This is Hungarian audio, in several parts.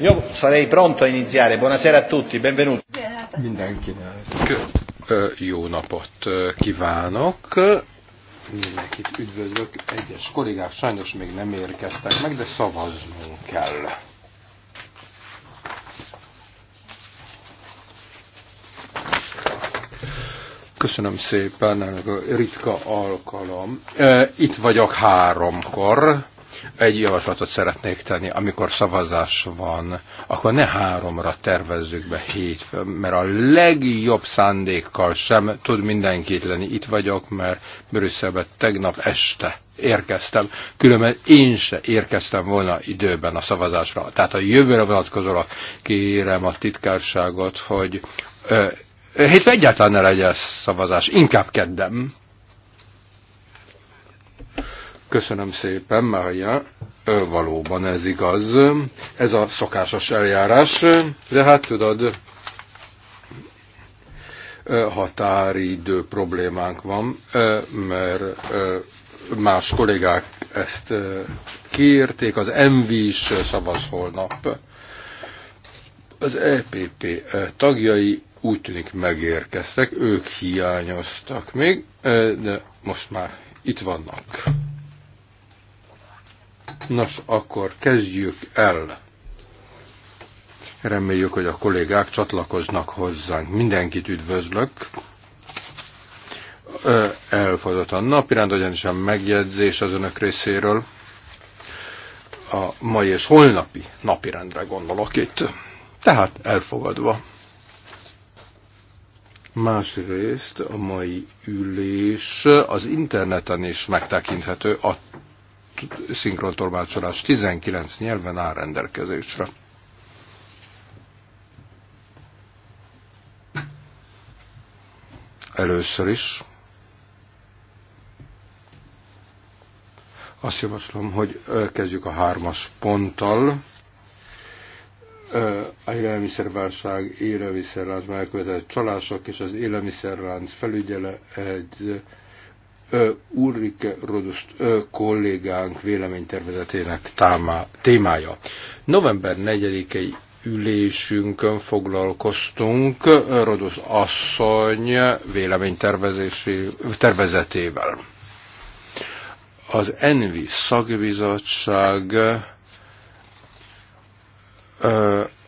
Io sarei pronto a iniziare. Buonasera a tutti, benvenuti. Mindenkinek jó napot kívánok. Mindenkit üdvözlök. Egyes kollégák sajnos még nem érkeztek meg, de szavaznunk kell. Köszönöm szépen, ritka alkalom. Itt vagyok háromkor egy javaslatot szeretnék tenni, amikor szavazás van, akkor ne háromra tervezzük be hétfőn, mert a legjobb szándékkal sem tud mindenkit lenni. Itt vagyok, mert Brüsszelbe tegnap este érkeztem, különben én se érkeztem volna időben a szavazásra. Tehát a jövőre vonatkozóra kérem a titkárságot, hogy ö, hétfő egyáltalán ne legyen szavazás, inkább keddem Köszönöm szépen, Mária. Valóban ez igaz. Ez a szokásos eljárás, de hát tudod, határidő problémánk van, mert más kollégák ezt kiírték, az MV is szavaz holnap. Az EPP tagjai úgy tűnik megérkeztek, ők hiányoztak még, de most már itt vannak. Nos, akkor kezdjük el. Reméljük, hogy a kollégák csatlakoznak hozzánk. Mindenkit üdvözlök. Elfogadott a napirend, ugyanis a megjegyzés az önök részéről. A mai és holnapi napirendre gondolok itt. Tehát elfogadva. Másrészt a mai ülés az interneten is megtekinthető, a szinkrontolmácsolás 19 nyelven áll rendelkezésre. Először is azt javaslom, hogy kezdjük a hármas ponttal a élelmiszerválság, élelmiszerlánc megkövetett csalások és az élelmiszerlánc felügyele egy Ulrike Rodust kollégánk véleménytervezetének témája. November 4-i ülésünkön foglalkoztunk Rodosz asszony véleménytervezetével. Az Envi szakbizottság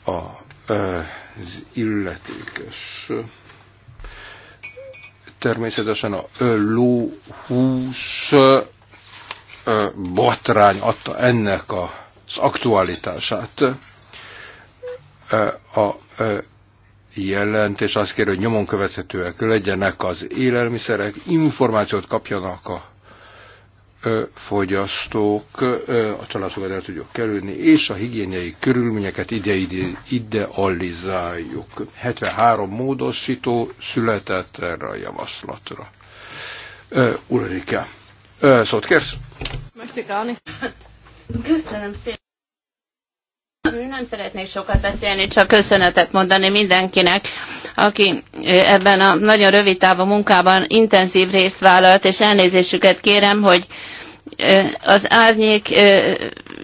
a, az illetékes természetesen a lóhús botrány adta ennek az aktualitását. A jelentés azt kér, hogy nyomon követhetőek legyenek az élelmiszerek, információt kapjanak a fogyasztók a családokat el tudjuk kerülni, és a higiéniai körülményeket ide, ide, idealizáljuk. 73 módosító született erre a javaslatra. Ulrike, szót kérsz? Köszönöm szépen. Nem szeretnék sokat beszélni, csak köszönetet mondani mindenkinek, aki ebben a nagyon rövid távú munkában intenzív részt vállalt, és elnézésüket kérem, hogy az árnyék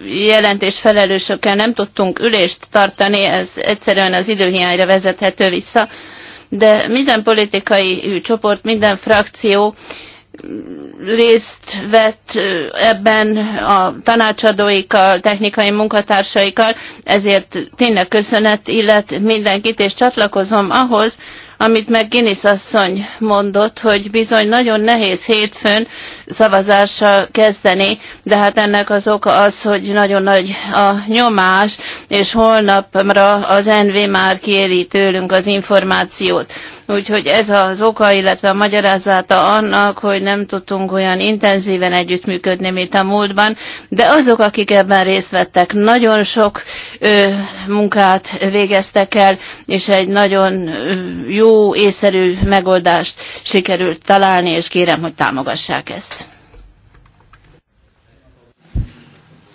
jelentés felelősökkel nem tudtunk ülést tartani, ez egyszerűen az időhiányra vezethető vissza, de minden politikai csoport, minden frakció részt vett ebben a tanácsadóikkal, technikai munkatársaikkal, ezért tényleg köszönet illet mindenkit, és csatlakozom ahhoz, amit meg Guinness asszony mondott, hogy bizony nagyon nehéz hétfőn szavazással kezdeni, de hát ennek az oka az, hogy nagyon nagy a nyomás, és holnapra az NV már kéri tőlünk az információt Úgyhogy ez az oka, illetve a magyarázata annak, hogy nem tudtunk olyan intenzíven együttműködni, mint a múltban, de azok, akik ebben részt vettek, nagyon sok ö, munkát végeztek el, és egy nagyon jó, észszerű megoldást sikerült találni, és kérem, hogy támogassák ezt.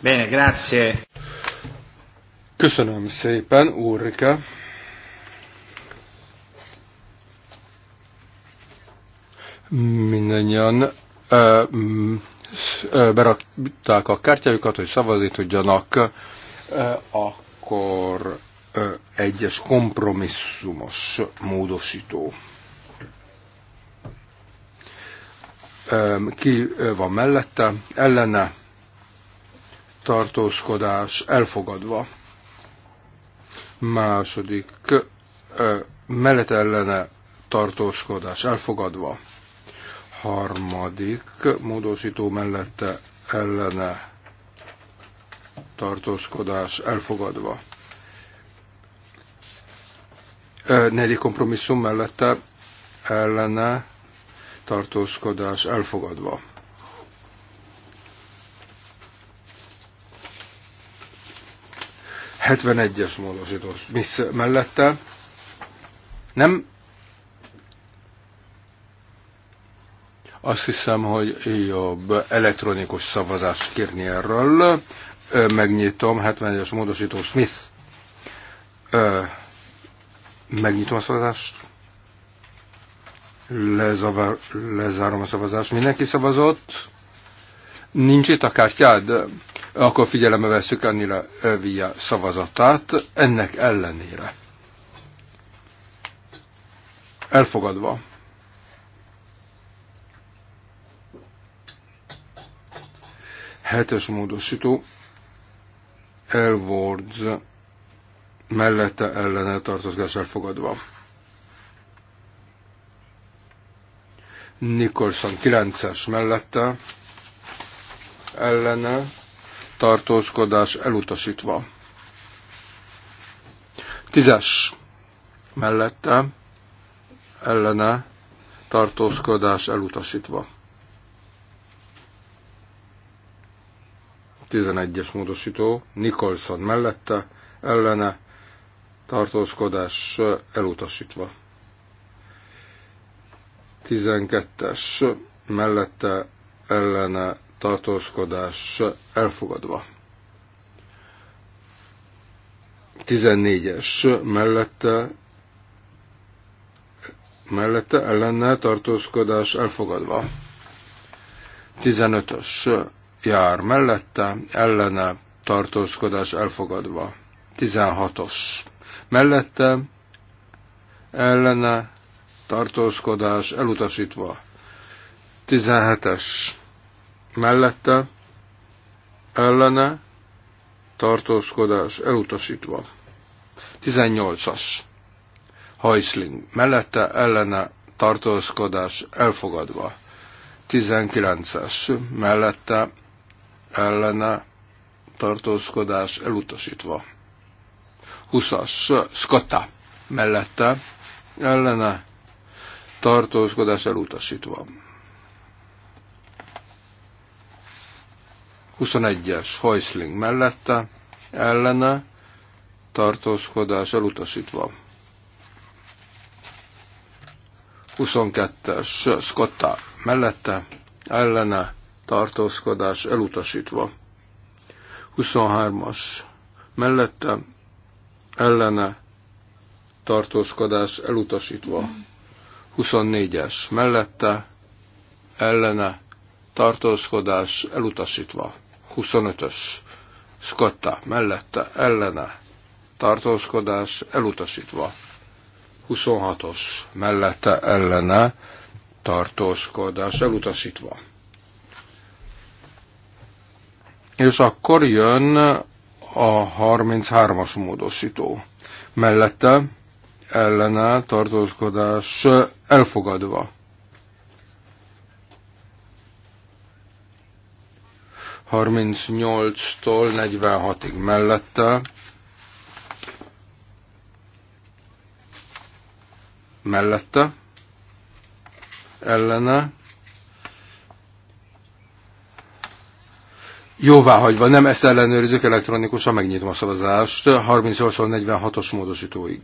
Bene, grazie. Köszönöm szépen, Úrika. mindannyian ö, mm, ö, berakták a kártyájukat, hogy szavazni tudjanak, ö, akkor ö, egyes kompromisszumos módosító. Ö, ki van mellette, ellene tartózkodás elfogadva. Második mellett ellene tartózkodás elfogadva harmadik módosító mellette ellene tartózkodás elfogadva. Negyedik kompromisszum mellette ellene tartózkodás elfogadva. Hetvenegyes módosító. mellette nem Azt hiszem, hogy jobb elektronikus szavazást kérni erről. Megnyitom, 71-es módosító Smith. Megnyitom a szavazást. Lezavar, lezárom a szavazást. Mindenki szavazott? Nincs itt a kártyád? Akkor figyelembe veszük Annila Övia szavazatát, ennek ellenére. Elfogadva. Hetes módosító Elwards mellette ellene tartozgás elfogadva. Nicholson 9-es mellette ellene tartózkodás elutasítva. 10-es mellette ellene tartózkodás elutasítva. 11-es módosító Nicholson mellette ellene tartózkodás elutasítva. 12-es mellette ellene tartózkodás elfogadva. 14-es mellette mellette ellene tartózkodás elfogadva. 15-ös jár mellette, ellene tartózkodás elfogadva. 16-os mellette, ellene tartózkodás elutasítva. 17-es mellette, ellene tartózkodás elutasítva. 18-as hajszling mellette, ellene tartózkodás elfogadva. 19-es mellette ellene tartózkodás elutasítva. 20-as Skotta mellette ellene tartózkodás elutasítva. 21-es Heusling mellette ellene tartózkodás elutasítva. 22-es skata mellette ellene tartózkodás elutasítva. 23-as mellette ellene tartózkodás elutasítva. 24-es mellette ellene tartózkodás elutasítva. 25-ös Scotta mellette ellene tartózkodás elutasítva. 26-os mellette ellene tartózkodás elutasítva. És akkor jön a 33-as módosító. Mellette ellene tartózkodás elfogadva. 38-tól 46-ig mellette mellette ellene Jóváhagyva, nem ezt ellenőrizzük elektronikusan, megnyitom a szavazást, 38-46-os módosítóig.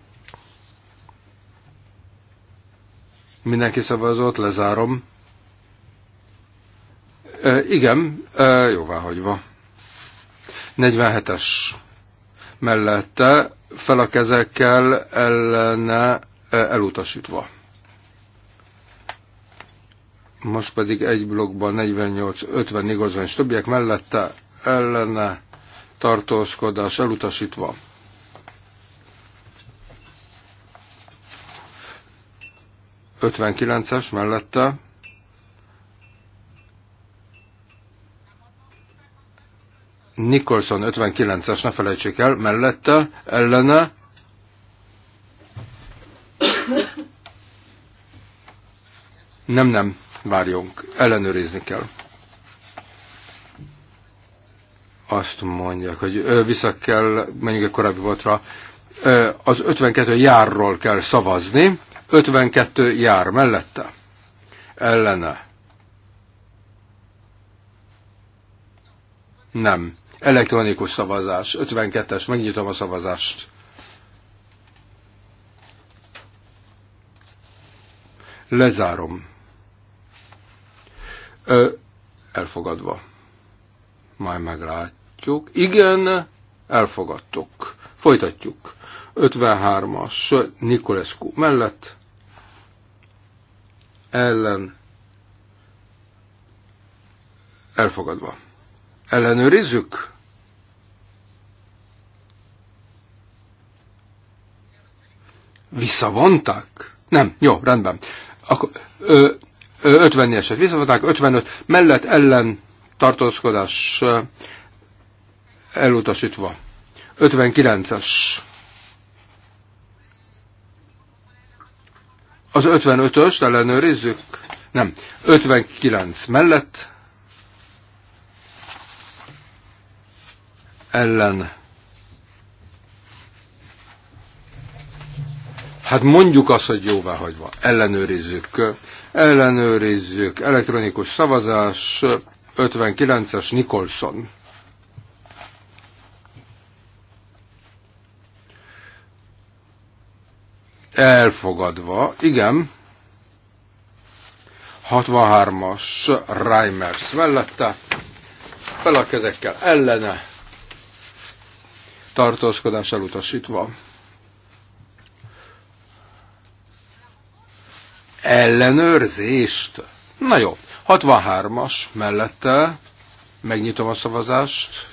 Mindenki szavazott, lezárom. E, igen, e, jóváhagyva. 47-es mellette fel a kezekkel ellene elutasítva. Most pedig egy blokkban 48-50 igazán és többiek mellette ellene tartózkodás elutasítva. Ötvenkilences mellette Nicholson 59-es, ne felejtsék el, mellette, ellene, nem, nem, Várjunk, ellenőrizni kell. Azt mondják, hogy vissza kell, menjünk egy korábbi voltra, az 52 járról kell szavazni, 52 jár mellette, ellene. Nem. Elektronikus szavazás. 52-es. Megnyitom a szavazást. Lezárom elfogadva. Majd meglátjuk. Igen, elfogadtuk. Folytatjuk. 53-as Nikolescu mellett ellen elfogadva. Ellenőrizzük? Visszavonták? Nem, jó, rendben. Akkor, ö, 54-eset visszafogták, 55 mellett ellen tartózkodás elutasítva. 59-es. Az 55-öst ellenőrizzük? Nem. 59 mellett ellen Hát mondjuk azt, hogy jóváhagyva. Ellenőrizzük. Ellenőrizzük. Elektronikus szavazás. 59-es Nicholson. Elfogadva. Igen. 63-as Reimers mellette. Fel a kezekkel ellene. Tartózkodás elutasítva. ellenőrzést. Na jó, 63-as mellette megnyitom a szavazást.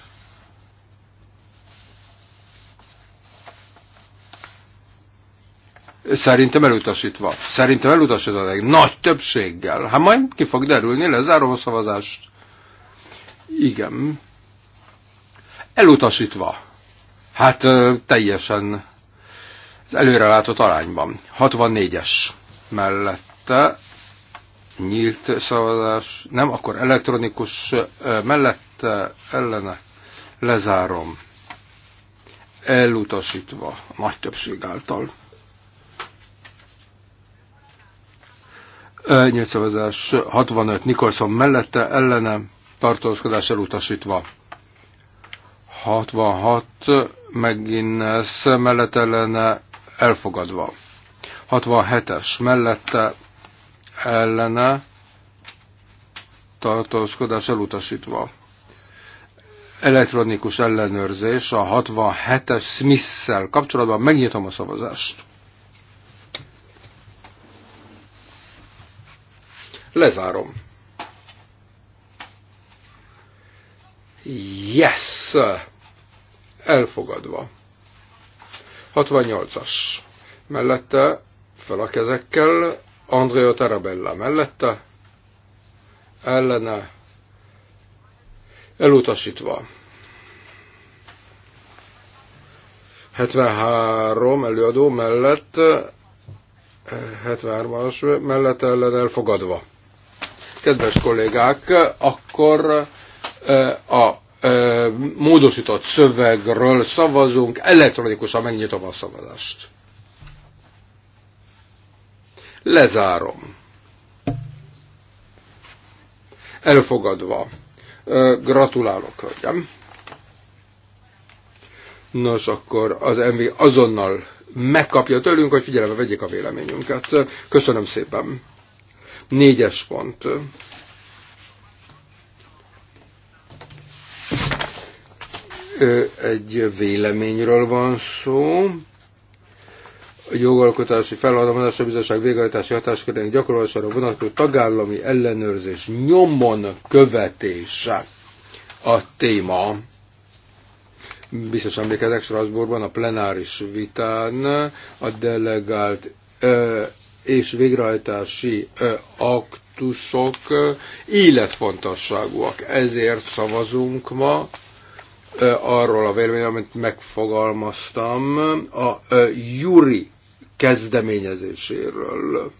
Szerintem elutasítva. Szerintem elutasítva egy nagy többséggel. Hát majd ki fog derülni, lezárom a szavazást. Igen. Elutasítva. Hát teljesen az előrelátott arányban. 64-es mellette nyílt szavazás, nem, akkor elektronikus mellette ellene lezárom. Elutasítva nagy többség által. Nyílt szavazás 65 Nikolson mellette ellene tartózkodás elutasítva. 66 megint mellett ellene elfogadva. 67-es mellette ellene tartózkodás elutasítva. Elektronikus ellenőrzés a 67-es Smith-szel kapcsolatban. Megnyitom a szavazást. Lezárom. Yes! Elfogadva. 68-as. Mellette fel a kezekkel. Andrea Tarabella mellette, ellene, elutasítva. 73 előadó mellett, 73-as mellett ellen elfogadva. Kedves kollégák, akkor eh, a eh, módosított szövegről szavazunk, elektronikusan megnyitom a szavazást. Lezárom. Elfogadva. Gratulálok, hölgyem. Nos, akkor az MV azonnal megkapja tőlünk, hogy figyelembe vegyék a véleményünket. Köszönöm szépen. Négyes pont. Egy véleményről van szó jogalkotási feladatása bizottság végrehajtási hatáskörének gyakorlására vonatkozó tagállami ellenőrzés nyomon követése a téma. Biztos emlékezek Strasbourgban a plenáris vitán a delegált ö, és végrehajtási ö, aktusok életfontosságúak. Ezért szavazunk ma arról a véleményről, amit megfogalmaztam, a Juri kezdeményezéséről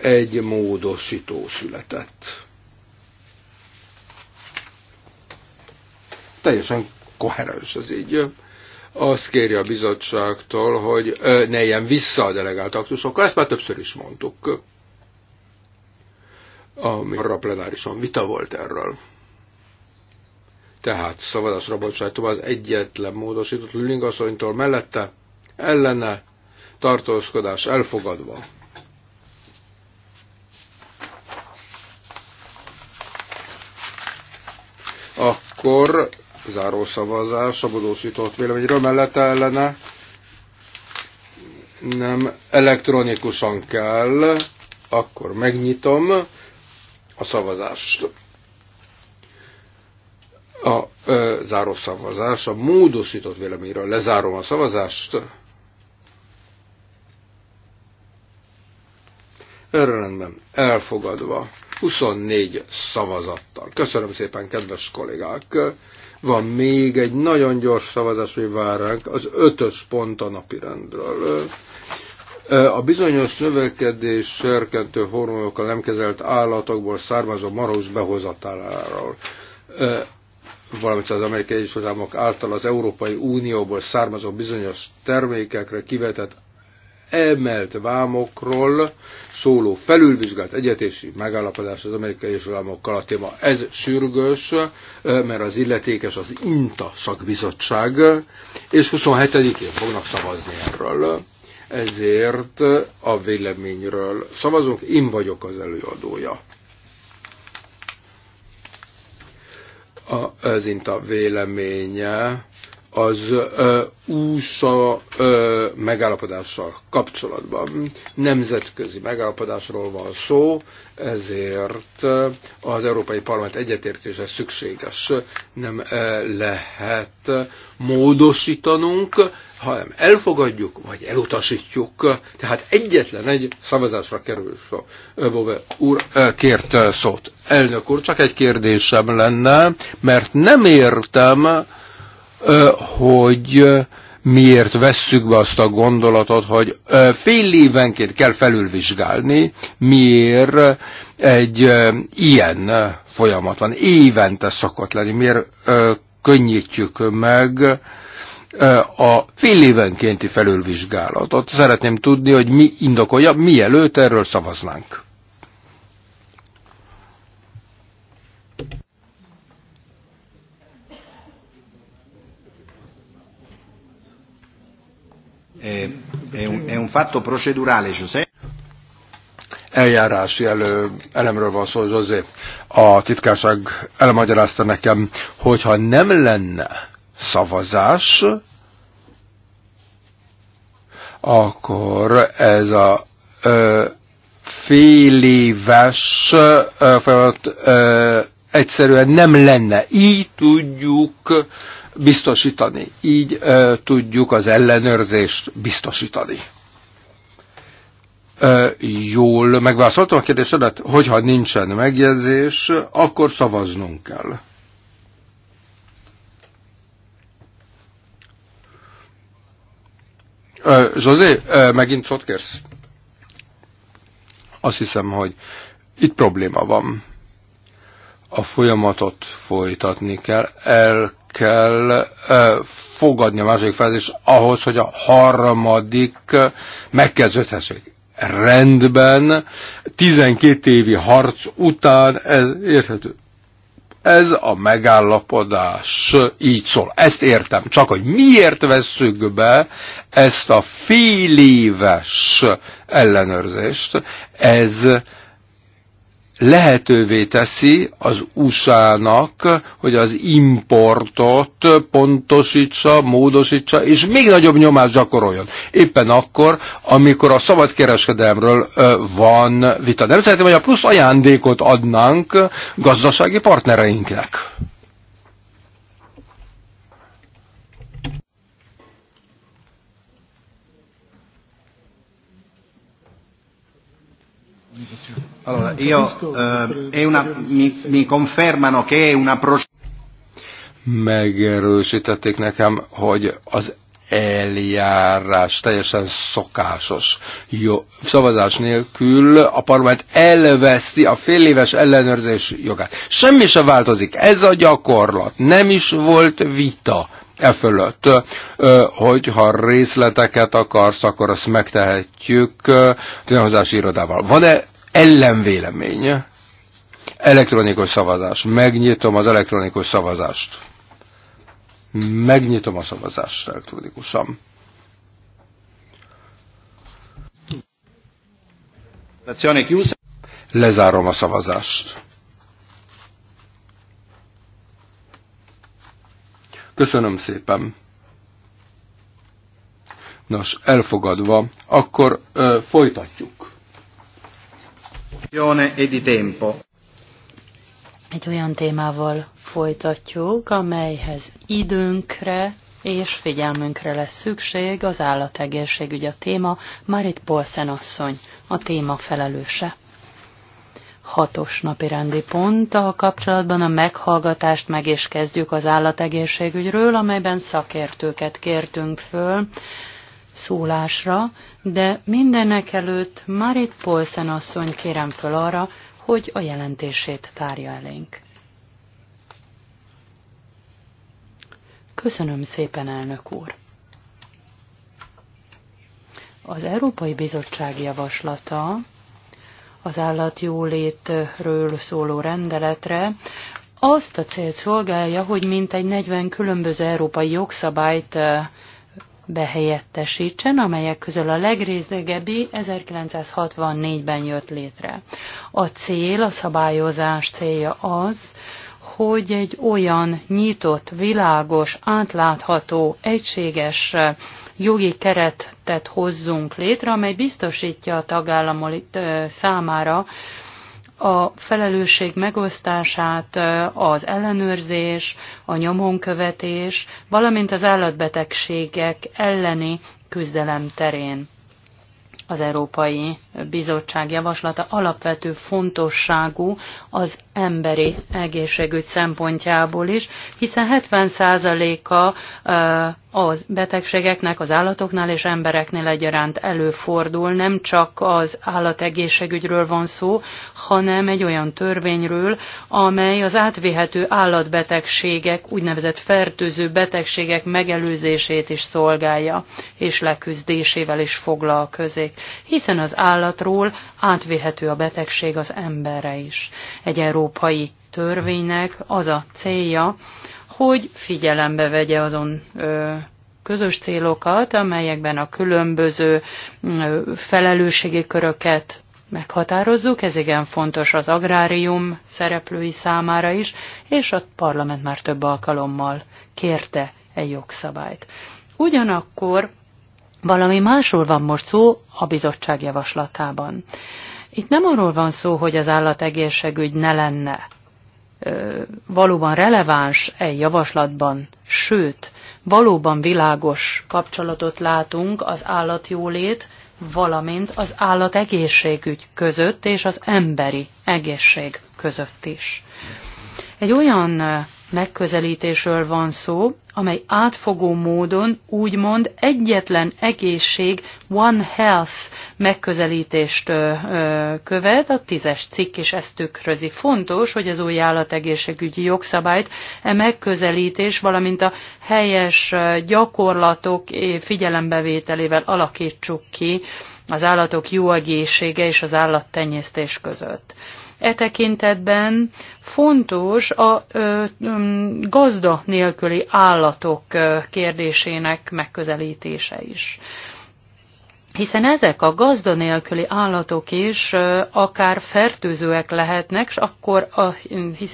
egy módosító született. Teljesen koherens ez így. Azt kéri a bizottságtól, hogy ne ilyen vissza a delegált aktusokkal, ezt már többször is mondtuk. Ami arra plenárison vita volt erről. Tehát szavazásra bocsájtom az egyetlen módosított Lüling mellette ellene tartózkodás elfogadva. Akkor zárószavazás a bodósított véleményről mellette ellene nem elektronikusan kell, akkor megnyitom a szavazást. A ö, zárószavazás, a módosított véleményről lezárom a szavazást. Örömben elfogadva 24 szavazattal. Köszönöm szépen, kedves kollégák! Van még egy nagyon gyors szavazás, hogy várunk az ötös pont a rendről. A bizonyos növekedés serkentő hormonokkal nem kezelt állatokból származó marhús behozatáláról valamint az amerikai Egyesült Államok által az Európai Unióból származó bizonyos termékekre kivetett emelt vámokról szóló felülvizsgált egyetési megállapodás az amerikai és államokkal a téma. Ez sürgős, mert az illetékes az INTA szakbizottság, és 27-én fognak szavazni erről. Ezért a véleményről szavazunk, én vagyok az előadója. az INTA véleménye az USA megállapodással kapcsolatban. Nemzetközi megállapodásról van szó, ezért az Európai Parlament egyetértése szükséges. Nem lehet módosítanunk, hanem elfogadjuk, vagy elutasítjuk. Tehát egyetlen egy szavazásra kerül szó. Bove úr kért szót. Elnök úr, csak egy kérdésem lenne, mert nem értem, hogy miért vesszük be azt a gondolatot, hogy fél évenként kell felülvizsgálni, miért egy ilyen folyamat van, évente szokott lenni, miért könnyítjük meg a fél évenkénti felülvizsgálatot. Szeretném tudni, hogy mi indokolja, mielőtt erről szavaznánk. è, un, è un fatto procedurale, Giuseppe. Eljárási elő, elemről van szó, José. A titkárság elmagyarázta nekem, hogyha nem lenne szavazás, akkor ez a ö, fél éves ö, folyamat ö, egyszerűen nem lenne. Így tudjuk biztosítani. Így ö, tudjuk az ellenőrzést biztosítani. Ö, jól megválaszoltam a kérdésedet, hogyha nincsen megjegyzés, akkor szavaznunk kell. José, megint szót kérsz? Azt hiszem, hogy itt probléma van a folyamatot folytatni kell, el kell fogadni a második fázis ahhoz, hogy a harmadik megkezdődhessék. Rendben, 12 évi harc után ez érthető. Ez a megállapodás így szól. Ezt értem. Csak hogy miért vesszük be ezt a fél éves ellenőrzést, ez lehetővé teszi az USA-nak, hogy az importot pontosítsa, módosítsa, és még nagyobb nyomást gyakoroljon. Éppen akkor, amikor a szabadkereskedelmről van vita. Nem szeretném, hogy a plusz ajándékot adnánk gazdasági partnereinknek. Allora, io, eh, è una, mi, mi confermano che è una Megerősítették nekem, hogy az eljárás teljesen szokásos. Jó, szavazás nélkül a parlament elveszti a fél éves ellenőrzés jogát. Semmi sem változik. Ez a gyakorlat. Nem is volt vita e fölött. Hogyha részleteket akarsz, akkor azt megtehetjük a irodával. Van-e ellenvélemény, Elektronikus szavazás. Megnyitom az elektronikus szavazást. Megnyitom a szavazást elektronikusan. Lezárom a szavazást. Köszönöm szépen. Nos, elfogadva, akkor ö, folytatjuk. E Egy olyan témával folytatjuk, amelyhez időnkre és figyelmünkre lesz szükség, az állategészségügy a téma, Marit Polszen asszony, a téma felelőse. Hatos napi rendi a kapcsolatban a meghallgatást meg is kezdjük az állategészségügyről, amelyben szakértőket kértünk föl szólásra, de mindenek előtt Marit Polszen asszony kérem föl arra, hogy a jelentését tárja elénk. Köszönöm szépen, elnök úr! Az Európai Bizottság javaslata az állatjólétről szóló rendeletre azt a célt szolgálja, hogy mintegy 40 különböző európai jogszabályt eh, behelyettesítsen, amelyek közül a legrészegebbi 1964-ben jött létre. A cél, a szabályozás célja az, hogy egy olyan nyitott, világos, átlátható, egységes jogi keretet hozzunk létre, amely biztosítja a tagállamok számára, a felelősség megosztását, az ellenőrzés, a nyomonkövetés, valamint az állatbetegségek elleni küzdelem terén. Az Európai Bizottság javaslata alapvető fontosságú az emberi egészségügy szempontjából is, hiszen 70%-a az betegségeknek az állatoknál és embereknél egyaránt előfordul. Nem csak az állategészségügyről van szó, hanem egy olyan törvényről, amely az átvihető állatbetegségek, úgynevezett fertőző betegségek megelőzését is szolgálja, és leküzdésével is foglalkozik. Hiszen az állatról átvihető a betegség az emberre is. Egy európai törvénynek az a célja, hogy figyelembe vegye azon közös célokat, amelyekben a különböző felelősségi köröket meghatározzuk, ez igen fontos az agrárium szereplői számára is, és a parlament már több alkalommal kérte egy jogszabályt. Ugyanakkor valami másról van most szó a bizottság javaslatában. Itt nem arról van szó, hogy az állategészségügy ne lenne valóban releváns egy javaslatban, sőt, valóban világos kapcsolatot látunk az állatjólét, valamint az állat egészségügy között és az emberi egészség között is. Egy olyan megközelítésről van szó, amely átfogó módon úgymond egyetlen egészség, One Health megközelítést követ, a tízes cikk is ezt tükrözi. Fontos, hogy az új állategészségügyi jogszabályt e megközelítés, valamint a helyes gyakorlatok figyelembevételével alakítsuk ki az állatok jó egészsége és az állattenyésztés között. E tekintetben fontos a ö, ö, gazda nélküli állatok kérdésének megközelítése is hiszen ezek a gazda nélküli állatok is akár fertőzőek lehetnek, és akkor a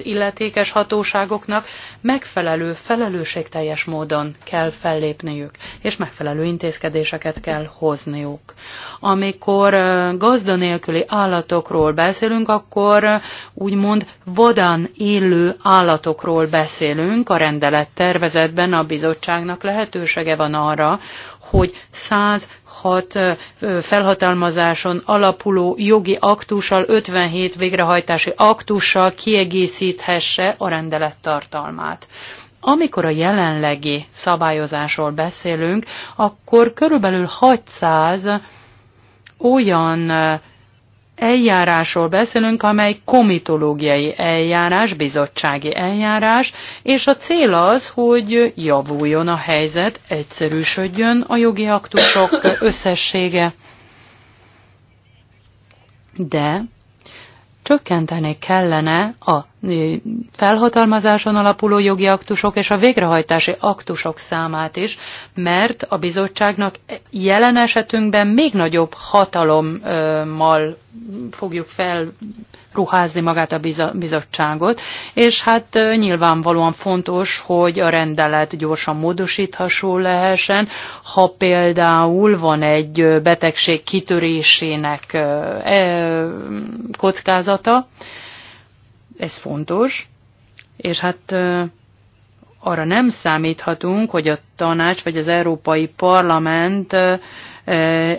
illetékes hatóságoknak megfelelő, felelősségteljes módon kell fellépniük, és megfelelő intézkedéseket kell hozniuk. Amikor gazda nélküli állatokról beszélünk, akkor úgymond vadán élő állatokról beszélünk. A rendelet tervezetben a bizottságnak lehetősége van arra, hogy 106 felhatalmazáson alapuló jogi aktussal, 57 végrehajtási aktussal kiegészíthesse a rendelet tartalmát. Amikor a jelenlegi szabályozásról beszélünk, akkor körülbelül 600 olyan eljárásról beszélünk, amely komitológiai eljárás, bizottsági eljárás, és a cél az, hogy javuljon a helyzet, egyszerűsödjön a jogi aktusok összessége. De csökkenteni kellene a felhatalmazáson alapuló jogi aktusok és a végrehajtási aktusok számát is, mert a bizottságnak jelen esetünkben még nagyobb hatalommal fogjuk felruházni magát a bizottságot, és hát nyilvánvalóan fontos, hogy a rendelet gyorsan módosítható lehessen, ha például van egy betegség kitörésének e, kockázata, ez fontos, és hát arra nem számíthatunk, hogy a tanács vagy az Európai Parlament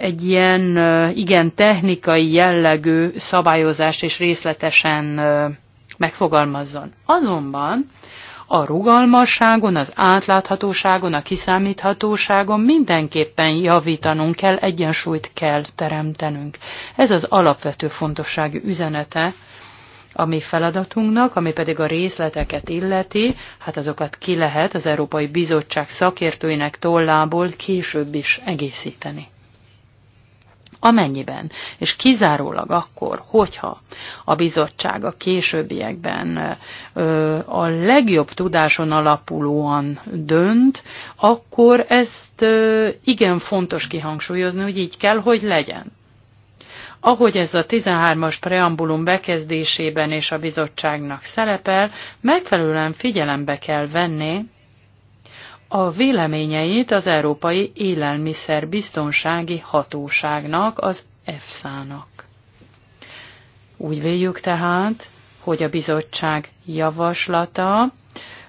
egy ilyen igen technikai jellegű szabályozást is részletesen megfogalmazzon. Azonban a rugalmasságon, az átláthatóságon, a kiszámíthatóságon mindenképpen javítanunk kell, egyensúlyt kell teremtenünk. Ez az alapvető fontosságú üzenete a mi feladatunknak, ami pedig a részleteket illeti, hát azokat ki lehet az Európai Bizottság szakértőinek tollából később is egészíteni. Amennyiben, és kizárólag akkor, hogyha a bizottság a későbbiekben a legjobb tudáson alapulóan dönt, akkor ezt igen fontos kihangsúlyozni, hogy így kell, hogy legyen. Ahogy ez a 13-as preambulum bekezdésében és a bizottságnak szerepel, megfelelően figyelembe kell venni a véleményeit az Európai Élelmiszerbiztonsági Hatóságnak, az EFSA-nak. Úgy véljük tehát, hogy a bizottság javaslata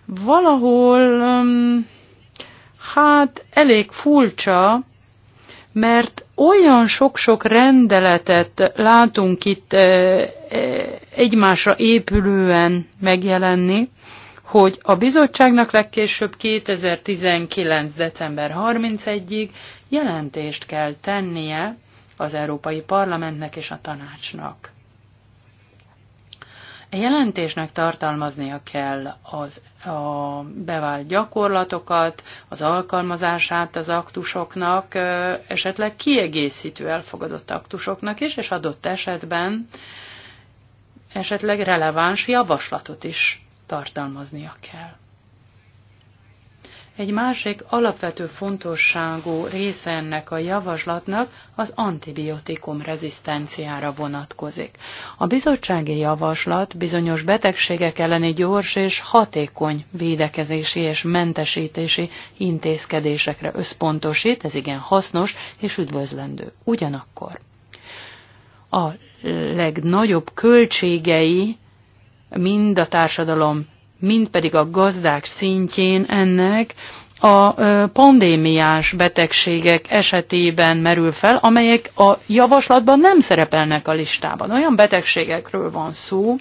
valahol, hát elég furcsa, mert olyan sok-sok rendeletet látunk itt egymásra épülően megjelenni, hogy a bizottságnak legkésőbb 2019. december 31-ig jelentést kell tennie az Európai Parlamentnek és a tanácsnak. A jelentésnek tartalmaznia kell az, a bevált gyakorlatokat, az alkalmazását az aktusoknak, esetleg kiegészítő elfogadott aktusoknak is, és adott esetben esetleg releváns javaslatot is tartalmaznia kell. Egy másik alapvető fontosságú része ennek a javaslatnak az antibiotikum rezisztenciára vonatkozik. A bizottsági javaslat bizonyos betegségek elleni gyors és hatékony védekezési és mentesítési intézkedésekre összpontosít, ez igen hasznos és üdvözlendő. Ugyanakkor a legnagyobb költségei mind a társadalom mint pedig a gazdák szintjén ennek a pandémiás betegségek esetében merül fel, amelyek a javaslatban nem szerepelnek a listában. Olyan betegségekről van szó,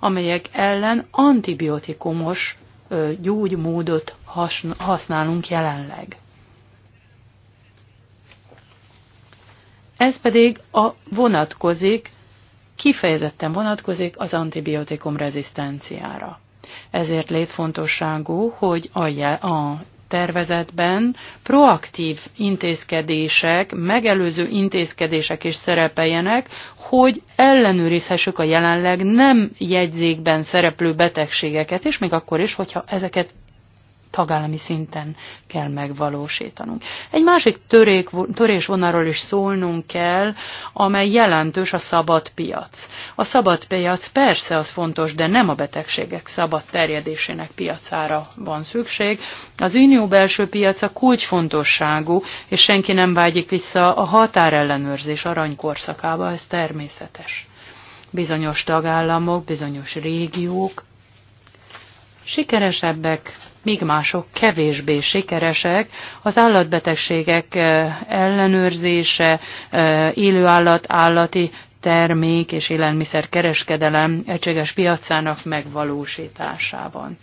amelyek ellen antibiotikumos gyógymódot használunk jelenleg. Ez pedig a vonatkozik, kifejezetten vonatkozik az antibiotikum rezisztenciára ezért létfontosságú, hogy a, a tervezetben proaktív intézkedések, megelőző intézkedések is szerepeljenek, hogy ellenőrizhessük a jelenleg nem jegyzékben szereplő betegségeket, és még akkor is, hogyha ezeket tagállami szinten kell megvalósítanunk. Egy másik törék, törésvonalról is szólnunk kell, amely jelentős a szabad piac. A szabad piac persze az fontos, de nem a betegségek szabad terjedésének piacára van szükség. Az unió belső piaca kulcsfontosságú, és senki nem vágyik vissza a határellenőrzés aranykorszakába, ez természetes. Bizonyos tagállamok, bizonyos régiók sikeresebbek, míg mások kevésbé sikeresek. Az állatbetegségek eh, ellenőrzése, eh, élőállat, állati termék és kereskedelem egységes piacának megvalósításában.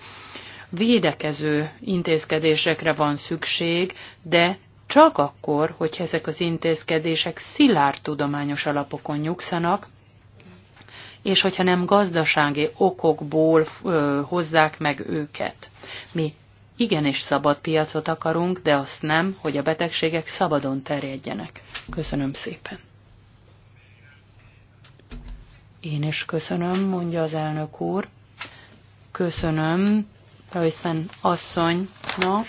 Védekező intézkedésekre van szükség, de csak akkor, hogy ezek az intézkedések szilárd tudományos alapokon nyugszanak, és hogyha nem gazdasági okokból ö, hozzák meg őket. Mi igenis szabad piacot akarunk, de azt nem, hogy a betegségek szabadon terjedjenek. Köszönöm szépen. Én is köszönöm, mondja az elnök úr. Köszönöm hiszen asszonynak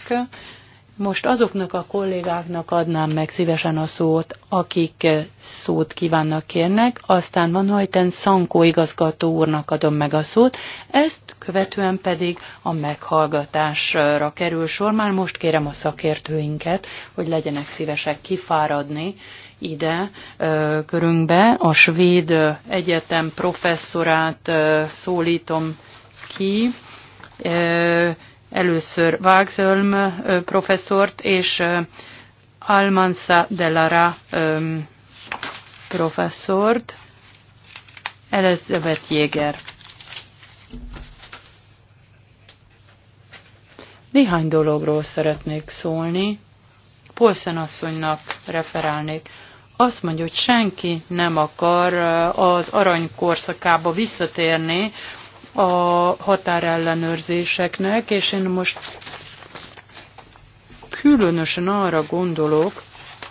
most azoknak a kollégáknak adnám meg szívesen a szót, akik eh, szót kívánnak kérnek, aztán van hajten Szankó igazgató úrnak adom meg a szót, ezt követően pedig a meghallgatásra kerül sor. Már most kérem a szakértőinket, hogy legyenek szívesek kifáradni ide eh, körünkbe. A svéd eh, egyetem professzorát szólítom ki. Először Vágzölm professzort és Almansa Delara professzort, Elizabeth Jéger. Néhány dologról szeretnék szólni. Polszen asszonynak referálnék. Azt mondja, hogy senki nem akar az aranykorszakába visszatérni, a határellenőrzéseknek, és én most különösen arra gondolok,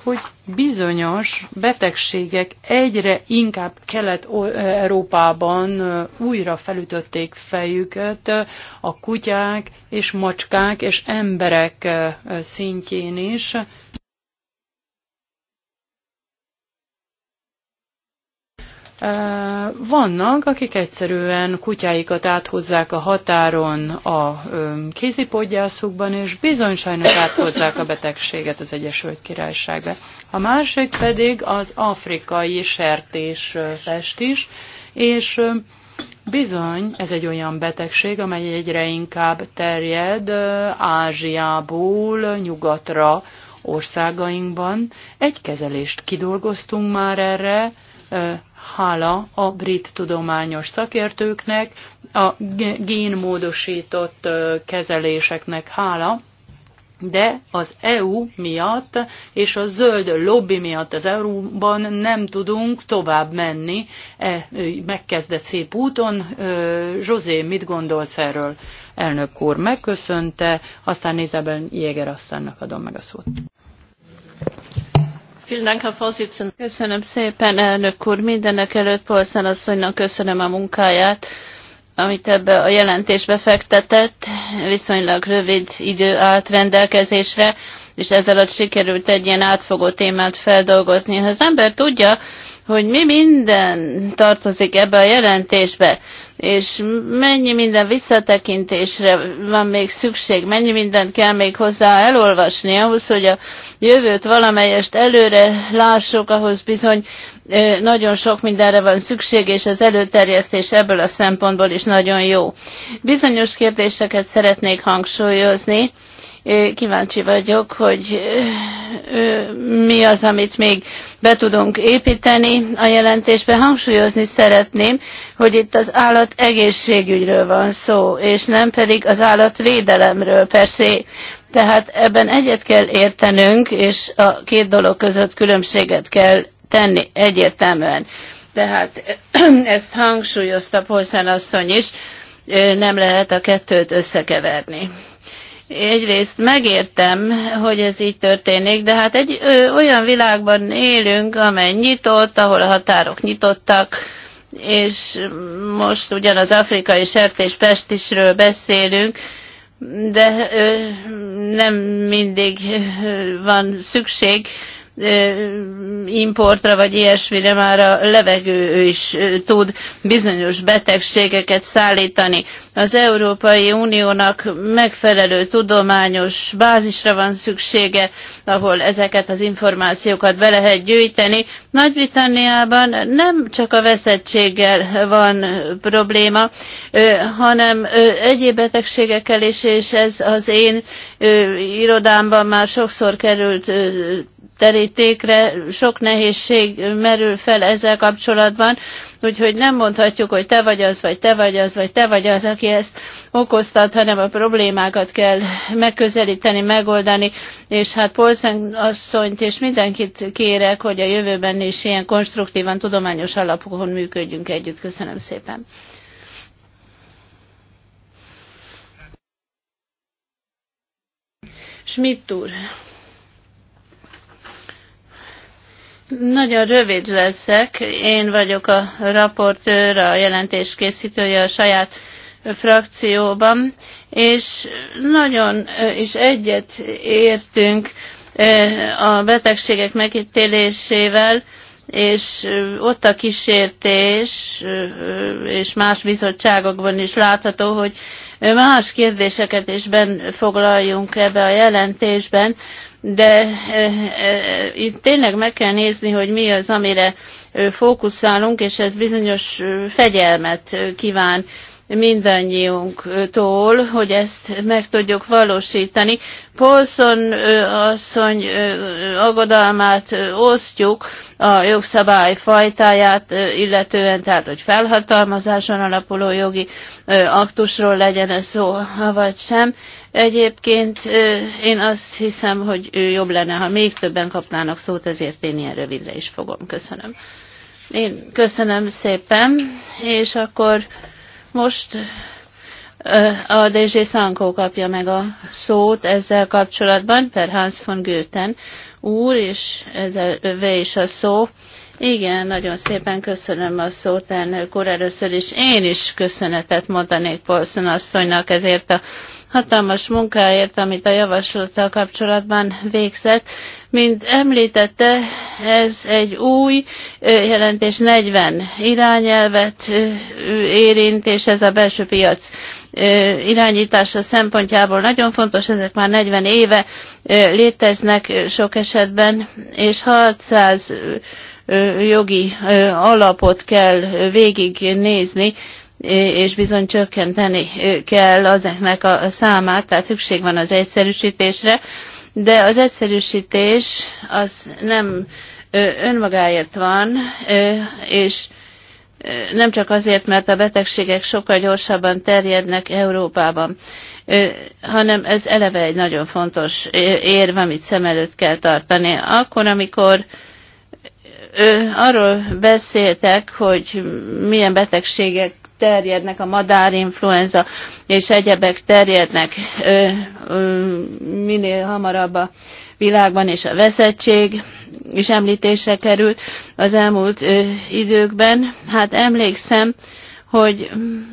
hogy bizonyos betegségek egyre inkább Kelet-Európában újra felütötték fejüket a kutyák és macskák és emberek szintjén is. Vannak, akik egyszerűen kutyáikat áthozzák a határon a kézipodgyászukban, és bizony sajnos áthozzák a betegséget az Egyesült Királyságba. A másik pedig az afrikai sertés fest is, és Bizony, ez egy olyan betegség, amely egyre inkább terjed Ázsiából nyugatra országainkban. Egy kezelést kidolgoztunk már erre, hála a brit tudományos szakértőknek, a génmódosított kezeléseknek hála, de az EU miatt és a zöld lobby miatt az EU-ban nem tudunk tovább menni e megkezdett szép úton. José, mit gondolsz erről? Elnök úr megköszönte, aztán Izabel Jéger asszonynak adom meg a szót. Köszönöm szépen, elnök úr. Mindenek előtt Polszán asszonynak köszönöm a munkáját, amit ebbe a jelentésbe fektetett. Viszonylag rövid idő állt rendelkezésre, és ezzel a sikerült egy ilyen átfogó témát feldolgozni. Ha az ember tudja, hogy mi minden tartozik ebbe a jelentésbe, és mennyi minden visszatekintésre van még szükség, mennyi mindent kell még hozzá elolvasni ahhoz, hogy a jövőt valamelyest előre lássuk, ahhoz bizony nagyon sok mindenre van szükség, és az előterjesztés ebből a szempontból is nagyon jó. Bizonyos kérdéseket szeretnék hangsúlyozni, kíváncsi vagyok, hogy mi az, amit még be tudunk építeni a jelentésbe. Hangsúlyozni szeretném, hogy itt az állat egészségügyről van szó, és nem pedig az állatvédelemről persze. Tehát ebben egyet kell értenünk, és a két dolog között különbséget kell tenni egyértelműen. Tehát ezt hangsúlyozta Polszán asszony is, nem lehet a kettőt összekeverni egyrészt megértem, hogy ez így történik, de hát egy ö, olyan világban élünk, amely nyitott, ahol a határok nyitottak, és most ugyan az afrikai sertéspestisről beszélünk, de ö, nem mindig van szükség importra vagy ilyesmire már a levegő is tud bizonyos betegségeket szállítani. Az Európai Uniónak megfelelő tudományos bázisra van szüksége, ahol ezeket az információkat be lehet gyűjteni. Nagy-Britanniában nem csak a veszettséggel van probléma, hanem egyéb betegségekkel is, és ez az én irodámban már sokszor került terítékre sok nehézség merül fel ezzel kapcsolatban, úgyhogy nem mondhatjuk, hogy te vagy az, vagy te vagy az, vagy te vagy az, aki ezt okoztat, hanem a problémákat kell megközelíteni, megoldani, és hát Polszen asszonyt és mindenkit kérek, hogy a jövőben is ilyen konstruktívan, tudományos alapokon működjünk együtt. Köszönöm szépen. Schmidt úr. Nagyon rövid leszek. Én vagyok a raportőr, a jelentés készítője a saját frakcióban, és nagyon is egyet értünk a betegségek megítélésével, és ott a kísértés, és más bizottságokban is látható, hogy más kérdéseket is ben foglaljunk ebbe a jelentésben, de itt tényleg meg kell nézni, hogy mi az, amire fókuszálunk, és ez bizonyos fegyelmet kíván mindannyiunktól, hogy ezt meg tudjuk valósítani. Polson asszony aggodalmát osztjuk a jogszabály fajtáját, illetően tehát, hogy felhatalmazáson alapuló jogi aktusról legyen ez szó, vagy sem Egyébként én azt hiszem, hogy ő jobb lenne, ha még többen kapnának szót, ezért én ilyen rövidre is fogom. Köszönöm. Én köszönöm szépen, és akkor most a DG Szankó kapja meg a szót ezzel kapcsolatban, per Hans von Göten úr, és ezzel ve is a szó. Igen, nagyon szépen köszönöm a szót, elnök úr. Először is én is köszönetet mondanék Polszon asszonynak ezért a hatalmas munkáért, amit a javaslattal kapcsolatban végzett. Mint említette, ez egy új jelentés 40 irányelvet érint, és ez a belső piac irányítása szempontjából nagyon fontos, ezek már 40 éve léteznek sok esetben, és 600 jogi alapot kell végignézni, és bizony csökkenteni kell azeknek a számát, tehát szükség van az egyszerűsítésre, de az egyszerűsítés az nem önmagáért van, és nem csak azért, mert a betegségek sokkal gyorsabban terjednek Európában, hanem ez eleve egy nagyon fontos érv, amit szem előtt kell tartani. Akkor, amikor arról beszéltek, hogy milyen betegségek terjednek, a madárinfluenza és egyebek terjednek ö, ö, minél hamarabb a világban, és a veszettség is említésre került az elmúlt ö, időkben. Hát emlékszem, hogy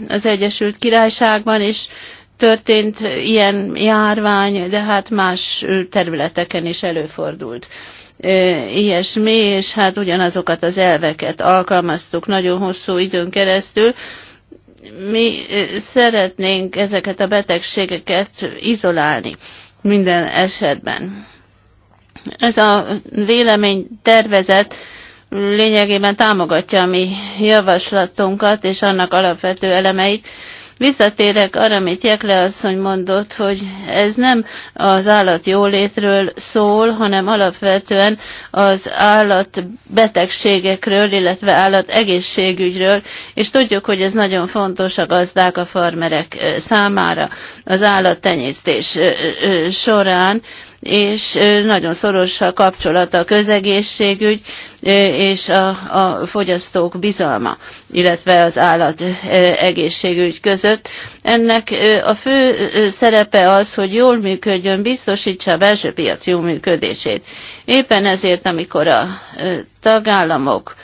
az Egyesült Királyságban is történt ilyen járvány, de hát más területeken is előfordult ilyesmi, és hát ugyanazokat az elveket alkalmaztuk nagyon hosszú időn keresztül, mi szeretnénk ezeket a betegségeket izolálni minden esetben. Ez a vélemény tervezet lényegében támogatja a mi javaslatunkat és annak alapvető elemeit, Visszatérek arra, amit Jekle asszony mondott, hogy ez nem az állat jólétről szól, hanem alapvetően az állat betegségekről, illetve állat egészségügyről, és tudjuk, hogy ez nagyon fontos a gazdák, a farmerek számára az állattenyésztés során és nagyon szoros a kapcsolata a közegészségügy és a, a fogyasztók bizalma, illetve az állat egészségügy között. Ennek a fő szerepe az, hogy jól működjön, biztosítsa a belső piac jó működését. Éppen ezért, amikor a tagállamok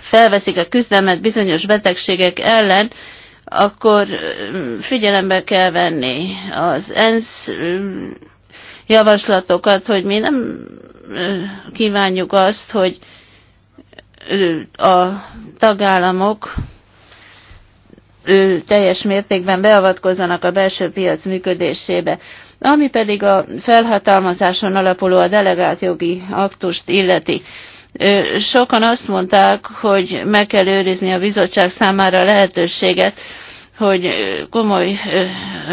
felveszik a küzdelmet bizonyos betegségek ellen, akkor figyelembe kell venni az ENSZ javaslatokat, hogy mi nem kívánjuk azt, hogy a tagállamok teljes mértékben beavatkozzanak a belső piac működésébe. Ami pedig a felhatalmazáson alapuló a delegált jogi aktust illeti. Sokan azt mondták, hogy meg kell őrizni a bizottság számára a lehetőséget, hogy komoly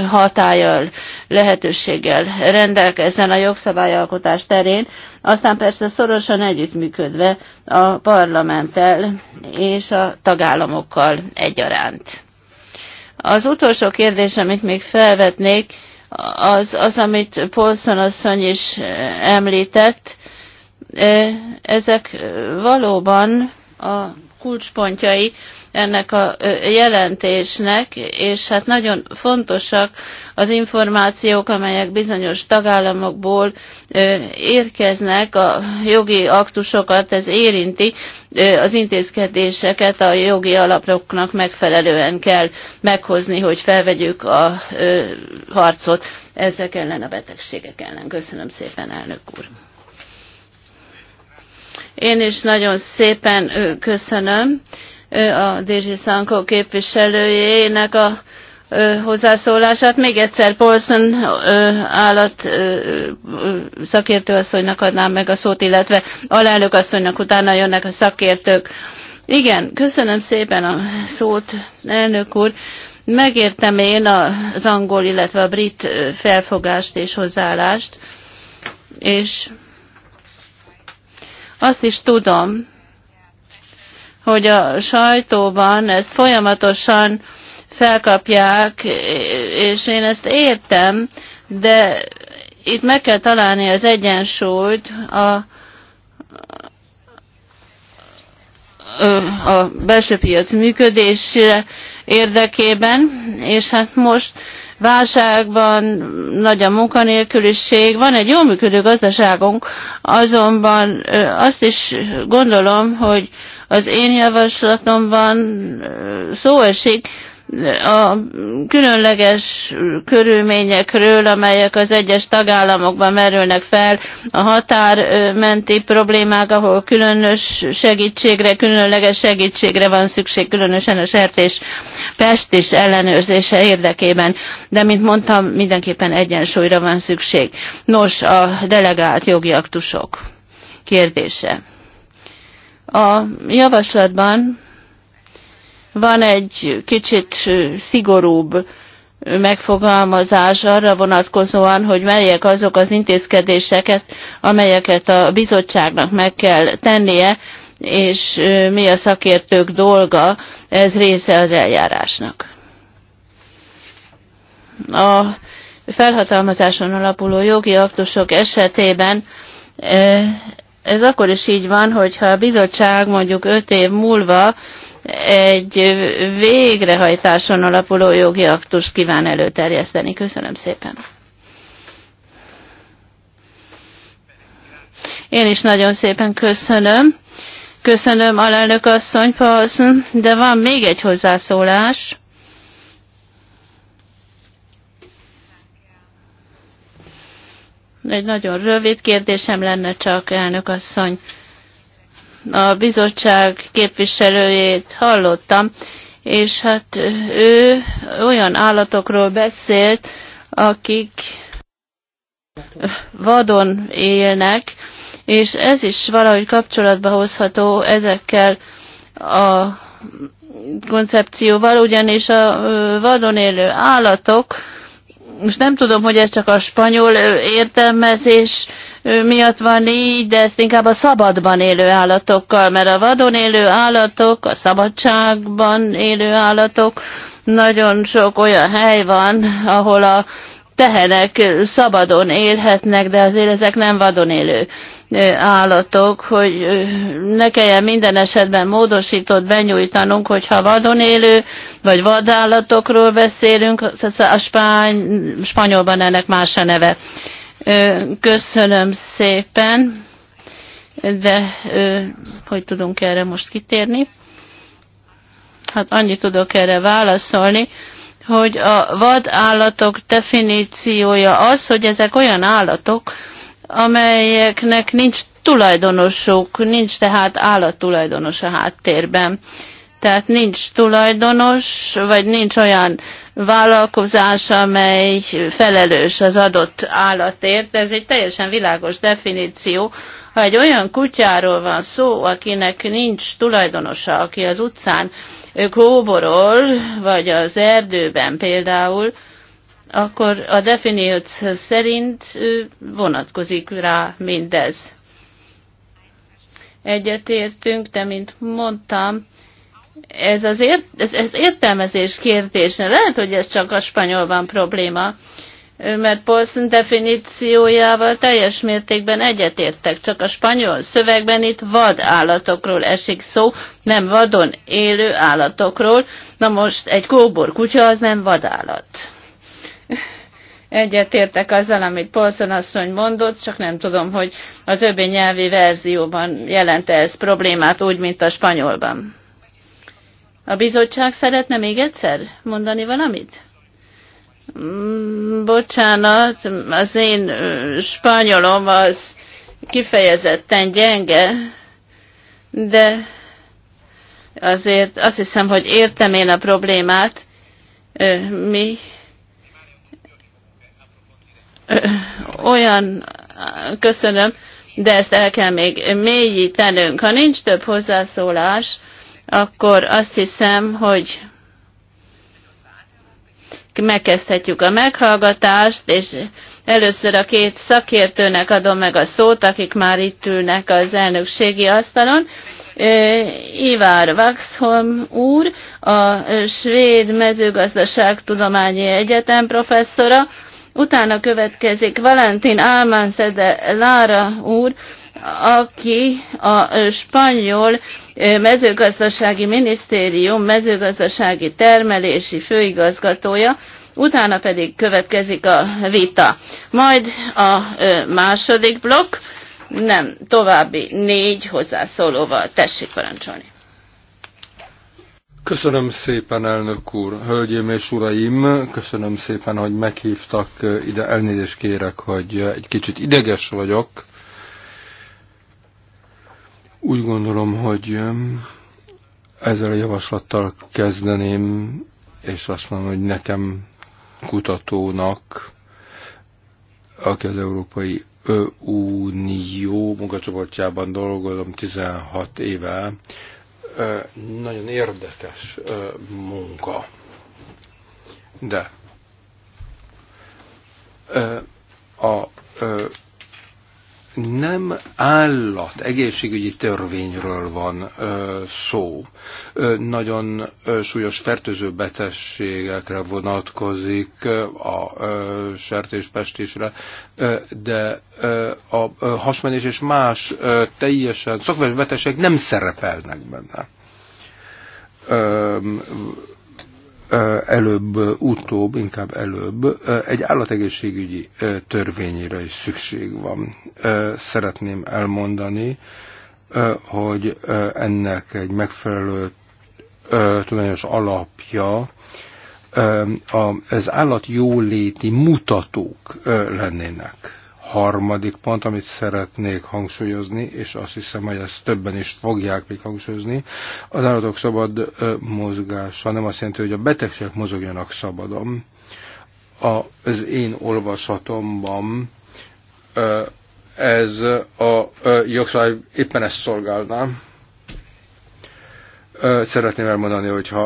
hatállyal, lehetőséggel rendelkezzen a jogszabályalkotás terén, aztán persze szorosan együttműködve a parlamenttel és a tagállamokkal egyaránt. Az utolsó kérdés, amit még felvetnék, az, az amit Polson asszony is említett, ezek valóban a kulcspontjai ennek a jelentésnek, és hát nagyon fontosak az információk, amelyek bizonyos tagállamokból érkeznek, a jogi aktusokat ez érinti, az intézkedéseket a jogi alapoknak megfelelően kell meghozni, hogy felvegyük a harcot ezek ellen, a betegségek ellen. Köszönöm szépen, elnök úr! Én is nagyon szépen köszönöm a DG Szankó képviselőjének a hozzászólását. Még egyszer Polson állat szakértőasszonynak adnám meg a szót, illetve alelnök asszonynak utána jönnek a szakértők. Igen, köszönöm szépen a szót, elnök úr. Megértem én az angol, illetve a brit felfogást és hozzáállást, és azt is tudom, hogy a sajtóban ezt folyamatosan felkapják, és én ezt értem, de itt meg kell találni az egyensúlyt a, a belső piac működésére érdekében, és hát most válságban nagy a munkanélküliség, van egy jól működő gazdaságunk, azonban azt is gondolom, hogy az én javaslatomban szó esik a különleges körülményekről, amelyek az egyes tagállamokban merülnek fel, a határmenti problémák, ahol különös segítségre, különleges segítségre van szükség, különösen a sertés pest is ellenőrzése érdekében, de mint mondtam, mindenképpen egyensúlyra van szükség. Nos, a delegált jogi aktusok kérdése. A javaslatban van egy kicsit szigorúbb megfogalmazás arra vonatkozóan, hogy melyek azok az intézkedéseket, amelyeket a bizottságnak meg kell tennie, és mi a szakértők dolga, ez része az eljárásnak. A felhatalmazáson alapuló jogi aktusok esetében ez akkor is így van, hogyha a bizottság mondjuk öt év múlva egy végrehajtáson alapuló jogi aktust kíván előterjeszteni. Köszönöm szépen. Én is nagyon szépen köszönöm. Köszönöm, alelnök asszony, de van még egy hozzászólás. Egy nagyon rövid kérdésem lenne csak, elnök asszony. A bizottság képviselőjét hallottam, és hát ő olyan állatokról beszélt, akik vadon élnek, és ez is valahogy kapcsolatba hozható ezekkel a koncepcióval, ugyanis a vadon élő állatok, most nem tudom, hogy ez csak a spanyol értelmezés miatt van így, de ezt inkább a szabadban élő állatokkal, mert a vadon élő állatok, a szabadságban élő állatok, nagyon sok olyan hely van, ahol a tehenek szabadon élhetnek, de azért ezek nem vadon élő állatok, hogy ne kelljen minden esetben módosított benyújtanunk, hogyha vadon élő vagy vadállatokról beszélünk, szóval a spány, spanyolban ennek más a neve. Köszönöm szépen, de hogy tudunk erre most kitérni? Hát annyit tudok erre válaszolni, hogy a vadállatok definíciója az, hogy ezek olyan állatok, amelyeknek nincs tulajdonosuk, nincs tehát állattulajdonos a háttérben. Tehát nincs tulajdonos, vagy nincs olyan vállalkozás, amely felelős az adott állatért. Ez egy teljesen világos definíció. Ha egy olyan kutyáról van szó, akinek nincs tulajdonosa, aki az utcán kóborol, vagy az erdőben például, akkor a definiót szerint vonatkozik rá mindez. Egyetértünk, de mint mondtam, ez az ért, ez, ez értelmezés kérdése. Lehet, hogy ez csak a spanyolban probléma, mert Paulson definíciójával teljes mértékben egyetértek, csak a spanyol szövegben itt vad állatokról esik szó, nem vadon élő állatokról. Na most egy kóbor kutya az nem vadállat. Egyetértek azzal, amit Polson asszony mondott, csak nem tudom, hogy a többi nyelvi verzióban jelente ez problémát, úgy, mint a spanyolban. A bizottság szeretne még egyszer mondani valamit? Mm, bocsánat, az én spanyolom az kifejezetten gyenge, de azért azt hiszem, hogy értem én a problémát. Mi olyan, köszönöm, de ezt el kell még mélyítenünk. Ha nincs több hozzászólás, akkor azt hiszem, hogy megkezdhetjük a meghallgatást, és először a két szakértőnek adom meg a szót, akik már itt ülnek az elnökségi asztalon. Ivár Vaxholm úr, a Svéd Mezőgazdaságtudományi Egyetem professzora, Utána következik Valentin Almanzede Lara úr, aki a spanyol mezőgazdasági minisztérium mezőgazdasági termelési főigazgatója, utána pedig következik a vita. Majd a második blokk, nem, további négy hozzászólóval. Tessék parancsolni. Köszönöm szépen, elnök úr, hölgyém és uraim, köszönöm szépen, hogy meghívtak ide, elnézést kérek, hogy egy kicsit ideges vagyok. Úgy gondolom, hogy ezzel a javaslattal kezdeném, és azt mondom, hogy nekem kutatónak, aki az Európai Unió munkacsoportjában dolgozom 16 éve, nagyon érdekes munka. De a nem állat egészségügyi törvényről van ö, szó. Ö, nagyon ö, súlyos fertőző betegségekre vonatkozik a ö, sertéspestésre, ö, de ö, a ö, hasmenés és más ö, teljesen szokványos betegségek nem szerepelnek benne. Ö, előbb-utóbb, inkább előbb egy állategészségügyi törvényre is szükség van. Szeretném elmondani, hogy ennek egy megfelelő tudományos alapja az állatjóléti mutatók lennének harmadik pont, amit szeretnék hangsúlyozni, és azt hiszem, hogy ezt többen is fogják még hangsúlyozni, az állatok szabad mozgása nem azt jelenti, hogy a betegségek mozogjanak szabadon. Az én olvasatomban ez a jogszabály éppen ezt szolgálná szeretném elmondani, hogy ha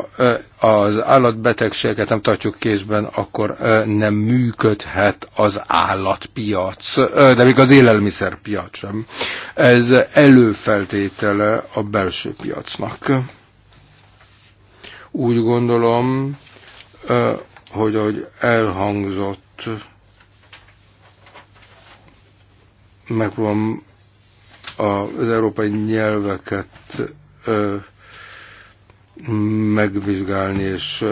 az állatbetegségeket nem tartjuk kézben, akkor nem működhet az állatpiac, de még az élelmiszerpiac sem. Ez előfeltétele a belső piacnak. Úgy gondolom, hogy ahogy elhangzott, megpróbálom az európai nyelveket megvizsgálni, és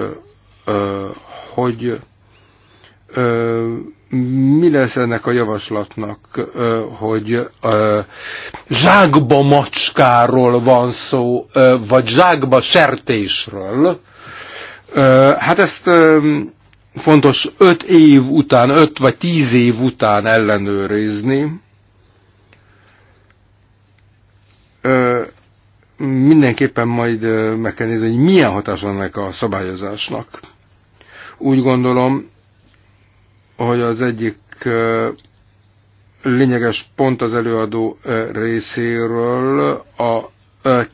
hogy mi lesz ennek a javaslatnak, hogy zsákba macskáról van szó, vagy zsákba sertésről. Hát ezt fontos öt év után, öt vagy tíz év után ellenőrizni mindenképpen majd meg kell nézni, hogy milyen hatás ennek a szabályozásnak. Úgy gondolom, hogy az egyik lényeges pont az előadó részéről a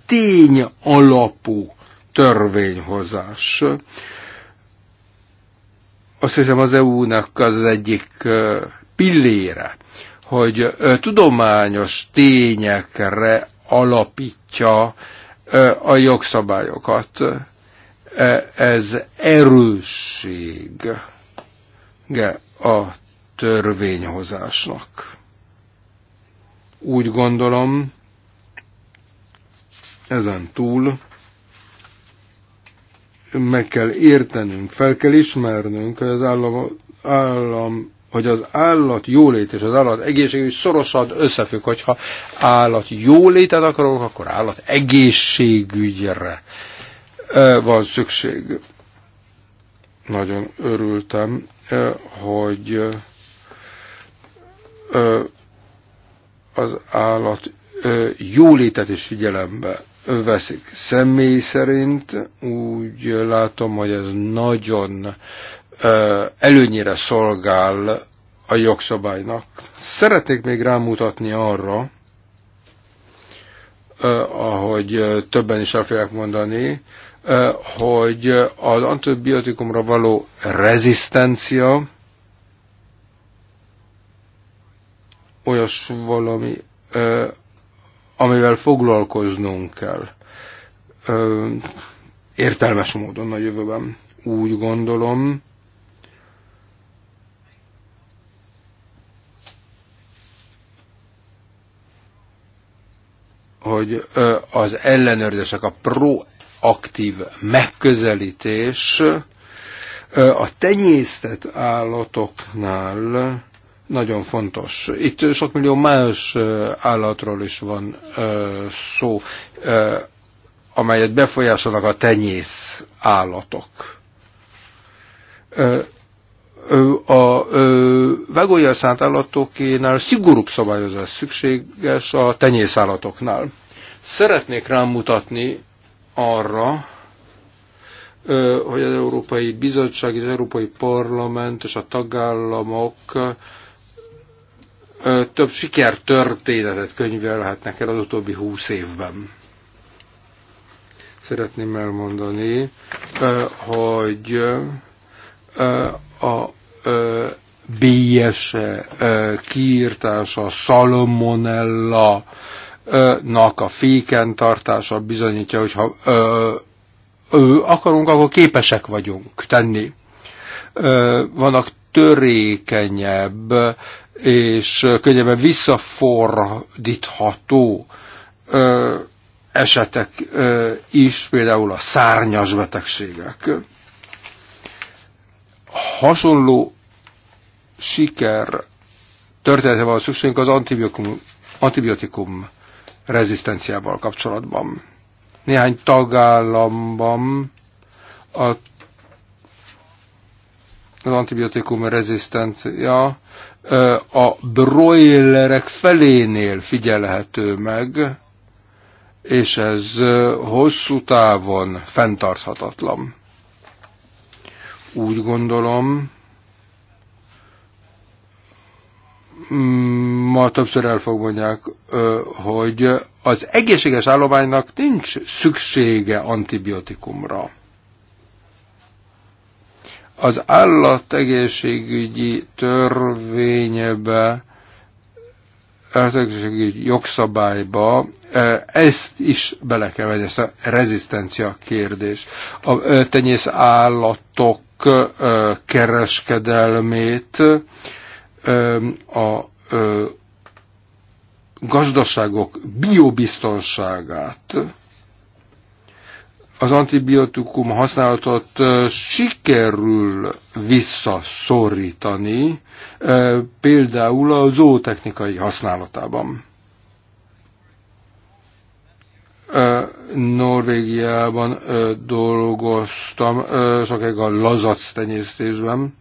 tény alapú törvényhozás. Azt hiszem az EU-nak az egyik pillére, hogy tudományos tényekre alapítja a jogszabályokat. Ez erősség a törvényhozásnak. Úgy gondolom, ezen túl meg kell értenünk, fel kell ismernünk, hogy az állam, állam hogy az állat jólét és az állat is szorosan összefügg, hogyha állat jólétet akarok, akkor állat egészségügyre van szükség. Nagyon örültem, hogy az állat jólétet is figyelembe veszik. Személy szerint úgy látom, hogy ez nagyon előnyére szolgál a jogszabálynak. Szeretnék még rámutatni arra, ahogy többen is el fogják mondani, hogy az antibiotikumra való rezisztencia olyas valami, amivel foglalkoznunk kell értelmes módon a jövőben. Úgy gondolom, hogy az ellenőrzések, a proaktív megközelítés a tenyésztett állatoknál nagyon fontos. Itt sok millió más állatról is van szó, amelyet befolyásolnak a tenyész állatok a vegolja szánt állatokénál szigorúbb szabályozás szükséges a tenyészállatoknál. Szeretnék rámutatni arra, hogy az Európai Bizottság, az Európai Parlament és a tagállamok több sikertörténetet könyvelhetnek el az utóbbi húsz évben. Szeretném elmondani, hogy a ö, bélyese ö, kiírtása, szalmonella, nak a féken tartása bizonyítja, hogy ha ö, ö, akarunk, akkor képesek vagyunk tenni. Ö, vannak törékenyebb és könnyebben visszafordítható ö, esetek ö, is, például a szárnyas betegségek. Hasonló siker története van szükségünk az antibiotikum, antibiotikum rezisztenciával kapcsolatban. Néhány tagállamban a, az antibiotikum rezisztencia a broilerek felénél figyelhető meg, és ez hosszú távon fenntarthatatlan. Úgy gondolom, mm, ma többször el fog mondják, hogy az egészséges állománynak nincs szüksége antibiotikumra. Az állategészségügyi törvénybe, állategészségügyi jogszabályba ezt is bele kell venni, ezt a rezisztencia kérdés. A tenyész állatok kereskedelmét a gazdaságok biobiztonságát, az antibiotikum használatot sikerül visszaszorítani, például a zootechnikai használatában. Norvégiában dolgoztam, sokáig a lazac tenyésztésben.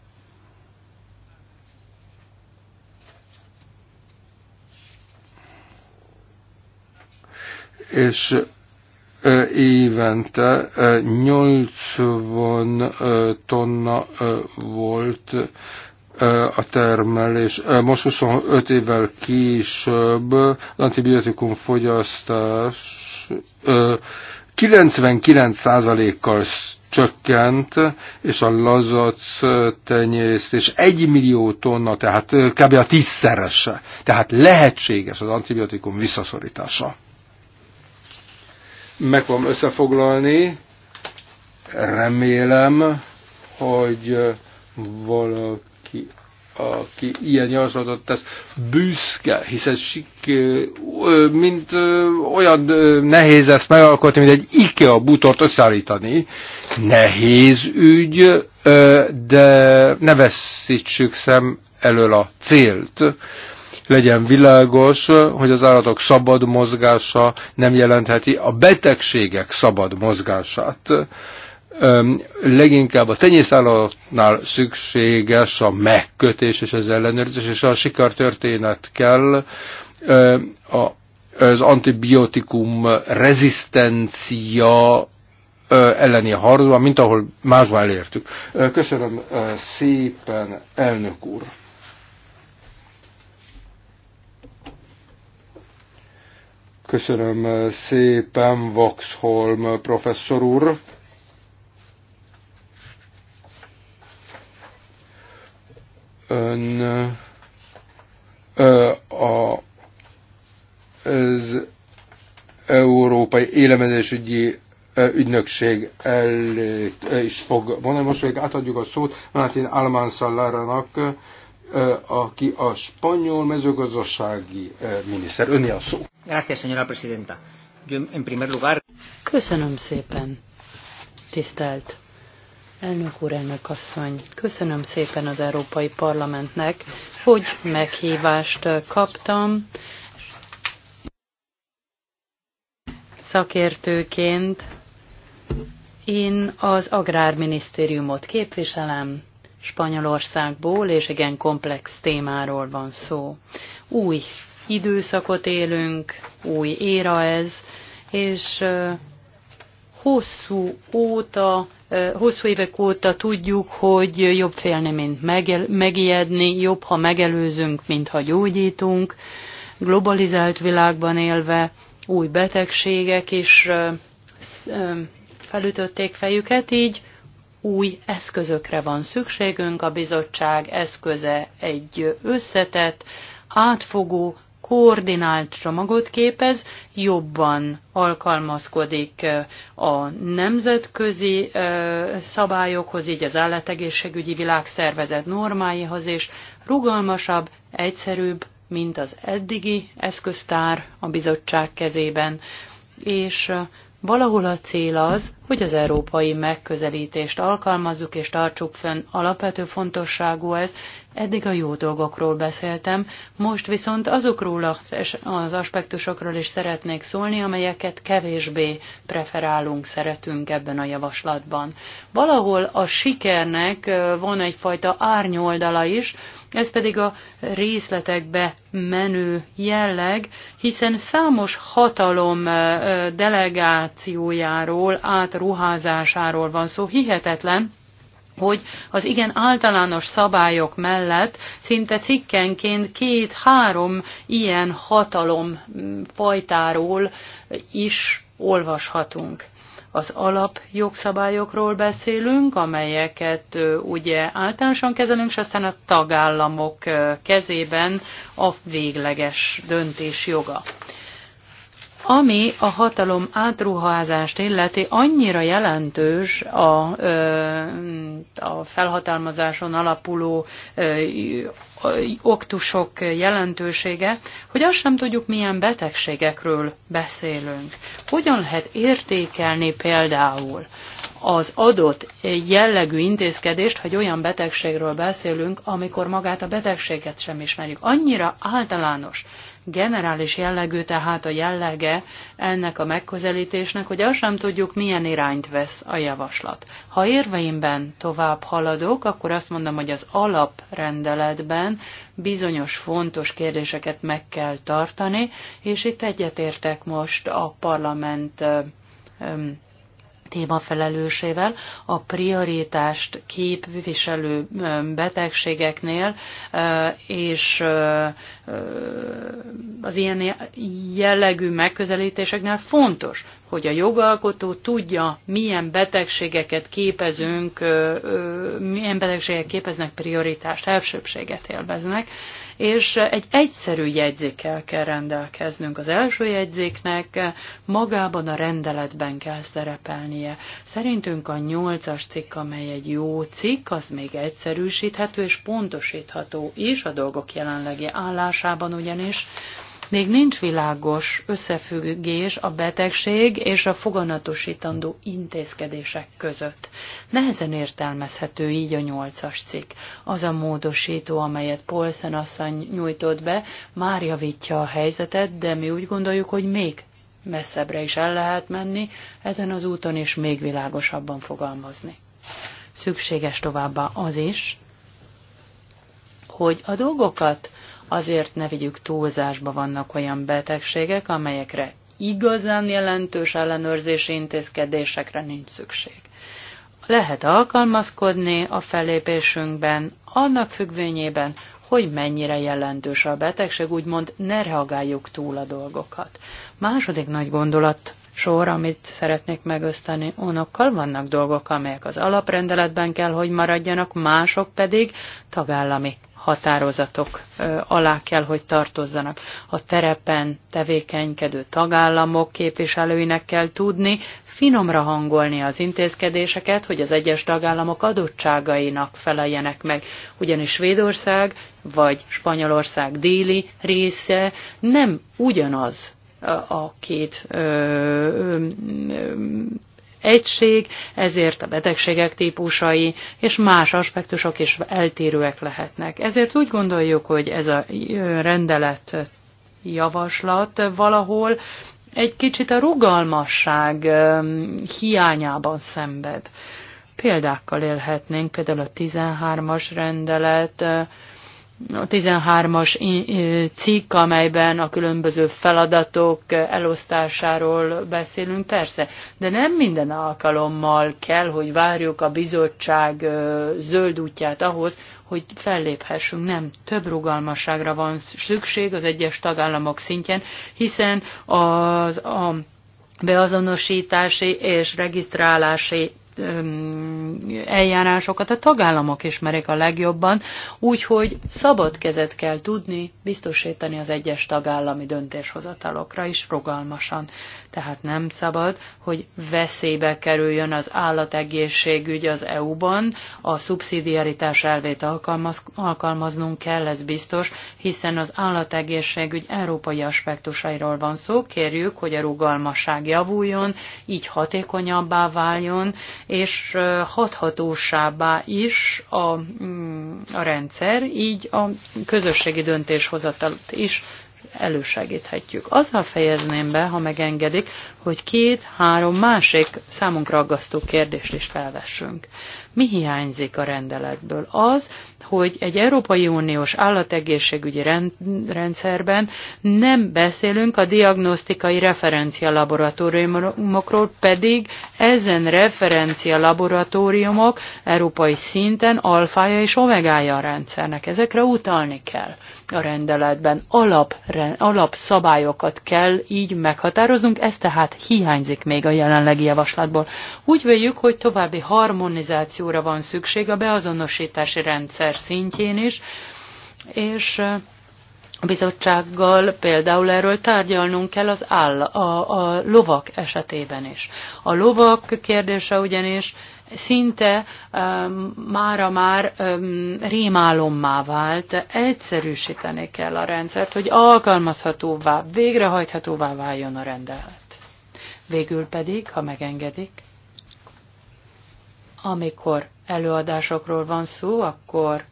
És évente 80 tonna volt a termelés. Most 25 évvel később antibiotikum fogyasztás 99%-kal csökkent, és a lazac és egy millió tonna, tehát kb. a tízszerese. Tehát lehetséges az antibiotikum visszaszorítása. Meg fogom összefoglalni. Remélem, hogy valaki aki ilyen javaslatot tesz, büszke, hiszen sik, mint olyan nehéz ezt megalkotni, mint egy IKEA butort összeállítani. Nehéz ügy, de ne veszítsük szem elől a célt. Legyen világos, hogy az állatok szabad mozgása nem jelentheti a betegségek szabad mozgását leginkább a tenyészállatnál szükséges a megkötés és az ellenőrzés, és a sikertörténet kell az antibiotikum rezisztencia elleni harcban, mint ahol másban elértük. Köszönöm szépen, elnök úr! Köszönöm szépen, Vaxholm professzor úr! Ön a, az Európai Élemezésügyi ügynökség elé is fog vonani. Most még átadjuk a szót Martin Szallárának, aki a spanyol mezőgazdasági miniszter. Önni a szó. Gracias, señora presidenta. Yo, en primer lugar... Köszönöm szépen, tisztelt Elnök úr, elnök asszony, köszönöm szépen az Európai Parlamentnek, hogy meghívást kaptam. Szakértőként én az Agrárminisztériumot képviselem, Spanyolországból, és igen komplex témáról van szó. Új időszakot élünk, új éra ez, és hosszú óta Hosszú évek óta tudjuk, hogy jobb félni, mint megijedni, jobb, ha megelőzünk, mint ha gyógyítunk. Globalizált világban élve új betegségek is felütötték fejüket, így új eszközökre van szükségünk. A bizottság eszköze egy összetett, átfogó, koordinált csomagot képez, jobban alkalmazkodik a nemzetközi szabályokhoz, így az állategészségügyi világszervezet normáihoz, és rugalmasabb, egyszerűbb, mint az eddigi eszköztár a bizottság kezében, és Valahol a cél az, hogy az európai megközelítést alkalmazzuk és tartsuk fönn. Alapvető fontosságú ez, eddig a jó dolgokról beszéltem, most viszont azokról az aspektusokról is szeretnék szólni, amelyeket kevésbé preferálunk, szeretünk ebben a javaslatban. Valahol a sikernek van egyfajta árnyoldala is, ez pedig a részletekbe menő jelleg, hiszen számos hatalom delegációjáról, átruházásáról van szó, hihetetlen, hogy az igen általános szabályok mellett szinte cikkenként két-három ilyen hatalom fajtáról is olvashatunk az alapjogszabályokról beszélünk, amelyeket ugye általánosan kezelünk, és aztán a tagállamok kezében a végleges döntés joga. Ami a hatalom átruházást illeti, annyira jelentős a, a felhatalmazáson alapuló oktusok jelentősége, hogy azt sem tudjuk, milyen betegségekről beszélünk. Hogyan lehet értékelni például az adott jellegű intézkedést, hogy olyan betegségről beszélünk, amikor magát a betegséget sem ismerjük. Annyira általános generális jellegű tehát a jellege ennek a megközelítésnek, hogy azt sem tudjuk, milyen irányt vesz a javaslat. Ha érveimben tovább haladok, akkor azt mondom, hogy az alaprendeletben bizonyos fontos kérdéseket meg kell tartani, és itt egyetértek most a parlament témafelelősével a prioritást képviselő betegségeknél és az ilyen jellegű megközelítéseknél fontos, hogy a jogalkotó tudja, milyen betegségeket képezünk, milyen betegségek képeznek prioritást, elsőbséget élveznek, és egy egyszerű jegyzékkel kell rendelkeznünk. Az első jegyzéknek magában a rendeletben kell szerepelnie. Szerintünk a nyolcas cikk, amely egy jó cikk, az még egyszerűsíthető és pontosítható is a dolgok jelenlegi állásában ugyanis még nincs világos összefüggés a betegség és a foganatosítandó intézkedések között. Nehezen értelmezhető így a nyolcas cikk. Az a módosító, amelyet Polszen asszony nyújtott be, már javítja a helyzetet, de mi úgy gondoljuk, hogy még messzebbre is el lehet menni, ezen az úton is még világosabban fogalmazni. Szükséges továbbá az is, hogy a dolgokat azért ne vigyük túlzásba vannak olyan betegségek, amelyekre igazán jelentős ellenőrzési intézkedésekre nincs szükség. Lehet alkalmazkodni a fellépésünkben, annak függvényében, hogy mennyire jelentős a betegség, úgymond ne reagáljuk túl a dolgokat. Második nagy gondolat sor, amit szeretnék megosztani onokkal, vannak dolgok, amelyek az alaprendeletben kell, hogy maradjanak, mások pedig tagállami határozatok alá kell, hogy tartozzanak. A terepen tevékenykedő tagállamok képviselőinek kell tudni finomra hangolni az intézkedéseket, hogy az egyes tagállamok adottságainak feleljenek meg, ugyanis Svédország vagy Spanyolország déli része nem ugyanaz a két ö, ö, egység, ezért a betegségek típusai és más aspektusok is eltérőek lehetnek. Ezért úgy gondoljuk, hogy ez a rendelet javaslat valahol egy kicsit a rugalmasság hiányában szenved. Példákkal élhetnénk, például a 13-as rendelet, a 13-as cikk, amelyben a különböző feladatok elosztásáról beszélünk, persze, de nem minden alkalommal kell, hogy várjuk a bizottság zöld útját ahhoz, hogy felléphessünk. Nem, több rugalmasságra van szükség az egyes tagállamok szintjén, hiszen az a beazonosítási és regisztrálási eljárásokat a tagállamok ismerik a legjobban, úgyhogy szabad kezet kell tudni biztosítani az egyes tagállami döntéshozatalokra is rugalmasan tehát nem szabad, hogy veszélybe kerüljön az állategészségügy az EU-ban. A szubszidiaritás elvét alkalmaz, alkalmaznunk kell, ez biztos, hiszen az állategészségügy európai aspektusairól van szó. Kérjük, hogy a rugalmasság javuljon, így hatékonyabbá váljon, és hathatósábbá is a, mm, a rendszer, így a közösségi döntéshozatalat is elősegíthetjük. Azzal fejezném be, ha megengedik, hogy két-három másik számunkra aggasztó kérdést is felvessünk. Mi hiányzik a rendeletből? Az, hogy egy Európai Uniós állategészségügyi rendszerben nem beszélünk a diagnosztikai referencia laboratóriumokról, pedig ezen referencia laboratóriumok európai szinten alfája és omegája a rendszernek. Ezekre utalni kell a rendeletben. Alap, alapszabályokat kell így meghatároznunk, ez tehát hiányzik még a jelenlegi javaslatból. Úgy véljük, hogy további harmonizációra van szükség a beazonosítási rendszer szintjén is, és a bizottsággal például erről tárgyalnunk kell az áll, a, a lovak esetében is. A lovak kérdése ugyanis szinte mára már rémálommá vált. Egyszerűsíteni kell a rendszert, hogy alkalmazhatóvá, végrehajthatóvá váljon a rendelet. Végül pedig, ha megengedik, amikor előadásokról van szó, akkor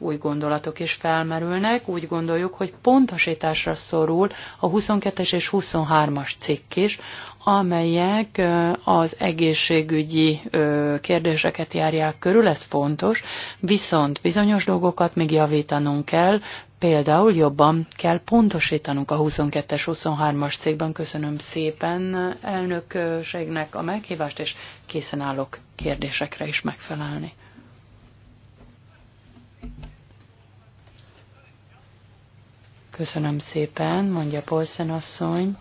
új gondolatok is felmerülnek. Úgy gondoljuk, hogy pontosításra szorul a 22-es és 23-as cikk is, amelyek az egészségügyi kérdéseket járják körül, ez fontos, viszont bizonyos dolgokat még javítanunk kell, például jobban kell pontosítanunk a 22-es, 23-as cégben. Köszönöm szépen elnökségnek a meghívást, és készen állok kérdésekre is megfelelni. Köszönöm szépen, mondja Polszen asszony.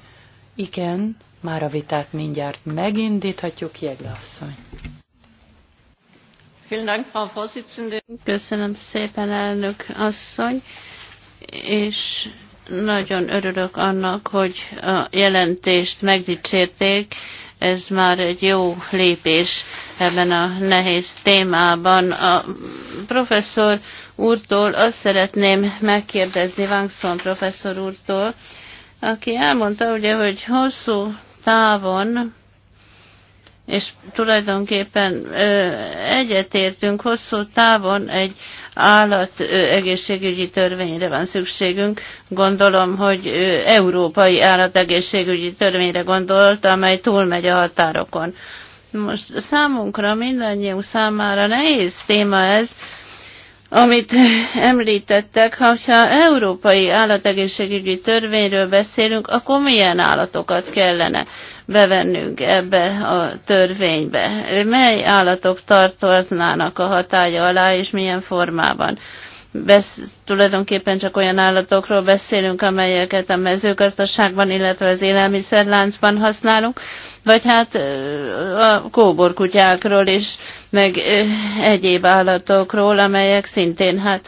Igen, már a vitát mindjárt megindíthatjuk, Jegle asszony. Köszönöm szépen, elnök asszony, és nagyon örülök annak, hogy a jelentést megdicsérték, ez már egy jó lépés ebben a nehéz témában. A professzor úrtól azt szeretném megkérdezni, Wangson professzor úrtól, aki elmondta ugye, hogy hosszú távon és tulajdonképpen egyetértünk hosszú távon egy állat egészségügyi törvényre van szükségünk. Gondolom, hogy európai egészségügyi törvényre gondolt, amely túlmegy a határokon. Most számunkra, mindannyiunk számára nehéz téma ez, amit említettek, ha európai állategészségügyi törvényről beszélünk, akkor milyen állatokat kellene bevennünk ebbe a törvénybe? Mely állatok tartoznának a hatája alá, és milyen formában? Besz, tulajdonképpen csak olyan állatokról beszélünk, amelyeket a mezőgazdaságban, illetve az élelmiszerláncban használunk, vagy hát a kóborkutyákról is, meg egyéb állatokról, amelyek szintén hát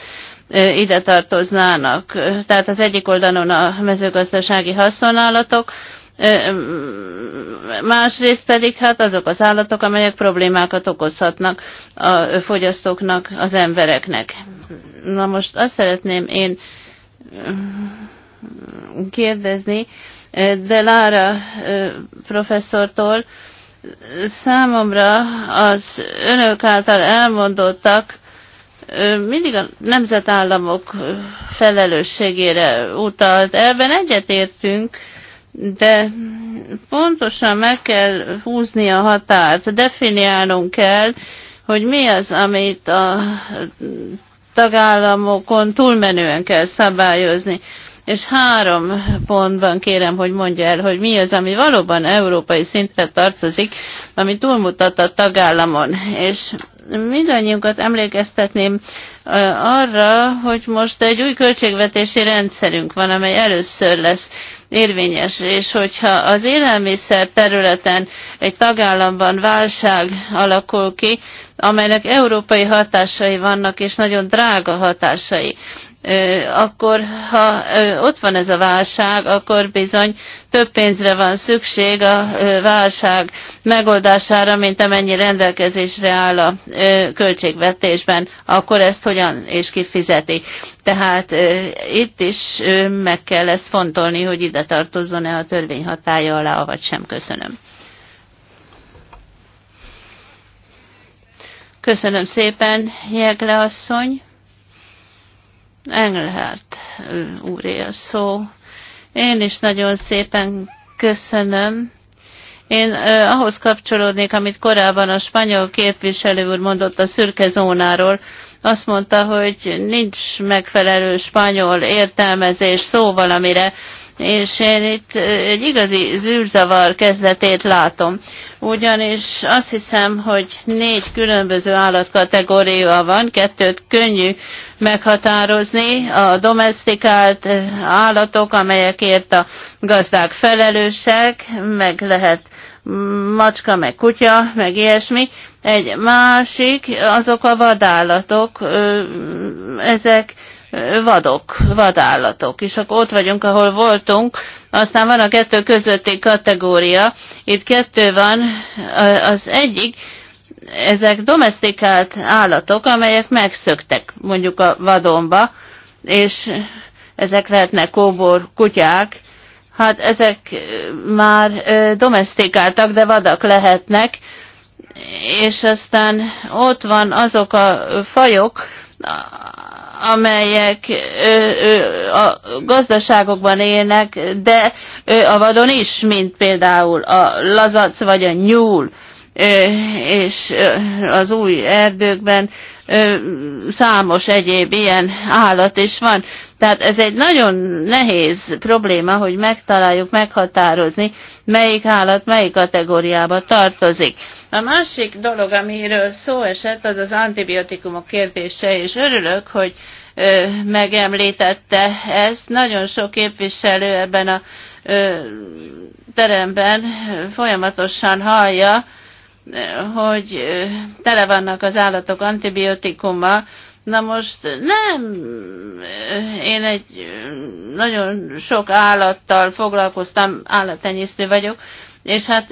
ide tartoznának. Tehát az egyik oldalon a mezőgazdasági haszonállatok, másrészt pedig hát azok az állatok, amelyek problémákat okozhatnak a fogyasztóknak, az embereknek. Na most azt szeretném én kérdezni, de Lára professzortól. Számomra az önök által elmondottak mindig a nemzetállamok felelősségére utalt. Ebben egyetértünk, de pontosan meg kell húzni a határt, definiálnunk kell, hogy mi az, amit a tagállamokon túlmenően kell szabályozni és három pontban kérem, hogy mondja el, hogy mi az, ami valóban európai szintre tartozik, ami túlmutat a tagállamon. És mindannyiunkat emlékeztetném arra, hogy most egy új költségvetési rendszerünk van, amely először lesz érvényes, és hogyha az élelmiszer területen egy tagállamban válság alakul ki, amelynek európai hatásai vannak, és nagyon drága hatásai akkor ha ott van ez a válság, akkor bizony több pénzre van szükség a válság megoldására, mint amennyi rendelkezésre áll a költségvetésben, akkor ezt hogyan és kifizeti. Tehát itt is meg kell ezt fontolni, hogy ide tartozzon-e a törvény hatája alá, vagy sem. Köszönöm. Köszönöm szépen, Jegle asszony. Engelhardt úr él szó. Én is nagyon szépen köszönöm. Én eh, ahhoz kapcsolódnék, amit korábban a spanyol képviselő úr mondott a szürke zónáról. Azt mondta, hogy nincs megfelelő spanyol értelmezés szó valamire, és én itt egy igazi zűrzavar kezdetét látom ugyanis azt hiszem, hogy négy különböző állatkategória van, kettőt könnyű meghatározni, a domestikált eh, állatok, amelyekért a gazdák felelősek, meg lehet macska, meg kutya, meg ilyesmi. Egy másik, azok a vadállatok, ezek vadok, vadállatok, és akkor ott vagyunk, ahol voltunk, aztán van a kettő közötti kategória, itt kettő van, az egyik, ezek domestikált állatok, amelyek megszöktek mondjuk a vadonba, és ezek lehetnek kóbor kutyák, hát ezek már domestikáltak, de vadak lehetnek, és aztán ott van azok a fajok, amelyek a gazdaságokban élnek, de a vadon is, mint például a lazac vagy a nyúl, és az új erdőkben számos egyéb ilyen állat is van. Tehát ez egy nagyon nehéz probléma, hogy megtaláljuk, meghatározni, melyik állat melyik kategóriába tartozik a másik dolog, amiről szó esett, az az antibiotikumok kérdése, és örülök, hogy ö, megemlítette ezt. Nagyon sok képviselő ebben a ö, teremben folyamatosan hallja, hogy tele vannak az állatok antibiotikuma. Na most nem, én egy nagyon sok állattal foglalkoztam, állattenyésztő vagyok, és hát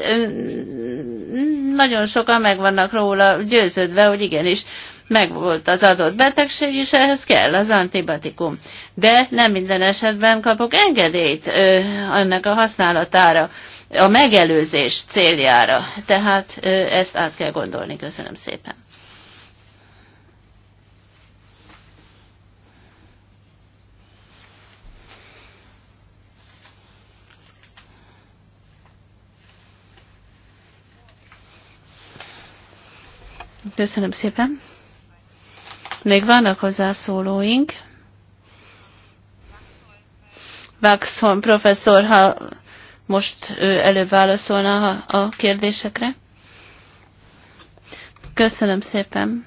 nagyon sokan meg vannak róla győződve, hogy igenis megvolt az adott betegség, és ehhez kell az antibatikum. De nem minden esetben kapok engedélyt ö, annak a használatára, a megelőzés céljára. Tehát ö, ezt át kell gondolni. Köszönöm szépen. Köszönöm szépen. Még vannak hozzászólóink. Vaxholm professzor, ha most ő előbb válaszolna a kérdésekre. Köszönöm szépen.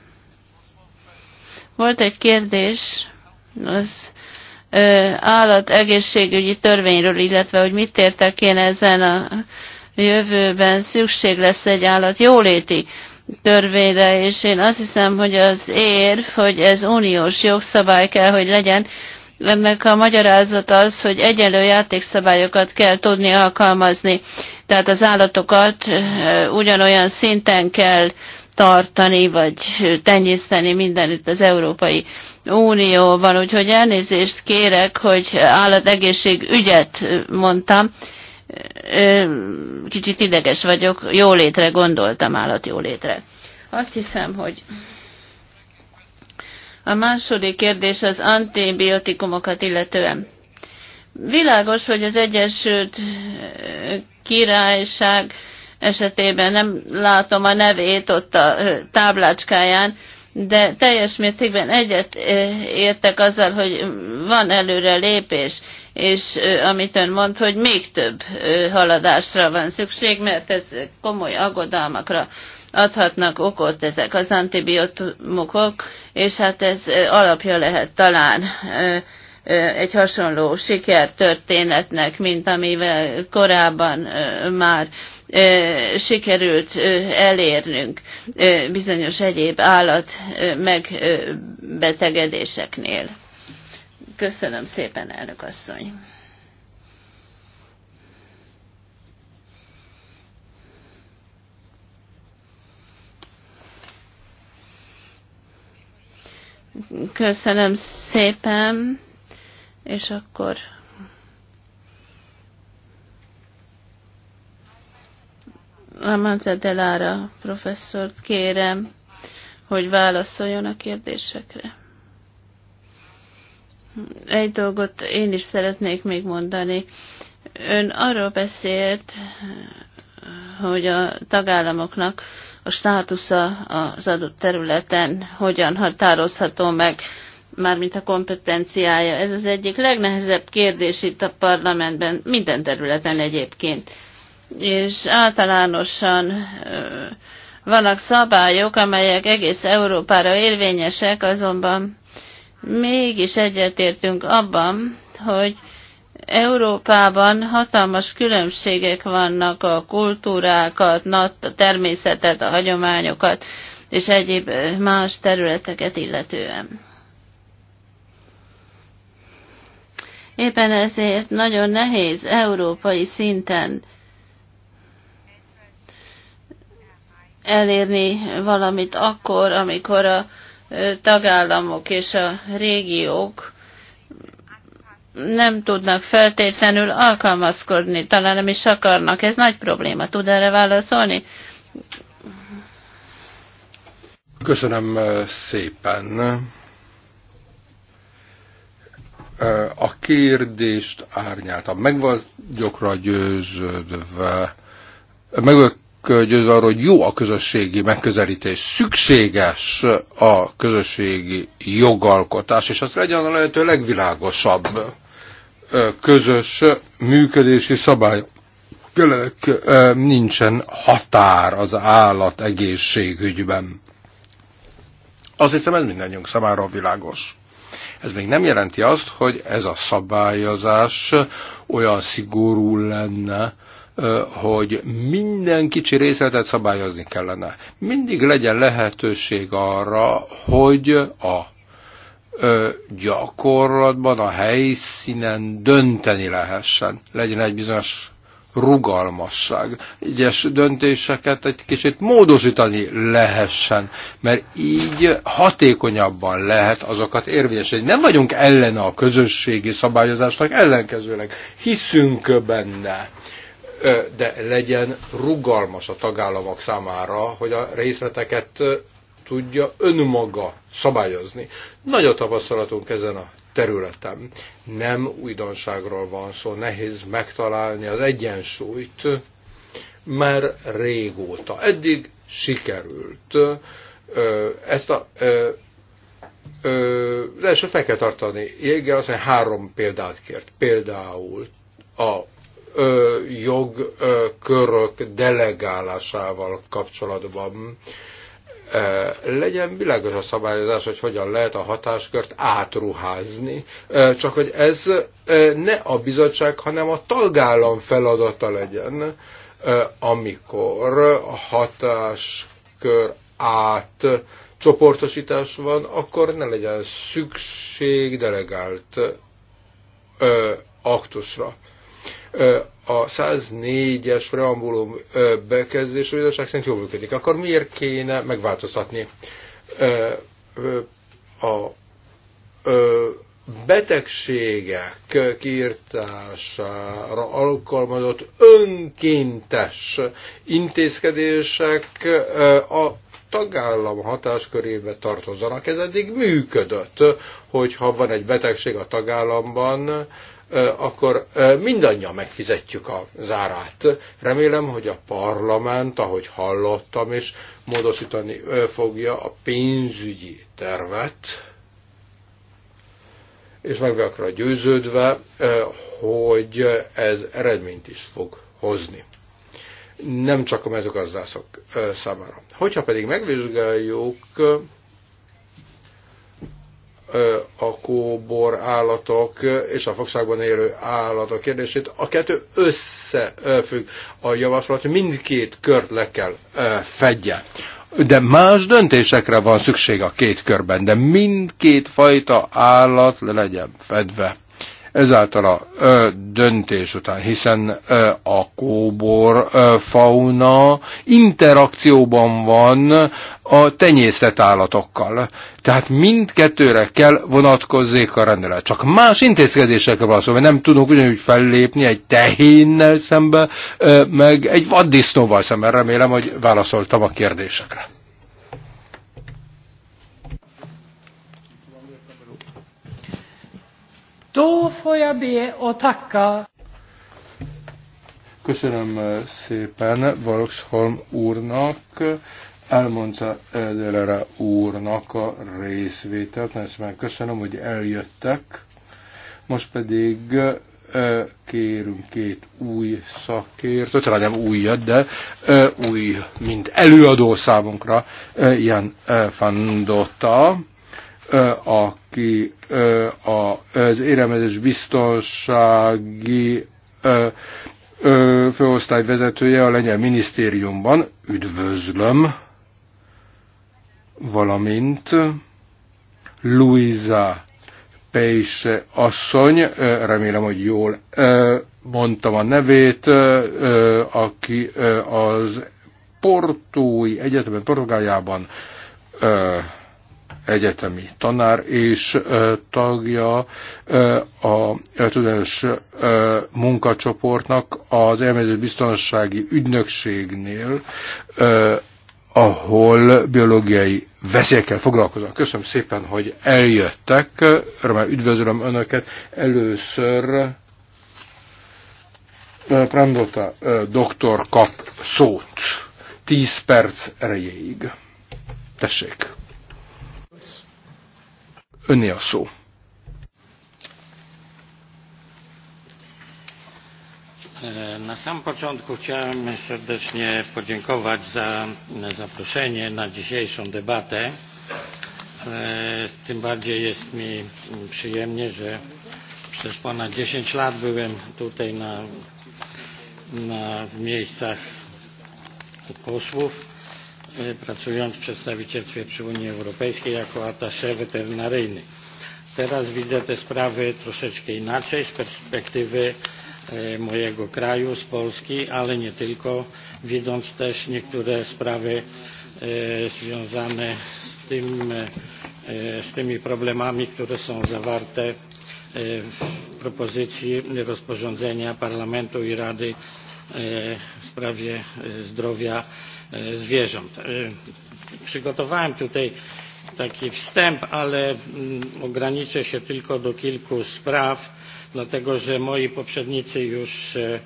Volt egy kérdés, az ö, állat egészségügyi törvényről, illetve hogy mit értek én ezen a jövőben szükség lesz egy állat jóléti törvényre, és én azt hiszem, hogy az érv, hogy ez uniós jogszabály kell, hogy legyen, ennek a magyarázat az, hogy egyenlő játékszabályokat kell tudni alkalmazni. Tehát az állatokat ugyanolyan szinten kell tartani, vagy tenyészteni mindenütt az Európai Unióban. Úgyhogy elnézést kérek, hogy ügyet, mondtam, kicsit ideges vagyok, jólétre gondoltam jólétre. Azt hiszem, hogy a második kérdés az antibiotikumokat illetően. Világos, hogy az Egyesült Királyság esetében nem látom a nevét ott a táblácskáján, de teljes mértékben egyet értek azzal, hogy van előre lépés, és amit ön mond, hogy még több haladásra van szükség, mert ez komoly aggodalmakra adhatnak okot ezek az antibiotikumok, és hát ez alapja lehet talán egy hasonló sikertörténetnek, mint amivel korábban már sikerült elérnünk bizonyos egyéb állat megbetegedéseknél. Köszönöm szépen, elnök asszony. Köszönöm szépen, és akkor Amanza Delára professzort kérem, hogy válaszoljon a kérdésekre. Egy dolgot én is szeretnék még mondani. Ön arról beszélt, hogy a tagállamoknak a státusza az adott területen hogyan határozható meg, mármint a kompetenciája. Ez az egyik legnehezebb kérdés itt a parlamentben, minden területen egyébként. És általánosan vannak szabályok, amelyek egész Európára érvényesek, azonban mégis egyetértünk abban, hogy Európában hatalmas különbségek vannak a kultúrákat, a természetet, a hagyományokat és egyéb más területeket illetően. Éppen ezért nagyon nehéz európai szinten elérni valamit akkor, amikor a tagállamok és a régiók nem tudnak feltétlenül alkalmazkodni, talán nem is akarnak. Ez nagy probléma. Tud erre válaszolni? Köszönöm szépen. A kérdést árnyáltam. Meg vagyok rá győződve, meg vagyok győzve arról, hogy jó a közösségi megközelítés, szükséges a közösségi jogalkotás, és az legyen a lehető legvilágosabb közös működési szabály. Nincsen határ az állat egészségügyben. Azt hiszem, ez mindannyiunk számára világos. Ez még nem jelenti azt, hogy ez a szabályozás olyan szigorú lenne, hogy minden kicsi részletet szabályozni kellene. Mindig legyen lehetőség arra, hogy a gyakorlatban, a helyszínen dönteni lehessen. Legyen egy bizonyos rugalmasság. Egyes döntéseket egy kicsit módosítani lehessen, mert így hatékonyabban lehet azokat érvényesíteni. Nem vagyunk ellene a közösségi szabályozásnak, ellenkezőleg hiszünk benne de legyen rugalmas a tagállamok számára, hogy a részleteket tudja önmaga szabályozni. Nagy a tapasztalatunk ezen a területen. Nem újdonságról van szó, nehéz megtalálni az egyensúlyt, már régóta. Eddig sikerült. Ezt a az első fel kell tartani. Jéger azt mondja, három példát kért. Például a jogkörök delegálásával kapcsolatban legyen világos a szabályozás, hogy hogyan lehet a hatáskört átruházni, csak hogy ez ne a bizottság, hanem a tagállam feladata legyen, amikor a hatáskör át csoportosítás van, akkor ne legyen szükség delegált aktusra a 104-es preambulum bekezdés a bizottság szerint jól működik. Akkor miért kéne megváltoztatni? A betegségek kiirtására alkalmazott önkéntes intézkedések a tagállam hatáskörébe tartozanak. Ez eddig működött, hogyha van egy betegség a tagállamban, akkor mindannyian megfizetjük a zárát. Remélem, hogy a parlament, ahogy hallottam, és módosítani fogja a pénzügyi tervet, és meg vagyok győződve, hogy ez eredményt is fog hozni. Nem csak a mezőgazdászok számára. Hogyha pedig megvizsgáljuk a kóbor állatok és a fogságban élő állatok kérdését. A kettő összefügg a javaslat, mindkét kört le kell fedje. De más döntésekre van szükség a két körben, de mindkét fajta állat le legyen fedve. Ezáltal a ö, döntés után, hiszen ö, a kóbor ö, fauna interakcióban van a tenyészet állatokkal. Tehát mindkettőre kell vonatkozzék a rendelet. Csak más intézkedésekre van szó, mert nem tudunk ugyanúgy fellépni egy tehénnel szembe, ö, meg egy vaddisznóval szemben. Remélem, hogy válaszoltam a kérdésekre. Då får jag be och tacka. Köszönöm eh, szépen Valoxholm úrnak, Elmondta Edelere úrnak a részvételt. Nagyon szépen köszönöm, hogy eljöttek. Most pedig eh, kérünk két új szakértőt, ötre nem újat, de eh, új, mint előadó számunkra, Jan Fandotta aki az éremezés biztonsági főosztály vezetője a lengyel minisztériumban, üdvözlöm, valamint Luisa Peixe asszony, remélem, hogy jól mondtam a nevét, aki az Portói Egyetemen Portugáliában egyetemi tanár és tagja a tudományos munkacsoportnak az elmegyő biztonsági ügynökségnél, ahol biológiai veszélyekkel foglalkoznak. Köszönöm szépen, hogy eljöttek. Örömmel üdvözlöm Önöket. Először Prandota doktor kap szót. 10 perc erejéig. Tessék! Önné a szó. E, na sam początku chciałem serdecznie podziękować za zaproszenie na dzisiejszą debatę. E, tym bardziej jest mi przyjemnie, że przez ponad 10 lat byłem tutaj na, na w miejscach posłów pracując w przedstawicielstwie przy Unii Europejskiej jako atasze weterynaryjny. Teraz widzę te sprawy troszeczkę inaczej z perspektywy e, mojego kraju, z Polski, ale nie tylko, widząc też niektóre sprawy e, związane z, tym, e, z tymi problemami, które są zawarte w propozycji rozporządzenia Parlamentu i Rady w sprawie zdrowia zwierząt. E, e, przygotowałem tutaj taki wstęp, ale mm, ograniczę się tylko do kilku spraw, dlatego że moi poprzednicy już e,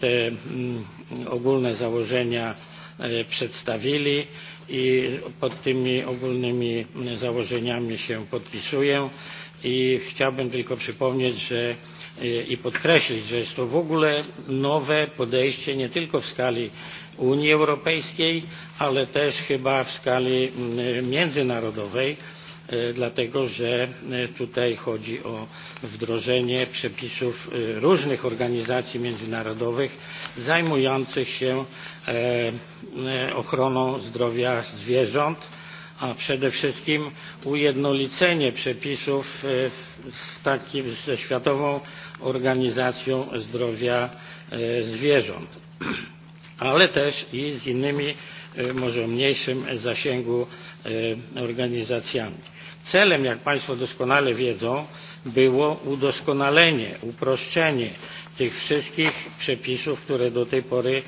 te mm, ogólne założenia przedstawili i pod tymi ogólnymi założeniami się podpisuję i chciałbym tylko przypomnieć, że i podkreślić, że jest to w ogóle nowe podejście nie tylko w skali Unii Europejskiej, ale też chyba w skali mm, międzynarodowej, e, dlatego że e, tutaj chodzi o wdrożenie przepisów e, różnych organizacji międzynarodowych zajmujących się ochroną zdrowia zwierząt, a przede wszystkim ujednolicenie przepisów z takim, ze Światową Organizacją Zdrowia Zwierząt ale też i z innymi e, może mniejszym zasięgu e, organizacjami. Celem, jak Państwo doskonale wiedzą, było udoskonalenie, uproszczenie tych wszystkich przepisów, które do tej pory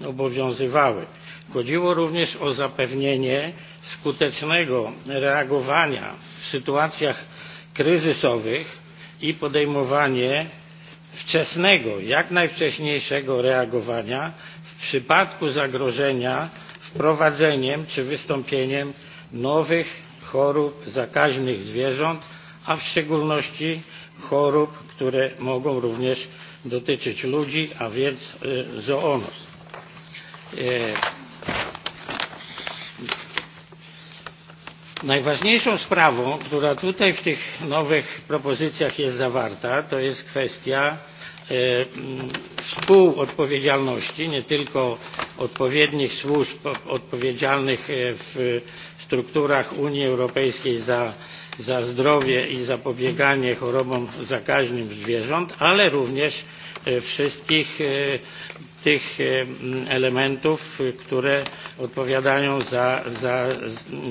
e, obowiązywały. Chodziło również o zapewnienie skutecznego reagowania w sytuacjach kryzysowych i podejmowanie wczesnego, jak najwcześniejszego reagowania przypadku zagrożenia wprowadzeniem czy wystąpieniem nowych chorób zakaźnych zwierząt a w szczególności chorób które mogą również dotyczyć ludzi a więc zoonoz. E, najważniejszą sprawą, która tutaj w tych nowych propozycjach jest zawarta, to jest kwestia E, współodpowiedzialności nie tylko odpowiednich służb odpowiedzialnych e, w strukturach unii europejskiej za, zdrowie i zapobieganie chorobom zakaźnym zwierząt ale również e, wszystkich tych elementów, które odpowiadają za,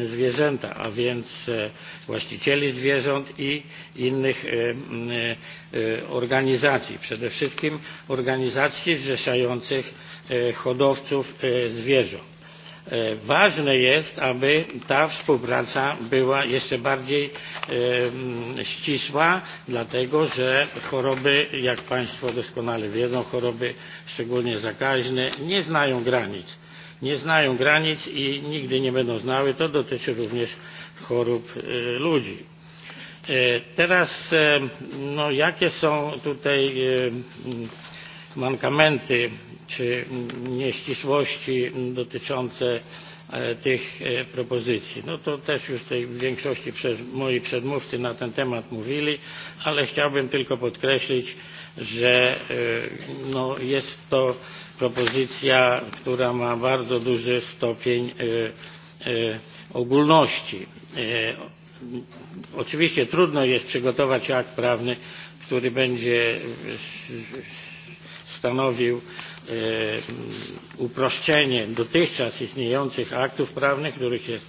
zwierzęta, a więc e, właścicieli zwierząt i innych e, organizacji, przede wszystkim organizacji zrzeszających e, hodowców zwierząt E, ważne jest, aby ta współpraca była jeszcze bardziej e, ścisła, dlatego że choroby, jak Państwo doskonale wiedzą, choroby szczególnie zakaźne nie znają granic. Nie znają granic i nigdy nie będą znały. To dotyczy również chorób e, ludzi. Teraz, no, jakie są tutaj mankamenty czy nieścisłości dotyczące e, tych e, propozycji. No to też już tej w większości przez moi przedmówcy na ten temat mówili, ale chciałbym tylko podkreślić, że e, no, jest to propozycja, która ma bardzo duży stopień ogólności. Oczywiście trudno jest przygotować akt prawny, który będzie z, z, stanowił e, uproszczenie dotychczas istniejących aktów prawnych, których jest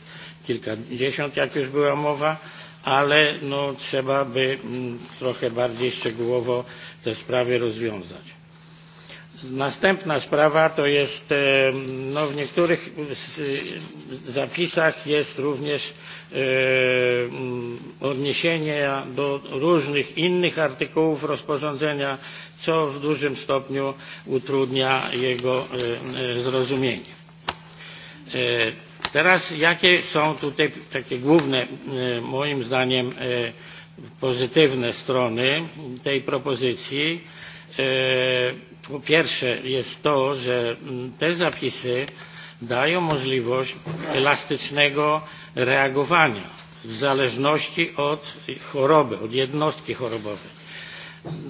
kilkadziesiąt, jak już była mowa, ale no, trzeba by mm, trochę bardziej szczegółowo te sprawy rozwiązać. Następna sprawa to jest, e, w niektórych e, e, zapisach jest również mm, odniesienie do różnych innych artykułów rozporządzenia, co w dużym stopniu utrudnia jego zrozumienie. Teraz jakie są tutaj takie główne, moim zdaniem, pozytywne strony tej propozycji? E, po pierwsze jest to, że mm, te zapisy dają możliwość elastycznego reagowania w zależności od choroby, od jednostki chorobowej.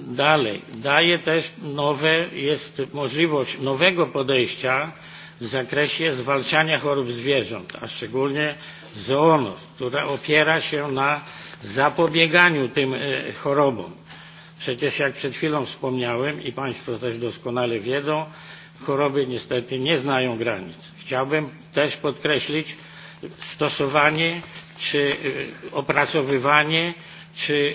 Dalej, daje też nowe, jest możliwość nowego podejścia w zakresie zwalczania chorób zwierząt, a szczególnie zoonoz, która opiera się na zapobieganiu tym e, chorobom Przecież jak przed chwilą wspomniałem i Państwo też doskonale wiedzą, choroby niestety nie znają granic. Chciałbym też podkreślić stosowanie czy e, opracowywanie czy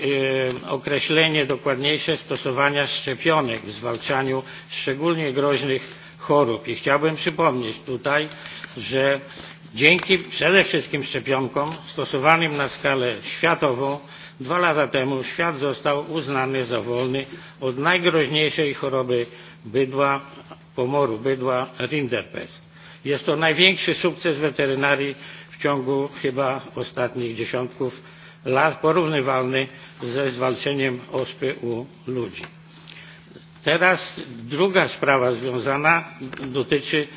e, określenie dokładniejsze stosowania szczepionek w zwalczaniu szczególnie groźnych chorób. I chciałbym przypomnieć tutaj, że dzięki przede wszystkim szczepionkom stosowanym na skalę światową Dwa lata temu świat został uznany za wolny od najgroźniejszej choroby bydła, pomoru bydła Rinderpest. Jest to największy sukces weterynarii w ciągu chyba ostatnich dziesiątków lat porównywalny ze zwalczeniem ospy u ludzi. Teraz druga sprawa związana dotyczy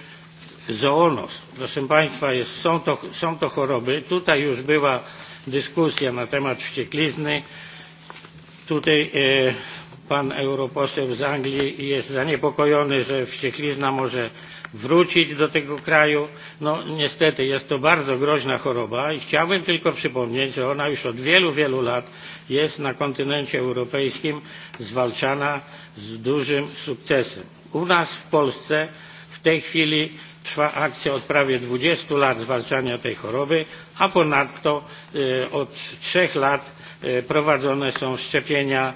zoonoz. Proszę Państwa, jest, są, to, są to choroby. Tutaj już była dyskusja na temat wścieklizny. Tutaj e, pan europoseł z Anglii jest zaniepokojony, że wścieklizna może wrócić do tego kraju. No niestety jest to bardzo groźna choroba i chciałbym tylko przypomnieć, że ona już od wielu, wielu lat jest na kontynencie europejskim zwalczana z dużym sukcesem. U nas w Polsce w tej chwili trwa akcja od prawie dwadzieścia lat zwalczania tej choroby a ponadto e, od trzech lat e, prowadzone są szczepienia e,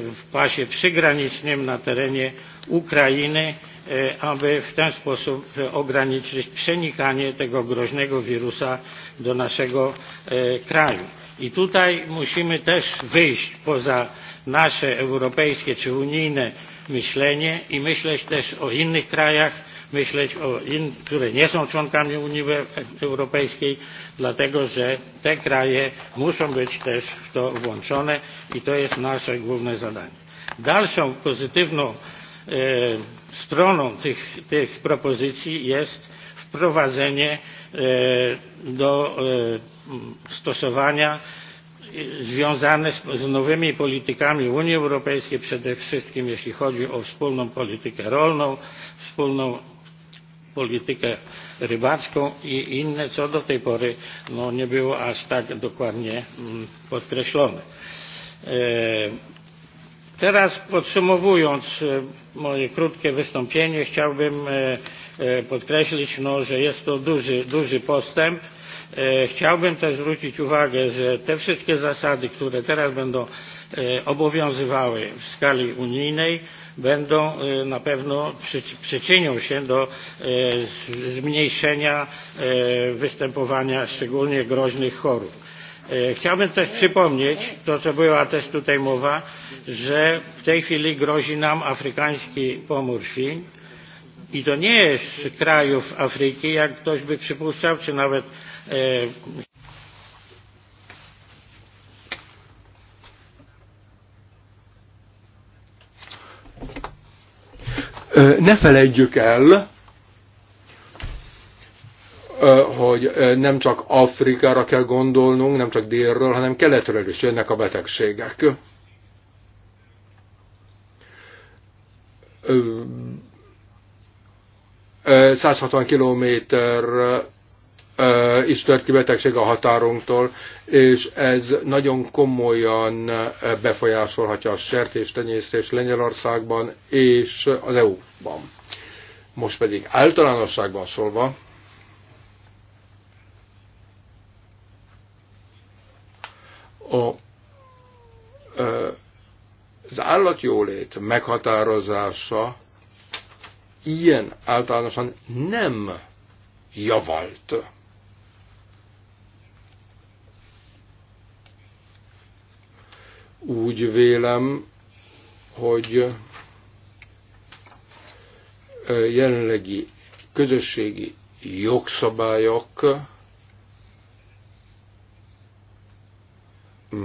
w pasie przygranicznym na terenie ukrainy aby w ten sposób ograniczyć przenikanie tego groźnego wirusa do naszego kraju. i tutaj musimy też wyjść poza nasze europejskie czy unijne myślenie i myśleć też o innych krajach myśleć o in, które nie są członkami Unii Europejskiej, dlatego że te kraje muszą być też w to włączone i to jest nasze główne zadanie. Dalszą pozytywną e, stroną tych, tych propozycji jest wprowadzenie e, do e, stosowania e, związane z, z nowymi politykami Unii Europejskiej, przede wszystkim jeśli chodzi o wspólną politykę rolną, wspólną politykę rybacką i inne, co do tej pory nie było aż tak dokładnie mm, podkreślone. E, teraz podsumowując e, moje krótkie wystąpienie, chciałbym e, podkreślić, że jest to duży postęp. Chciałbym też zwrócić uwagę, że te wszystkie zasady, które teraz będą obowiązywały w skali unijnej, będą na pewno przyczynią się do zmniejszenia występowania szczególnie groźnych chorób. Chciałbym też przypomnieć to, co była też tutaj mowa, że w tej chwili grozi nam afrykański pomór świń i to nie jest z krajów Afryki, jak ktoś by przypuszczał, czy nawet Ne felejtjük el, hogy nem csak Afrikára kell gondolnunk, nem csak délről, hanem keletről is jönnek a betegségek. Ö, 160 kilométer is tört ki betegség a határunktól, és ez nagyon komolyan befolyásolhatja a sertéstenyésztés Lengyelországban és az EU-ban. Most pedig általánosságban szólva, a, az állatjólét meghatározása ilyen általánosan nem javalt. Úgy vélem, hogy jelenlegi közösségi jogszabályok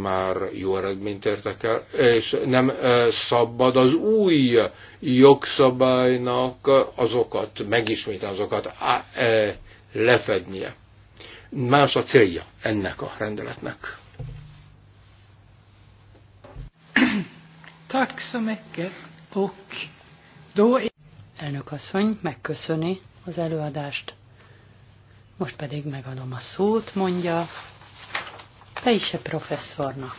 már jó eredményt értek el, és nem szabad az új jogszabálynak azokat, megismétel azokat lefednie. Más a célja ennek a rendeletnek. Tack så mycket. Och då... Elnök asszony megköszöni az előadást. Most pedig megadom a szót, mondja Peise professzornak.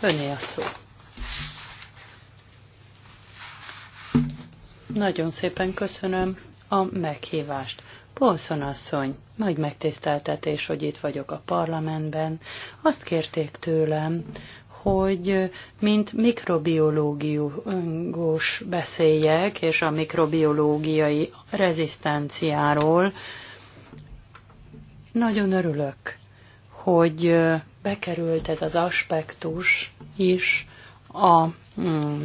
Öné a szó. Nagyon szépen köszönöm a meghívást. Polszon asszony, nagy megtiszteltetés, hogy itt vagyok a parlamentben. Azt kérték tőlem, hogy mint mikrobiológiós beszéljek, és a mikrobiológiai rezisztenciáról. Nagyon örülök, hogy bekerült ez az aspektus is a, mm,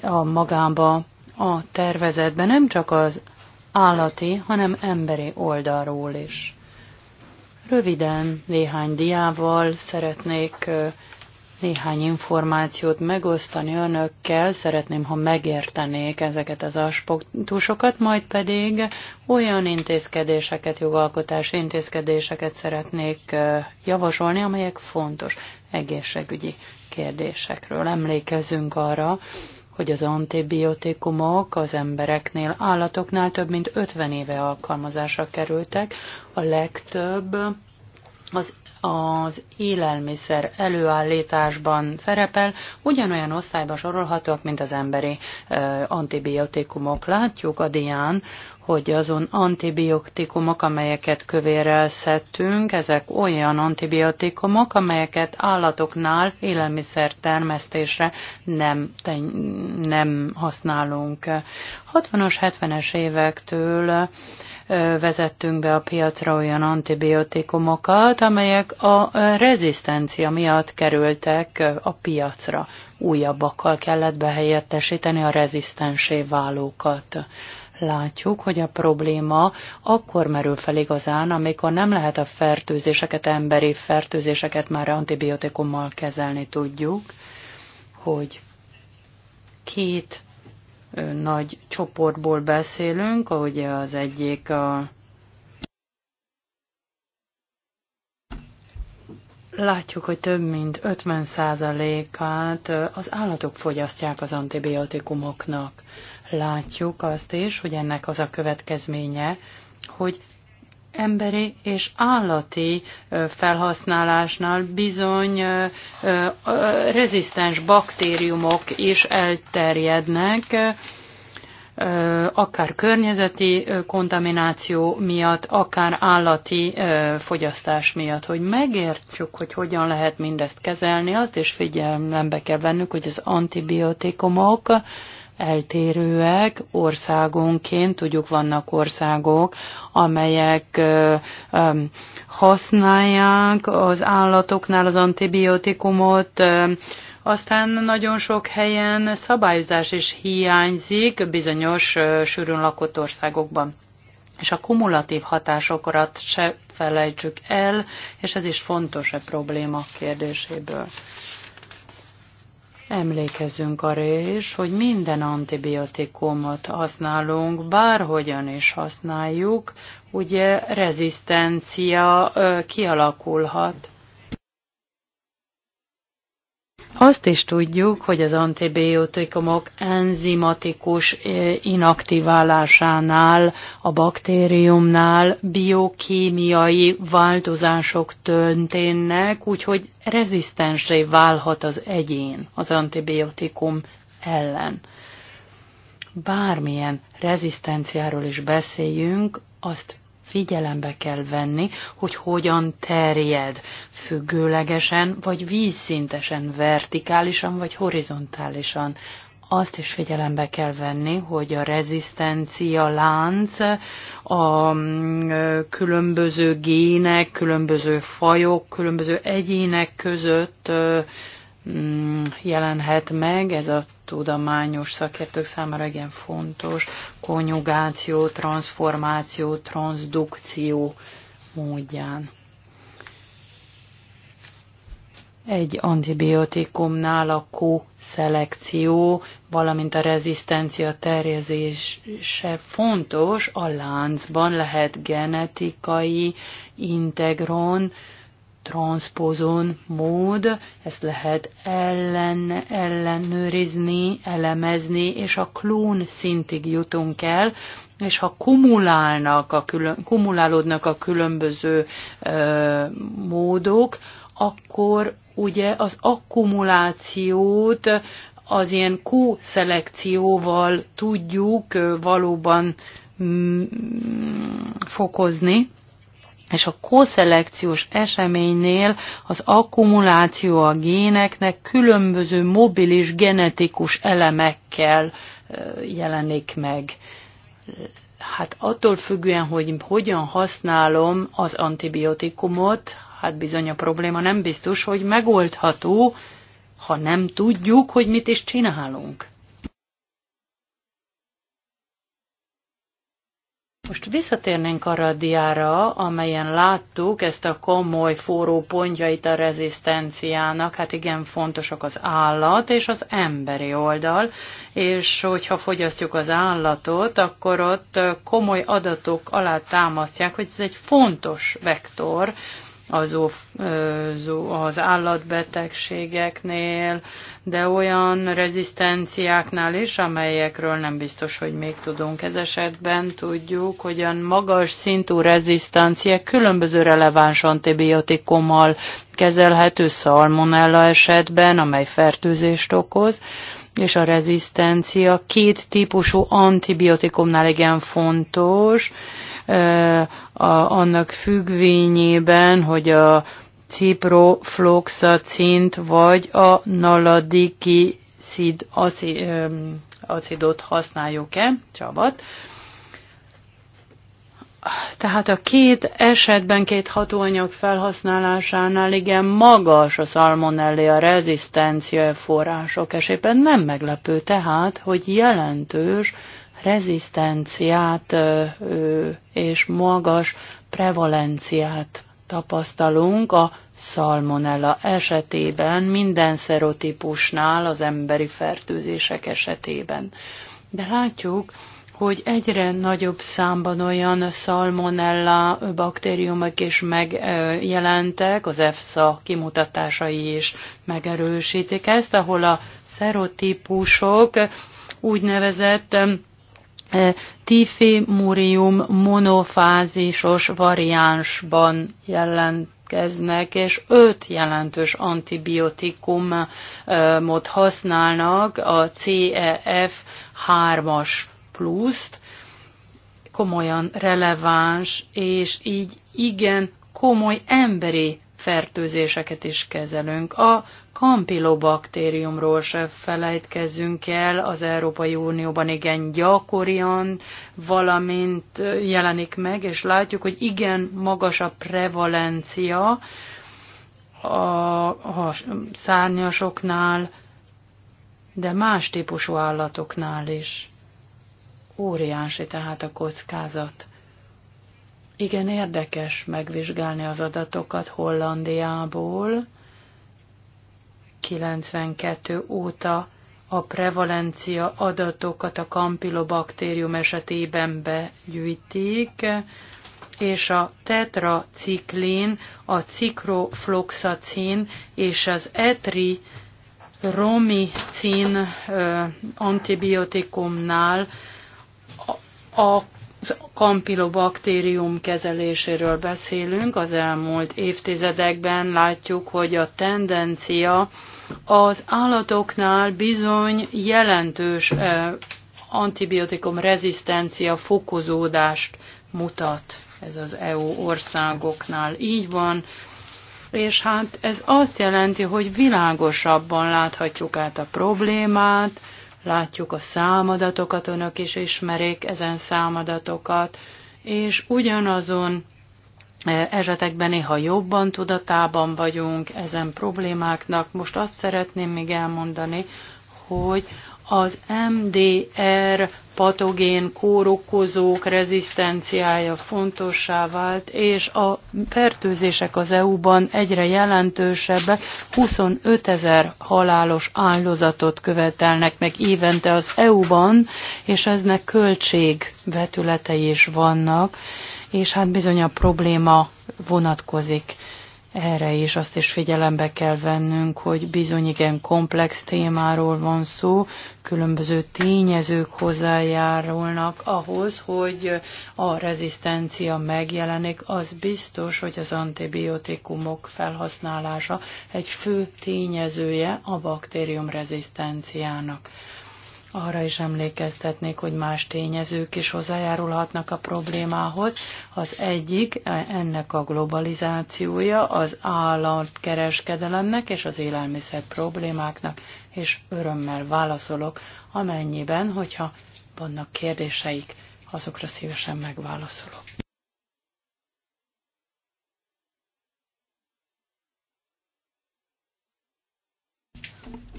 a magába a tervezetben, nem csak az állati, hanem emberi oldalról is. Röviden néhány diával szeretnék néhány információt megosztani önökkel, szeretném, ha megértenék ezeket az aspektusokat, majd pedig olyan intézkedéseket, jogalkotási intézkedéseket szeretnék javasolni, amelyek fontos egészségügyi kérdésekről. Emlékezünk arra, hogy az antibiotikumok az embereknél, állatoknál több mint 50 éve alkalmazásra kerültek, a legtöbb az az élelmiszer előállításban szerepel, ugyanolyan osztályba sorolhatóak, mint az emberi antibiotikumok. Látjuk a dián, hogy azon antibiotikumok, amelyeket kövérrel szedtünk, ezek olyan antibiotikumok, amelyeket állatoknál élelmiszer termesztésre nem, nem használunk. 60-as, 70-es évektől vezettünk be a piacra olyan antibiotikumokat, amelyek a rezisztencia miatt kerültek a piacra. Újabbakkal kellett behelyettesíteni a rezisztensé válókat látjuk, hogy a probléma akkor merül fel igazán, amikor nem lehet a fertőzéseket, emberi fertőzéseket már antibiotikummal kezelni tudjuk, hogy két nagy csoportból beszélünk, ahogy az egyik a Látjuk, hogy több mint 50%-át az állatok fogyasztják az antibiotikumoknak. Látjuk azt is, hogy ennek az a következménye, hogy emberi és állati felhasználásnál bizony rezisztens baktériumok is elterjednek, akár környezeti kontamináció miatt, akár állati fogyasztás miatt, hogy megértsük, hogy hogyan lehet mindezt kezelni, azt is figyelembe kell vennünk, hogy az antibiotikumok eltérőek országonként, tudjuk vannak országok, amelyek használják az állatoknál az antibiotikumot, aztán nagyon sok helyen szabályozás is hiányzik bizonyos sűrűn lakott országokban. És a kumulatív hatásokat se felejtsük el, és ez is fontos a e probléma kérdéséből. Emlékezzünk arra is, hogy minden antibiotikumot használunk, bárhogyan is használjuk, ugye rezisztencia kialakulhat azt is tudjuk, hogy az antibiotikumok enzimatikus eh, inaktiválásánál, a baktériumnál biokémiai változások történnek, úgyhogy rezisztensé válhat az egyén az antibiotikum ellen. Bármilyen rezisztenciáról is beszéljünk, azt figyelembe kell venni, hogy hogyan terjed függőlegesen, vagy vízszintesen, vertikálisan, vagy horizontálisan. Azt is figyelembe kell venni, hogy a rezisztencia lánc, a mm, különböző gének, különböző fajok, különböző egyének között Mm, jelenhet meg, ez a tudományos szakértők számára igen fontos, konjugáció, transformáció, transdukció módján. Egy antibiotikumnál a koszelekció, valamint a rezisztencia terjesztése fontos, a láncban lehet genetikai integron, transzpozon mód, ezt lehet ellen, ellenőrizni, elemezni, és a klón szintig jutunk el, és ha kumulálnak a külön, kumulálódnak a különböző ö, módok, akkor ugye az akkumulációt az ilyen kószelekcióval tudjuk valóban mm, mm, fokozni, és a koszelekciós eseménynél az akkumuláció a géneknek különböző mobilis genetikus elemekkel jelenik meg. Hát attól függően, hogy hogyan használom az antibiotikumot, hát bizony a probléma nem biztos, hogy megoldható, ha nem tudjuk, hogy mit is csinálunk. Most visszatérnénk arra a diára, amelyen láttuk ezt a komoly forró pontjait a rezisztenciának. Hát igen, fontosak az állat és az emberi oldal, és hogyha fogyasztjuk az állatot, akkor ott komoly adatok alá támasztják, hogy ez egy fontos vektor, az, az állatbetegségeknél, de olyan rezisztenciáknál is, amelyekről nem biztos, hogy még tudunk. Ez esetben tudjuk, hogy a magas szintű rezisztencia különböző releváns antibiotikummal kezelhető szalmonella esetben, amely fertőzést okoz, és a rezisztencia. Két típusú antibiotikumnál igen fontos, a annak függvényében, hogy a ciprofloxacint vagy a naladiki acidot használjuk-e, csavat. Tehát a két esetben, két hatóanyag felhasználásánál igen magas a szalmonellé a rezisztencia források esetében. Nem meglepő tehát, hogy jelentős rezisztenciát és magas prevalenciát tapasztalunk a szalmonella esetében, minden szerotípusnál, az emberi fertőzések esetében. De látjuk, hogy egyre nagyobb számban olyan szalmonella baktériumok is megjelentek, az EFSA kimutatásai is megerősítik ezt, ahol a szerotípusok úgynevezett e, tifimurium monofázisos variánsban jelentkeznek, és öt jelentős antibiotikumot használnak a CEF 3-as pluszt, komolyan releváns, és így igen komoly emberi fertőzéseket is kezelünk. A kampilobaktériumról se felejtkezünk el, az Európai Unióban igen gyakorian, valamint jelenik meg, és látjuk, hogy igen magas a prevalencia a, a szárnyasoknál, de más típusú állatoknál is. Óriási tehát a kockázat. Igen érdekes megvizsgálni az adatokat Hollandiából. 92 óta a prevalencia adatokat a kampilobaktérium esetében begyűjtik, és a tetraciklin, a cikrofloxacin és az etri romicin antibiotikumnál a kampilobakterium kezeléséről beszélünk. Az elmúlt évtizedekben látjuk, hogy a tendencia az állatoknál bizony jelentős antibiotikum rezisztencia fokozódást mutat ez az EU országoknál. Így van, és hát ez azt jelenti, hogy világosabban láthatjuk át a problémát, látjuk a számadatokat, önök is ismerik ezen számadatokat, és ugyanazon e, esetekben néha jobban tudatában vagyunk ezen problémáknak. Most azt szeretném még elmondani, hogy az MDR patogén kórokozók rezisztenciája fontossá vált, és a fertőzések az EU-ban egyre jelentősebbek, 25 ezer halálos áldozatot követelnek meg évente az EU-ban, és eznek költségvetületei is vannak, és hát bizony a probléma vonatkozik erre is azt is figyelembe kell vennünk, hogy bizony igen komplex témáról van szó, különböző tényezők hozzájárulnak ahhoz, hogy a rezisztencia megjelenik. Az biztos, hogy az antibiotikumok felhasználása egy fő tényezője a baktérium rezisztenciának. Arra is emlékeztetnék, hogy más tényezők is hozzájárulhatnak a problémához. Az egyik e, ennek a globalizációja az állatkereskedelemnek és az élelmiszer problémáknak, és örömmel válaszolok, amennyiben, hogyha vannak kérdéseik, azokra szívesen megválaszolok.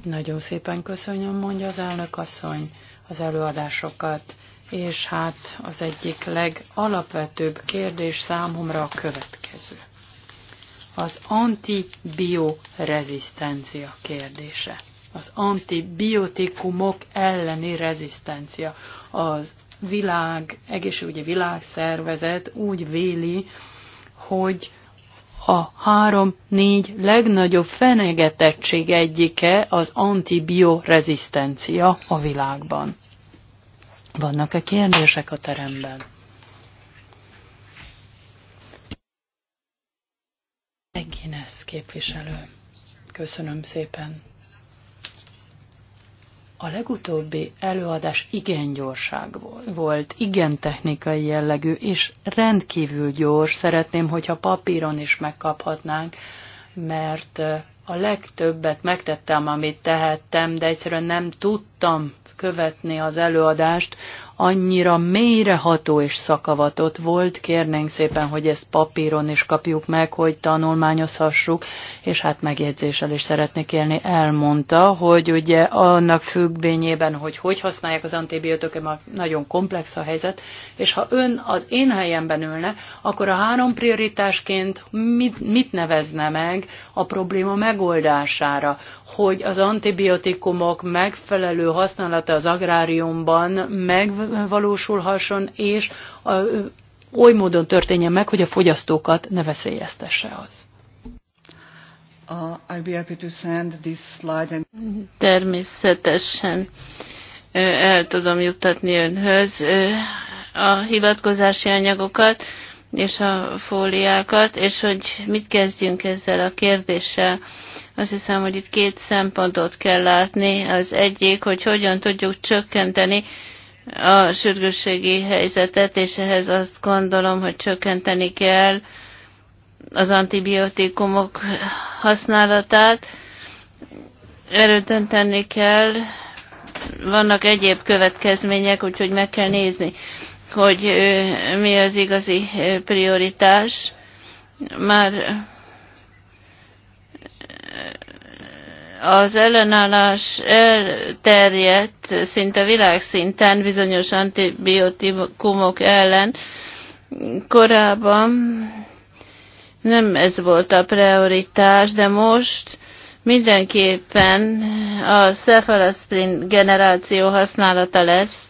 Nagyon szépen köszönöm, mondja az elnök asszony az előadásokat, és hát az egyik legalapvetőbb kérdés számomra a következő. Az antibiorezisztencia kérdése. Az antibiotikumok elleni rezisztencia. Az világ, egészségügyi világszervezet úgy véli, hogy a három-négy legnagyobb fenyegetettség egyike az antibiorezisztencia a világban. Vannak-e kérdések a teremben? Egyéneszt képviselő. Köszönöm szépen. A legutóbbi előadás igen gyorság volt, igen technikai jellegű, és rendkívül gyors. Szeretném, hogyha papíron is megkaphatnánk, mert a legtöbbet megtettem, amit tehettem, de egyszerűen nem tudtam követni az előadást, annyira mélyreható és szakavatott volt. Kérnénk szépen, hogy ezt papíron is kapjuk meg, hogy tanulmányozhassuk, és hát megjegyzéssel is szeretnék élni. Elmondta, hogy ugye annak függvényében, hogy hogy használják az antibiotikumot, nagyon komplex a helyzet, és ha ön az én helyemben ülne, akkor a három prioritásként mit, mit nevezne meg a probléma megoldására? Hogy az antibiotikumok megfelelő használata az agráriumban meg megvalósulhasson, és a, oly módon történjen meg, hogy a fogyasztókat ne veszélyeztesse az. Természetesen el tudom juttatni önhöz a hivatkozási anyagokat és a fóliákat, és hogy mit kezdjünk ezzel a kérdéssel. Azt hiszem, hogy itt két szempontot kell látni. Az egyik, hogy hogyan tudjuk csökkenteni a sürgősségi helyzetet, és ehhez azt gondolom, hogy csökkenteni kell az antibiotikumok használatát. Erről tenni kell. Vannak egyéb következmények, úgyhogy meg kell nézni, hogy mi az igazi prioritás. Már az ellenállás elterjedt szinte világszinten bizonyos antibiotikumok ellen. Korábban nem ez volt a prioritás, de most mindenképpen a cephalosprin generáció használata lesz,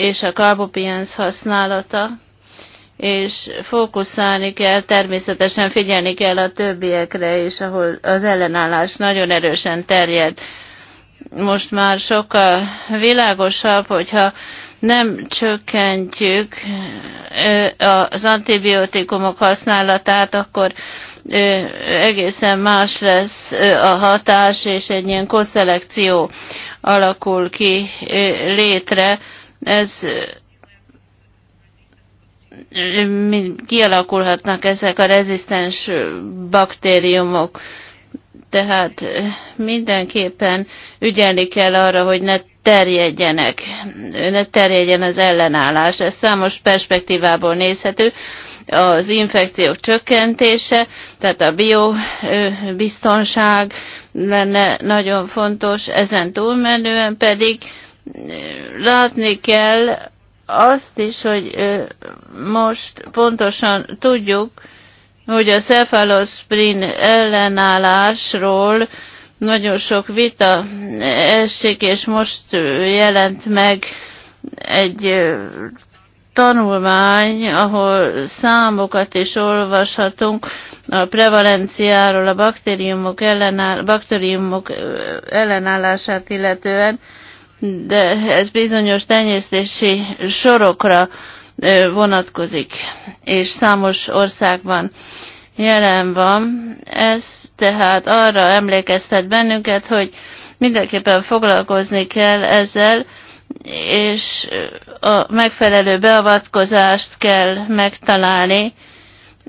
és a carbopiens használata és fókuszálni kell, természetesen figyelni kell a többiekre is, ahol az ellenállás nagyon erősen terjed. Most már sokkal világosabb, hogyha nem csökkentjük az antibiotikumok használatát, akkor egészen más lesz a hatás, és egy ilyen koszelekció alakul ki létre. Ez kialakulhatnak ezek a rezisztens baktériumok. Tehát mindenképpen ügyelni kell arra, hogy ne terjedjenek, ne terjedjen az ellenállás. Ez számos perspektívából nézhető. Az infekciók csökkentése, tehát a biobiztonság lenne nagyon fontos, ezen túlmenően pedig látni kell azt is, hogy most pontosan tudjuk, hogy a cephalosprin ellenállásról nagyon sok vita esik, és most jelent meg egy tanulmány, ahol számokat is olvashatunk a prevalenciáról, a baktériumok, ellenáll, baktériumok ellenállását illetően, de ez bizonyos tenyésztési sorokra vonatkozik, és számos országban jelen van. Ez tehát arra emlékeztet bennünket, hogy mindenképpen foglalkozni kell ezzel, és a megfelelő beavatkozást kell megtalálni,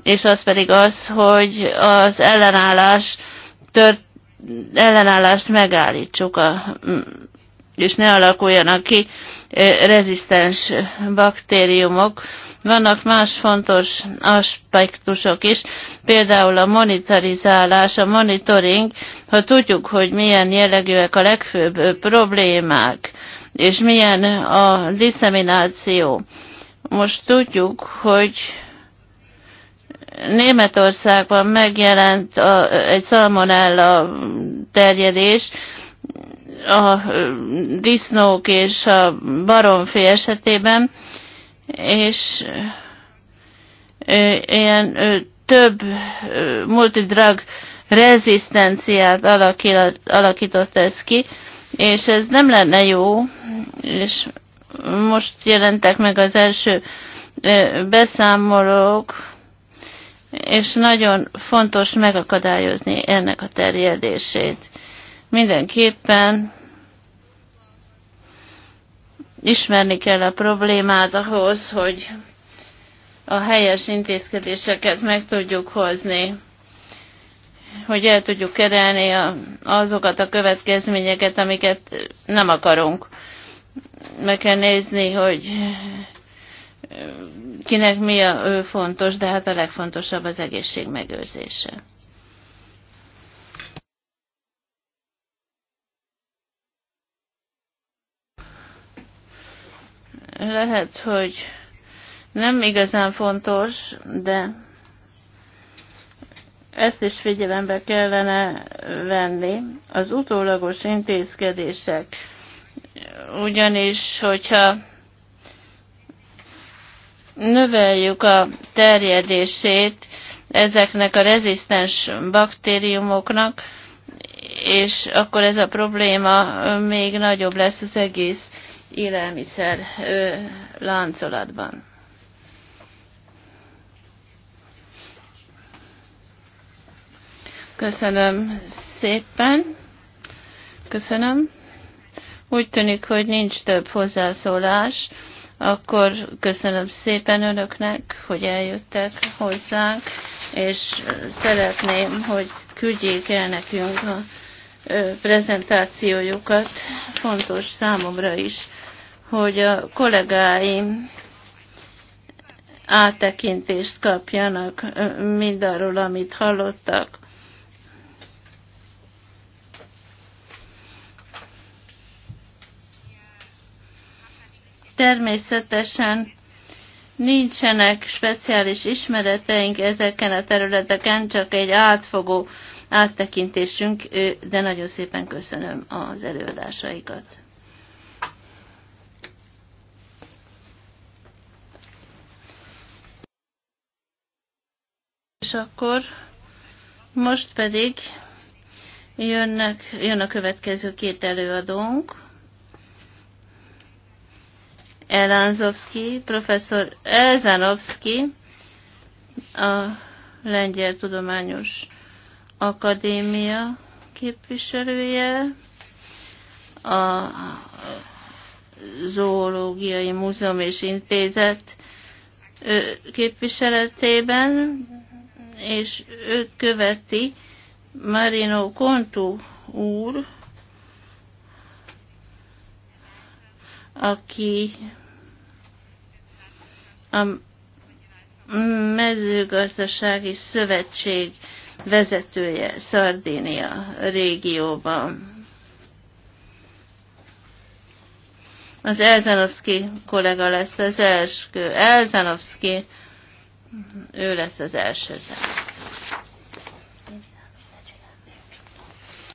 és az pedig az, hogy az ellenállás tört, ellenállást megállítsuk a és ne alakuljanak ki rezisztens baktériumok. Vannak más fontos aspektusok is, például a monitorizálás, a monitoring, ha tudjuk, hogy milyen jellegűek a legfőbb problémák, és milyen a diszemináció. Most tudjuk, hogy Németországban megjelent a, egy szalmonella terjedés, a disznók és a baromfi esetében, és ilyen több multidrag rezisztenciát alakított ez ki, és ez nem lenne jó, és most jelentek meg az első beszámolók, és nagyon fontos megakadályozni ennek a terjedését. Mindenképpen ismerni kell a problémát ahhoz, hogy a helyes intézkedéseket meg tudjuk hozni, hogy el tudjuk kerelni azokat a következményeket, amiket nem akarunk. Meg kell nézni, hogy kinek mi a fontos, de hát a legfontosabb az egészség megőrzése. lehet, hogy nem igazán fontos, de ezt is figyelembe kellene venni. Az utólagos intézkedések, ugyanis, hogyha növeljük a terjedését ezeknek a rezisztens baktériumoknak, és akkor ez a probléma még nagyobb lesz az egész élelmiszer ö, láncolatban. Köszönöm szépen. Köszönöm. Úgy tűnik, hogy nincs több hozzászólás. Akkor köszönöm szépen önöknek, hogy eljöttek hozzánk, és szeretném, hogy küldjék el nekünk a prezentációjukat. Fontos számomra is hogy a kollégáim áttekintést kapjanak mindarról, amit hallottak. Természetesen nincsenek speciális ismereteink ezeken a területeken, csak egy átfogó áttekintésünk, de nagyon szépen köszönöm az előadásaikat. akkor most pedig jönnek, jön a következő két előadónk. Elánzovszki, professzor Elzanovszki, a Lengyel Tudományos Akadémia képviselője, a Zoológiai Múzeum és Intézet képviseletében, és ő követi Marino Contu úr, aki a mezőgazdasági szövetség vezetője Szardénia régióban. Az Elzanovszki kollega lesz az első. Elzanovszki ő lesz az első.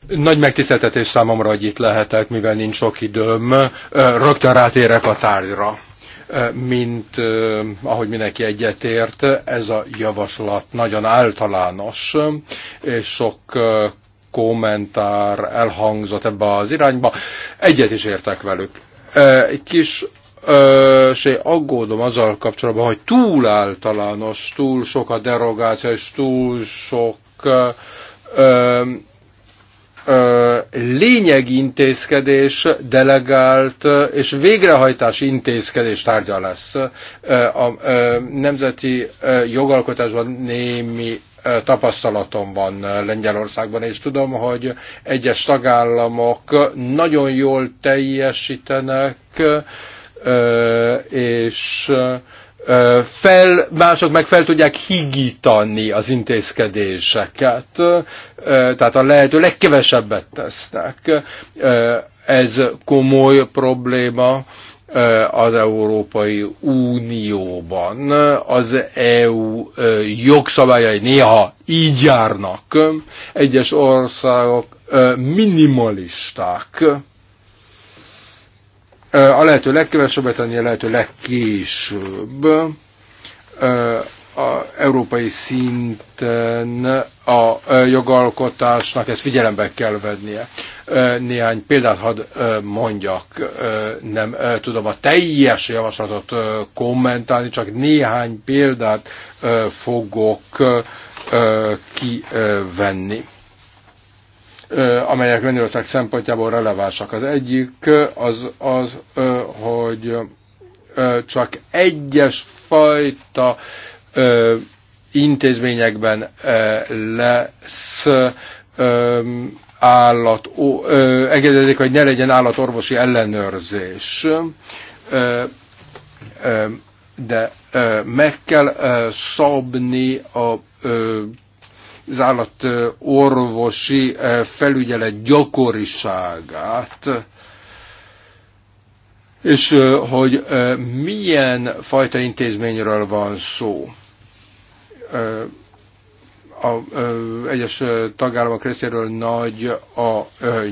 Nagy megtiszteltetés számomra, hogy itt lehetek, mivel nincs sok időm. Rögtön rátérek a tárgyra mint ahogy mindenki egyetért, ez a javaslat nagyon általános, és sok kommentár elhangzott ebbe az irányba. Egyet is értek velük. Egy kis és aggódom azzal kapcsolatban, hogy túl általános, túl sok a derogáció, és túl sok ö, ö, lényegi intézkedés, delegált és végrehajtás intézkedés tárgya lesz. A nemzeti jogalkotásban némi tapasztalatom van Lengyelországban, és tudom, hogy egyes tagállamok nagyon jól teljesítenek, és fel, mások meg fel tudják higítani az intézkedéseket, tehát a lehető legkevesebbet tesznek. Ez komoly probléma az Európai Unióban. Az EU jogszabályai néha így járnak. Egyes országok minimalisták a lehető legkevesebbet tenni, a lehető legkésőbb a európai szinten a jogalkotásnak ezt figyelembe kell vennie. Néhány példát hadd mondjak, nem tudom a teljes javaslatot kommentálni, csak néhány példát fogok kivenni amelyek Lengyelország szempontjából relevánsak. Az egyik az, az hogy csak egyes fajta intézményekben lesz állat, engedezik, hogy ne legyen állatorvosi ellenőrzés, de meg kell szabni a az állatorvosi eh, felügyelet gyakoriságát, és eh, hogy eh, milyen fajta intézményről van szó. A, egyes tagállamok részéről nagy a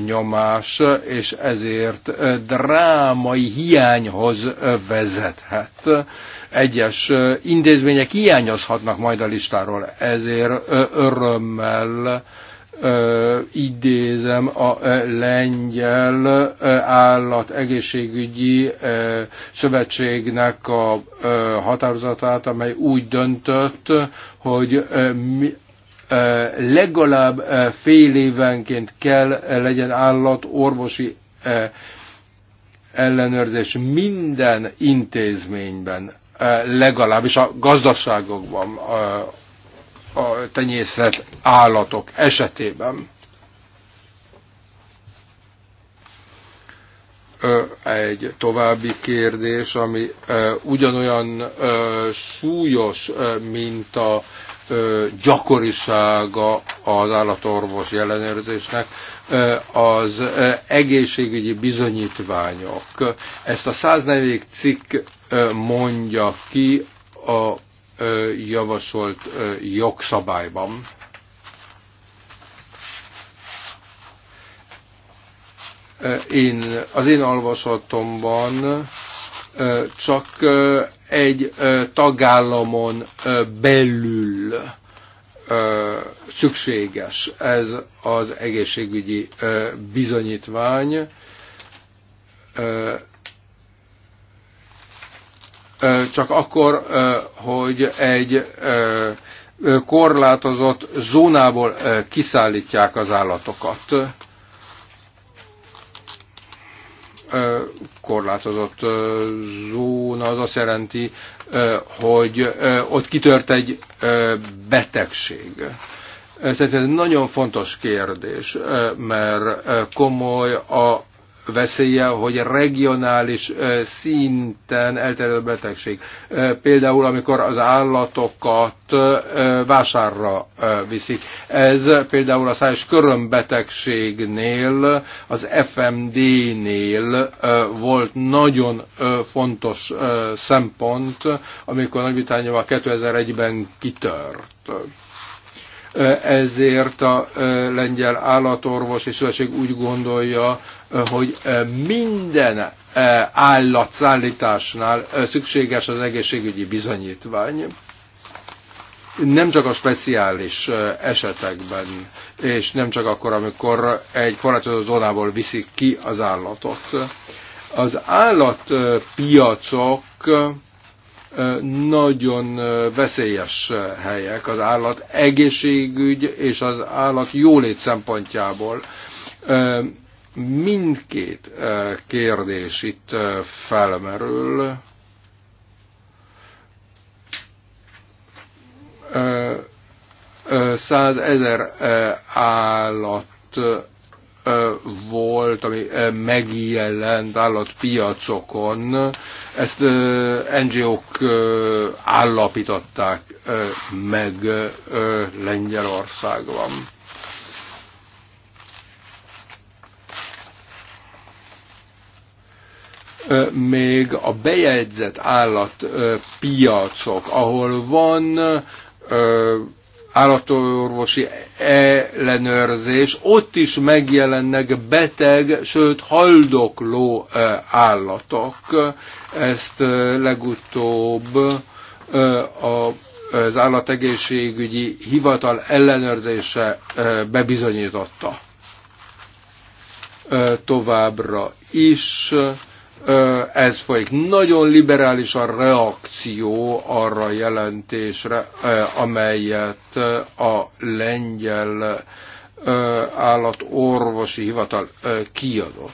nyomás, és ezért drámai hiányhoz vezethet egyes intézmények hiányozhatnak majd a listáról, ezért örömmel idézem a lengyel állategészségügyi szövetségnek a határozatát, amely úgy döntött, hogy legalább fél évenként kell legyen állat orvosi ellenőrzés minden intézményben Eh, legalábbis a gazdaságokban eh, a tenyészet állatok esetében. Eh, egy további kérdés, ami ugyanolyan súlyos, mint a gyakorisága az állatorvos jelenérzésnek, az egészségügyi bizonyítványok. Ezt a 104. cikk mondja ki a javasolt jogszabályban. Én, az én olvasatomban csak egy tagállamon belül szükséges ez az egészségügyi bizonyítvány csak akkor, hogy egy korlátozott zónából kiszállítják az állatokat. Korlátozott zóna az azt jelenti, hogy ott kitört egy betegség. Szerintem ez nagyon fontos kérdés, mert komoly a veszélye, hogy regionális szinten elterjed a betegség. Például, amikor az állatokat vásárra viszik. Ez például a szájos körömbetegségnél, az FMD-nél volt nagyon fontos szempont, amikor nagy 2001-ben kitört ezért a lengyel állatorvos és szüleség úgy gondolja, hogy minden állatszállításnál szükséges az egészségügyi bizonyítvány, nem csak a speciális esetekben, és nem csak akkor, amikor egy korlátozó zónából viszik ki az állatot. Az állatpiacok nagyon veszélyes helyek az állat egészségügy és az állat jólét szempontjából Mindkét kérdés itt felmerül. Százezer állat volt, ami megjelent állatpiacokon. Ezt NGO-k állapították meg Lengyelországban. még a bejegyzett állatpiacok, ahol van állatorvosi ellenőrzés, ott is megjelennek beteg, sőt haldokló állatok. Ezt legutóbb az állategészségügyi hivatal ellenőrzése bebizonyította. Továbbra is ez folyik. Nagyon liberális a reakció arra a jelentésre, amelyet a lengyel állatorvosi hivatal kiadott.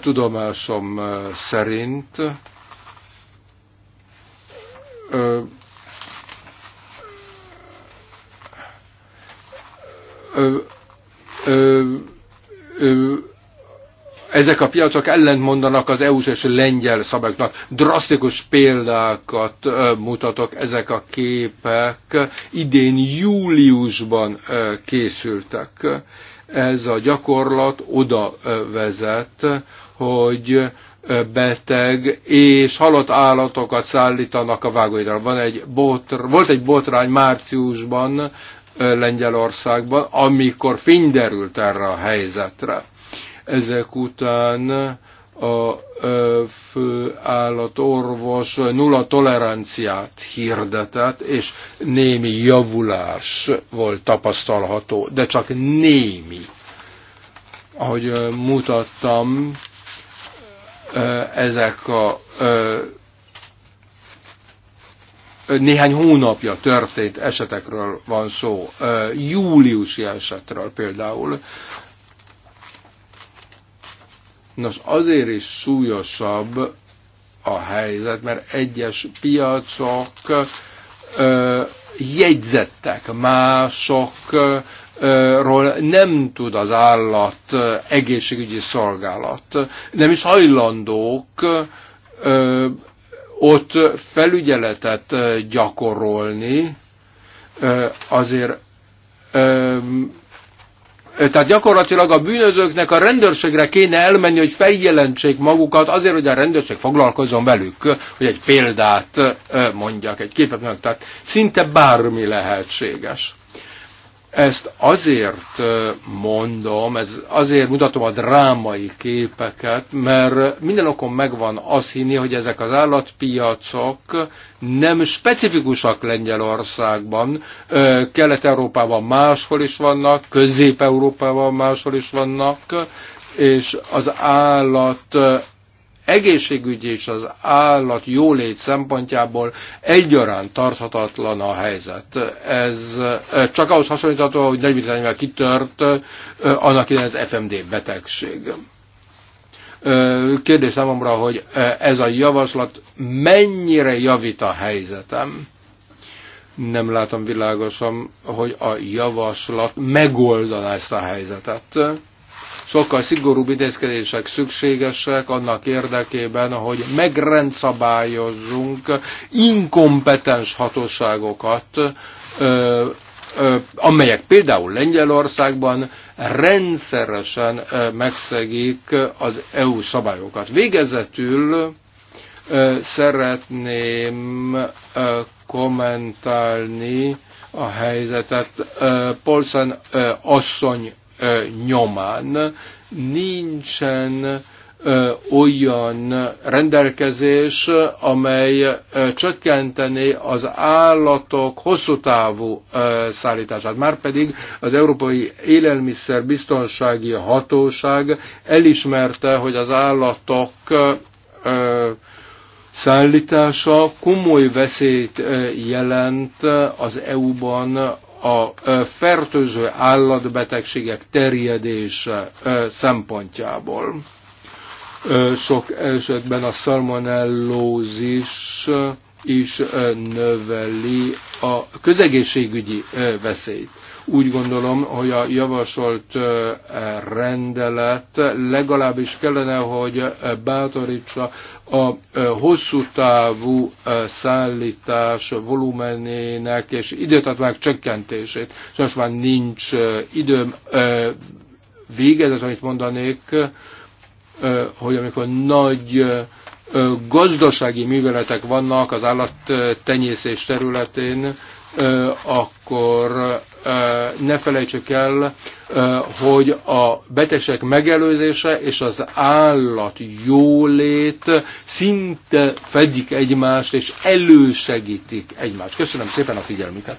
Tudomásom szerint ö, ö, ö, ezek a piacok ellentmondanak az EU-s és lengyel szabályoknak. Drasztikus példákat mutatok ezek a képek. Idén júliusban készültek. Ez a gyakorlat oda vezet, hogy beteg és halott állatokat szállítanak a vágóidra. Van egy botr, volt egy botrány márciusban Lengyelországban, amikor fény derült erre a helyzetre ezek után a fő orvos nulla toleranciát hirdetett, és némi javulás volt tapasztalható, de csak némi. Ahogy mutattam, ezek a néhány hónapja történt esetekről van szó, júliusi esetről például, Nos, azért is súlyosabb a helyzet, mert egyes piacok ö, jegyzettek, másokról nem tud az állat egészségügyi szolgálat. Nem is hajlandók ö, ott felügyeletet gyakorolni, ö, azért tehát gyakorlatilag a bűnözőknek a rendőrségre kéne elmenni, hogy feljelentsék magukat azért, hogy a rendőrség foglalkozzon velük, hogy egy példát mondjak, egy képet mondjak. Tehát szinte bármi lehetséges. Ezt azért mondom, ez azért mutatom a drámai képeket, mert minden okon megvan az, hinni, hogy ezek az állatpiacok nem specifikusak Lengyelországban, Kelet-Európában máshol is vannak, Közép-Európában máshol is vannak, és az állat egészségügyi és az állat jólét szempontjából egyaránt tarthatatlan a helyzet. Ez csak ahhoz hasonlítható, hogy 40 kitört annak idején az FMD betegség. Kérdés számomra, hogy ez a javaslat mennyire javít a helyzetem? nem látom világosan, hogy a javaslat megoldaná ezt a helyzetet sokkal szigorúbb intézkedések szükségesek annak érdekében, hogy megrendszabályozzunk inkompetens hatóságokat, amelyek például Lengyelországban rendszeresen megszegik az EU szabályokat. Végezetül szeretném kommentálni a helyzetet Polszen asszony nyomán nincsen olyan rendelkezés, amely csökkenteni az állatok hosszú távú szállítását. Márpedig az Európai Élelmiszer Biztonsági Hatóság elismerte, hogy az állatok szállítása komoly veszélyt jelent az EU-ban a fertőző állatbetegségek terjedése szempontjából. Sok esetben a szalmonellózis is növeli a közegészségügyi veszélyt. Úgy gondolom, hogy a javasolt rendelet legalábbis kellene, hogy bátorítsa a hosszú távú szállítás volumenének és időtartamának csökkentését. most már nincs időm végezet, amit mondanék, hogy amikor nagy gazdasági műveletek vannak az állattenyészés területén, akkor ne felejtsük el, hogy a betegek megelőzése és az állat jólét szinte fedik egymást, és elősegítik egymást. Köszönöm szépen a figyelmüket!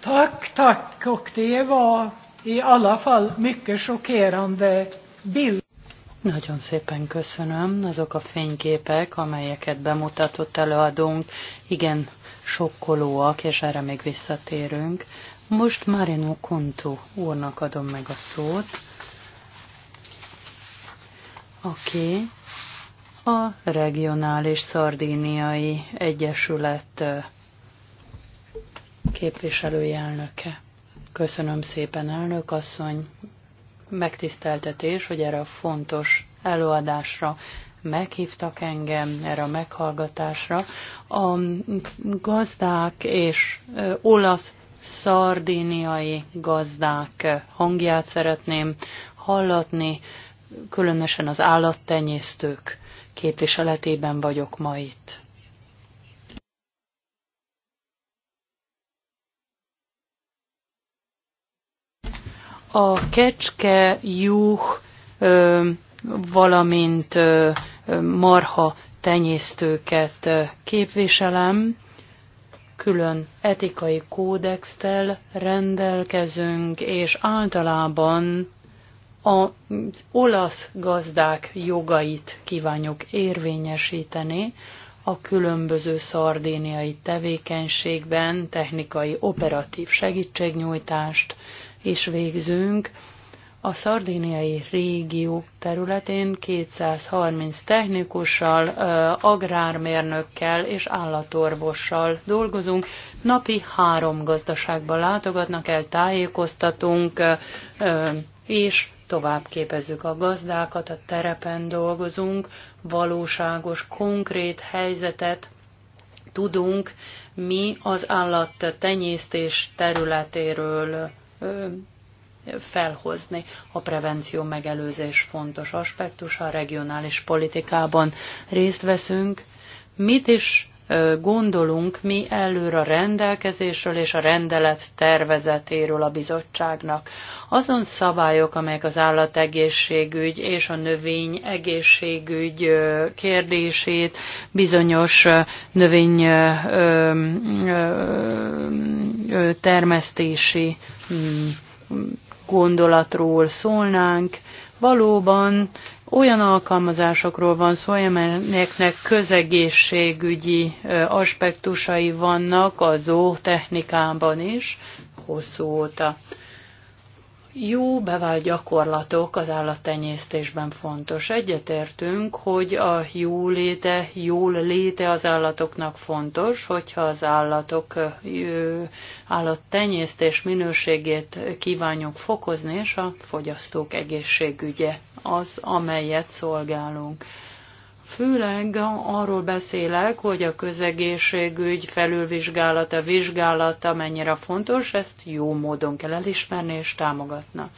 Tack, tack, och det var i alla fall mycket chockerande bild. Nagyon szépen köszönöm. Azok a fényképek, amelyeket bemutatott előadónk, igen sokkolóak, és erre még visszatérünk. Most Marino Conto úrnak adom meg a szót, aki a regionális szardíniai egyesület képviselői elnöke. Köszönöm szépen, elnök asszony, megtiszteltetés, hogy erre a fontos előadásra meghívtak engem erre a meghallgatásra. A gazdák és olasz szardíniai gazdák hangját szeretném hallatni, különösen az állattenyésztők képviseletében vagyok ma itt. A kecske, juh, valamint marha tenyésztőket képviselem. Külön etikai kódextel rendelkezünk, és általában az olasz gazdák jogait kívánjuk érvényesíteni a különböző szardéniai tevékenységben technikai operatív segítségnyújtást is végzünk, a szardíniai régió területén 230 technikussal, agrármérnökkel és állatorvossal dolgozunk. Napi három gazdaságban látogatnak el, tájékoztatunk, és tovább képezzük a gazdákat, a terepen dolgozunk, valóságos, konkrét helyzetet tudunk mi az állattenyésztés területéről felhozni. A prevenció megelőzés fontos aspektus, a regionális politikában részt veszünk. Mit is gondolunk mi előre a rendelkezésről és a rendelet tervezetéről a bizottságnak. Azon szabályok, amelyek az állategészségügy és a növény egészségügy kérdését bizonyos növény termesztési mm, gondolatról szólnánk. Valóban olyan alkalmazásokról van szó, amelyeknek közegészségügyi aspektusai vannak a zootechnikában is hosszú óta jó bevált gyakorlatok az állattenyésztésben fontos. Egyetértünk, hogy a jó léte, jól léte az állatoknak fontos, hogyha az állatok állattenyésztés minőségét kívánjuk fokozni, és a fogyasztók egészségügye az, amelyet szolgálunk. Főleg arról beszélek, hogy a közegészségügy felülvizsgálata, vizsgálata mennyire fontos, ezt jó módon kell elismerni és támogatna.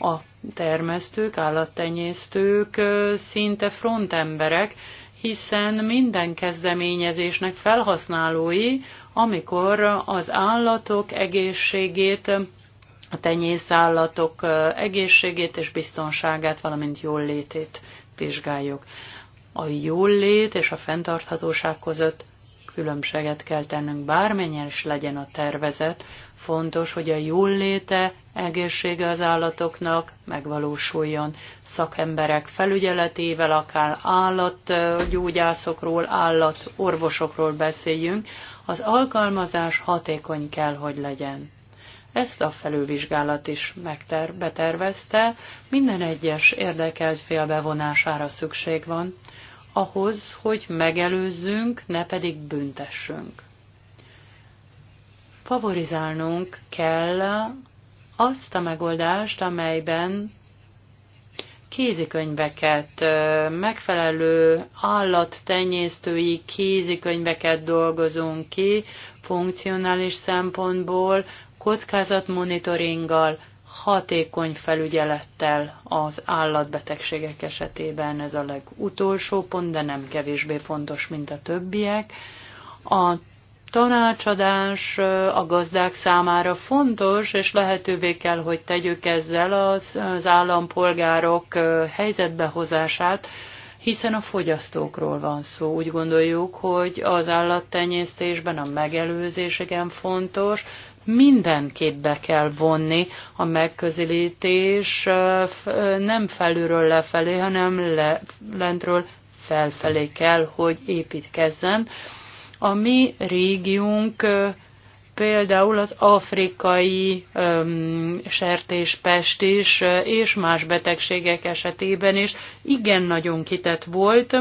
A termesztők, állattenyésztők szinte frontemberek, hiszen minden kezdeményezésnek felhasználói, amikor az állatok egészségét, a tenyészállatok egészségét és biztonságát, valamint létét vizsgáljuk a jólét és a fenntarthatóság között különbséget kell tennünk, bármennyire is legyen a tervezet, fontos, hogy a jóléte egészsége az állatoknak megvalósuljon. Szakemberek felügyeletével, akár állatgyógyászokról, állatorvosokról beszéljünk, az alkalmazás hatékony kell, hogy legyen. Ezt a felülvizsgálat is megter- betervezte, minden egyes érdekelt fél bevonására szükség van, ahhoz, hogy megelőzzünk, ne pedig büntessünk. Favorizálnunk kell azt a megoldást, amelyben kézikönyveket, megfelelő állattenyésztői kézikönyveket dolgozunk ki funkcionális szempontból, kockázatmonitoringgal, hatékony felügyelettel az állatbetegségek esetében ez a legutolsó pont, de nem kevésbé fontos, mint a többiek. A tanácsadás a gazdák számára fontos, és lehetővé kell, hogy tegyük ezzel az, az állampolgárok helyzetbehozását, hiszen a fogyasztókról van szó. Úgy gondoljuk, hogy az állattenyésztésben a megelőzés igen fontos, mindenképp be kell vonni a megközelítés nem felülről lefelé, hanem le, lentről felfelé kell, hogy építkezzen. A mi régiunk például az afrikai sertéspest is, és más betegségek esetében is igen nagyon kitett volt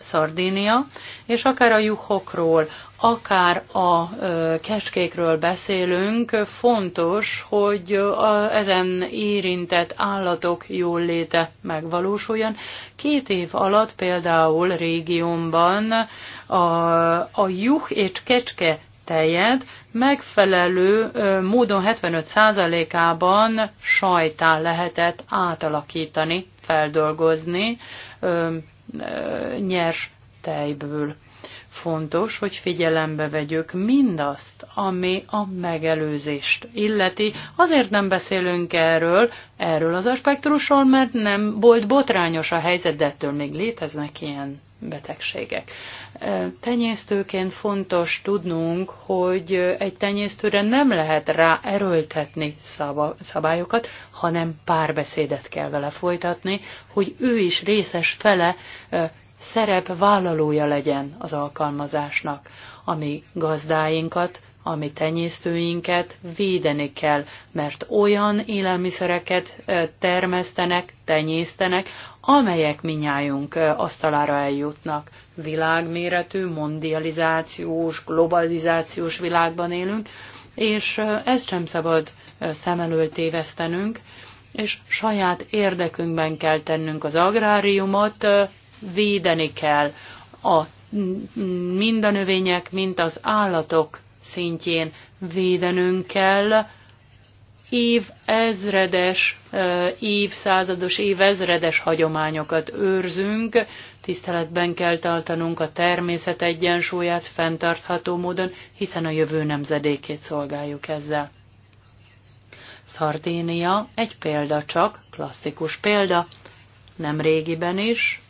Szardínia, és akár a juhokról, akár a kecskékről beszélünk, fontos, hogy a, ezen érintett állatok jól léte megvalósuljon. Két év alatt például régiónban a, a juh és kecske tejet megfelelő módon 75%-ában sajtá lehetett átalakítani, feldolgozni nyers tejből fontos, hogy figyelembe vegyük mindazt, ami a megelőzést illeti. Azért nem beszélünk erről, erről az aspektusról, mert nem volt botrányos a helyzet, de ettől még léteznek ilyen betegségek. Tenyésztőként fontos tudnunk, hogy egy tenyésztőre nem lehet rá erőltetni szabályokat, hanem párbeszédet kell vele folytatni, hogy ő is részes fele szerep vállalója legyen az alkalmazásnak, ami gazdáinkat, ami tenyésztőinket védeni kell, mert olyan élelmiszereket termesztenek, tenyésztenek, amelyek minnyájunk asztalára eljutnak. Világméretű, mondializációs, globalizációs világban élünk, és ezt sem szabad szem elől tévesztenünk, és saját érdekünkben kell tennünk az agráriumot védeni kell a, mind a növények, mind az állatok szintjén védenünk kell, év ezredes, évszázados, évezredes hagyományokat őrzünk, tiszteletben kell tartanunk a természet egyensúlyát fenntartható módon, hiszen a jövő nemzedékét szolgáljuk ezzel. Szardénia egy példa csak, klasszikus példa, nem régiben is,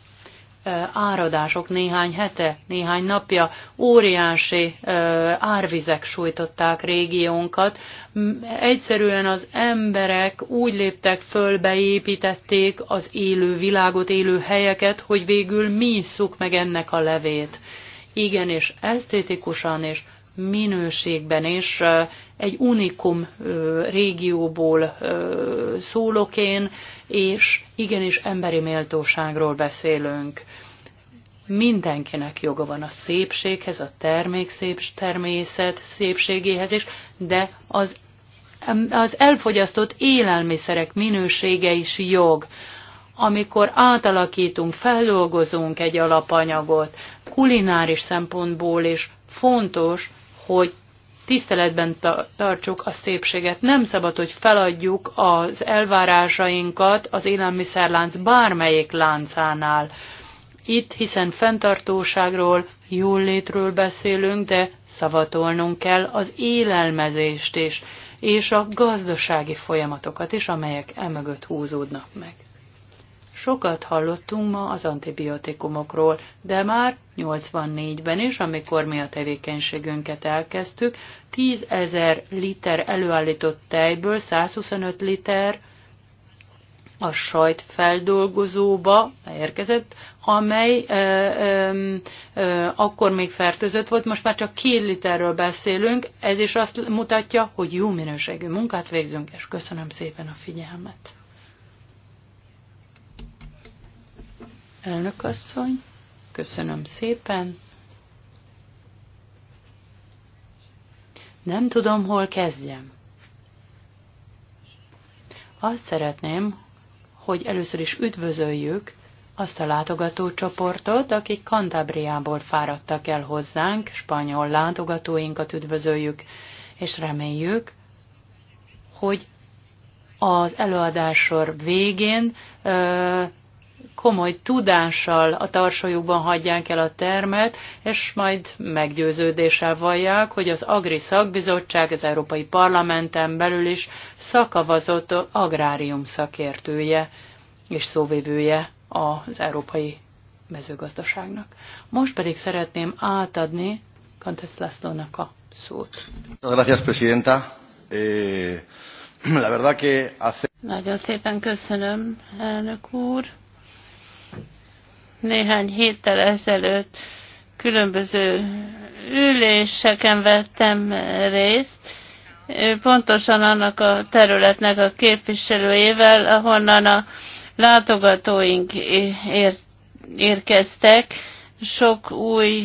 áradások néhány hete, néhány napja óriási árvizek sújtották régiónkat. Egyszerűen az emberek úgy léptek föl, beépítették az élő világot, élő helyeket, hogy végül mi isszuk meg ennek a levét. Igen, és esztétikusan és minőségben is egy unikum régióból szólok én, és igenis emberi méltóságról beszélünk. Mindenkinek joga van a szépséghez, a termék szép, természet szépségéhez is, de az, az elfogyasztott élelmiszerek minősége is jog amikor átalakítunk, feldolgozunk egy alapanyagot, kulináris szempontból is fontos, hogy tiszteletben tartsuk a szépséget. Nem szabad, hogy feladjuk az elvárásainkat az élelmiszerlánc bármelyik láncánál. Itt, hiszen fenntartóságról, jól létről beszélünk, de szavatolnunk kell az élelmezést is, és a gazdasági folyamatokat is, amelyek emögött húzódnak meg. Sokat hallottunk ma az antibiotikumokról, de már 84-ben is, amikor mi a tevékenységünket elkezdtük, 10 ezer liter előállított tejből 125 liter a sajtfeldolgozóba érkezett, amely ö, ö, ö, akkor még fertőzött volt, most már csak két literről beszélünk, ez is azt mutatja, hogy jó minőségű munkát végzünk, és köszönöm szépen a figyelmet. Elnök asszony, köszönöm szépen. Nem tudom, hol kezdjem. Azt szeretném, hogy először is üdvözöljük azt a látogatócsoportot, akik Kantábriából fáradtak el hozzánk, spanyol látogatóinkat üdvözöljük, és reméljük, hogy az előadásor végén komoly tudással a tarsolyukban hagyják el a termet, és majd meggyőződéssel vallják, hogy az Agri Szakbizottság az Európai Parlamenten belül is szakavazott agrárium szakértője és szóvévője az európai mezőgazdaságnak. Most pedig szeretném átadni Kantesz Lászlónak a szót. Gracias, presidenta. Eh, la verdad que hace... Nagyon szépen köszönöm, elnök úr. Néhány héttel ezelőtt különböző üléseken vettem részt, pontosan annak a területnek a képviselőjével, ahonnan a látogatóink ér- érkeztek. Sok új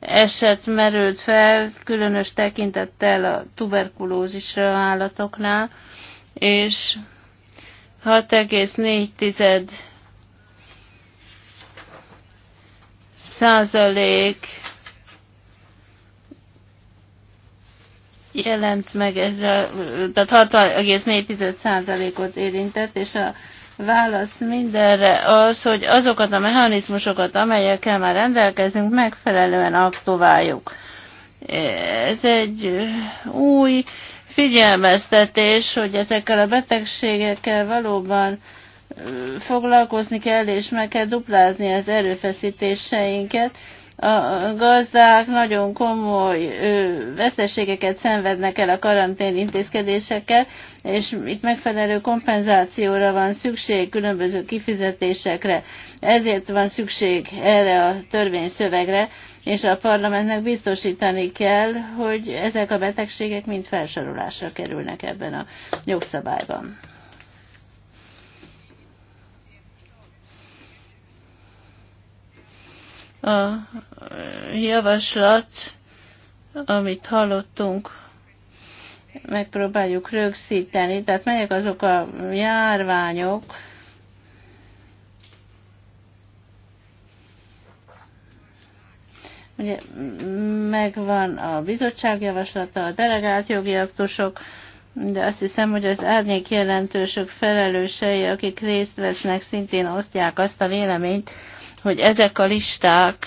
eset merült fel, különös tekintettel a tuberkulózisra állatoknál, és 6,4 százalék jelent meg ez a, tehát 6,4 százalékot érintett, és a válasz mindenre az, hogy azokat a mechanizmusokat, amelyekkel már rendelkezünk, megfelelően aktiváljuk. Ez egy új figyelmeztetés, hogy ezekkel a betegségekkel valóban foglalkozni kell, és meg kell duplázni az erőfeszítéseinket. A gazdák nagyon komoly veszteségeket szenvednek el a karantén intézkedésekkel, és itt megfelelő kompenzációra van szükség, különböző kifizetésekre. Ezért van szükség erre a törvényszövegre, és a parlamentnek biztosítani kell, hogy ezek a betegségek mind felsorolásra kerülnek ebben a jogszabályban. A javaslat, amit hallottunk, megpróbáljuk rögzíteni, tehát melyek azok a járványok, Ugye megvan a bizottság javaslata, a delegált jogi aktusok, de azt hiszem, hogy az árnyék jelentősök felelősei, akik részt vesznek, szintén osztják azt a véleményt, hogy ezek a listák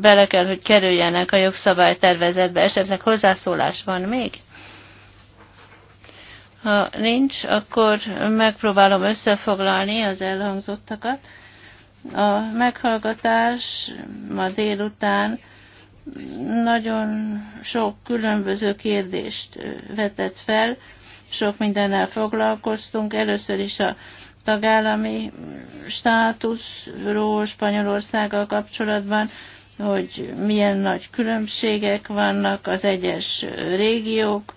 bele kell, hogy kerüljenek a jogszabálytervezetbe. Esetleg hozzászólás van még? Ha nincs, akkor megpróbálom összefoglalni az elhangzottakat. A meghallgatás ma délután nagyon sok különböző kérdést vetett fel, sok mindennel foglalkoztunk. Először is a tagállami státuszról Spanyolországgal kapcsolatban, hogy milyen nagy különbségek vannak az egyes régiók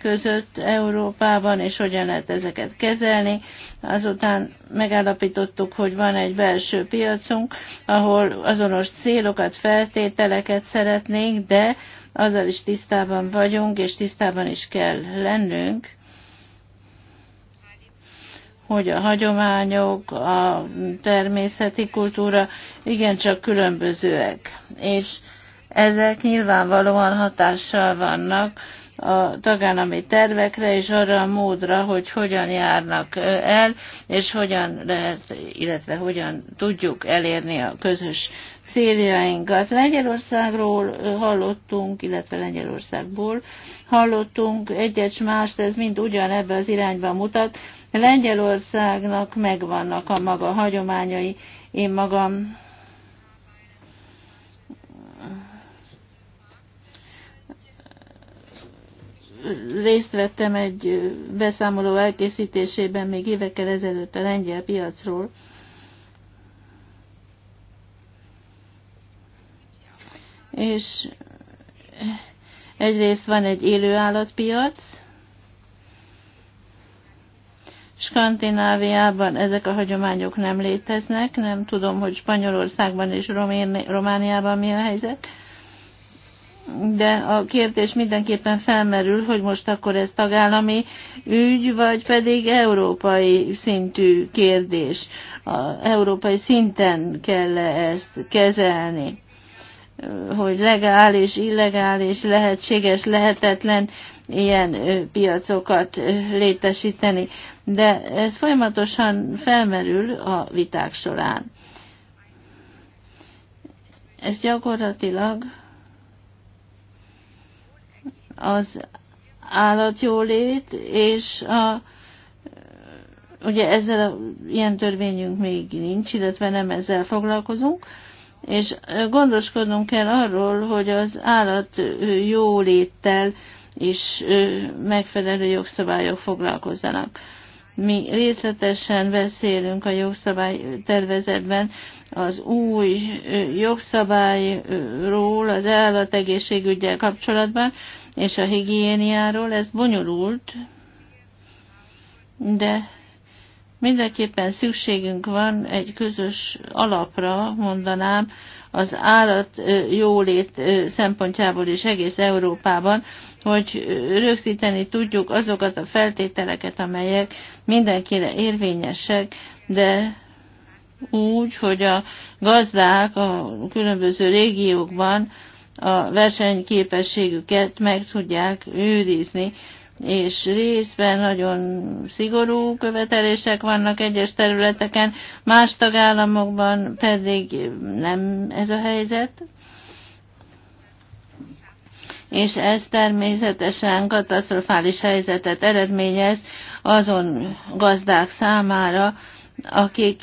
között Európában, és hogyan lehet ezeket kezelni. Azután megállapítottuk, hogy van egy belső piacunk, ahol azonos célokat, feltételeket szeretnénk, de azzal is tisztában vagyunk, és tisztában is kell lennünk, hogy a hagyományok, a természeti kultúra igencsak különbözőek. És ezek nyilvánvalóan hatással vannak a tagállami tervekre és arra a módra, hogy hogyan járnak el, és hogyan lehet, illetve hogyan tudjuk elérni a közös céljainkat. Lengyelországról hallottunk, illetve Lengyelországból hallottunk egyet mást, ez mind ugyanebbe az irányba mutat. Lengyelországnak megvannak a maga hagyományai, én magam részt vettem egy beszámoló elkészítésében még évekkel ezelőtt a lengyel piacról. És egyrészt van egy élő állatpiac, Skandináviában ezek a hagyományok nem léteznek, nem tudom, hogy Spanyolországban és Romén Romániában mi a helyzet de a kérdés mindenképpen felmerül, hogy most akkor ez tagállami ügy, vagy pedig európai szintű kérdés. A európai szinten kell -e ezt kezelni, hogy legális, illegális, lehetséges, lehetetlen ilyen piacokat létesíteni. De ez folyamatosan felmerül a viták során. Ez gyakorlatilag az állatjólét, és a, ugye ezzel a, ilyen törvényünk még nincs, illetve nem ezzel foglalkozunk, és gondoskodnunk kell arról, hogy az állat jóléttel is megfelelő jogszabályok foglalkozzanak. Mi részletesen beszélünk a jogszabály tervezetben az új jogszabályról az állategészségügyel kapcsolatban, és a higiéniáról. Ez bonyolult, de mindenképpen szükségünk van egy közös alapra, mondanám, az állat jólét szempontjából is egész Európában, hogy rögzíteni tudjuk azokat a feltételeket, amelyek mindenkire érvényesek, de úgy, hogy a gazdák a különböző régiókban a versenyképességüket meg tudják őrizni és részben nagyon szigorú követelések vannak egyes területeken, más tagállamokban pedig nem ez a helyzet. És ez természetesen katasztrofális helyzetet eredményez azon gazdák számára, akik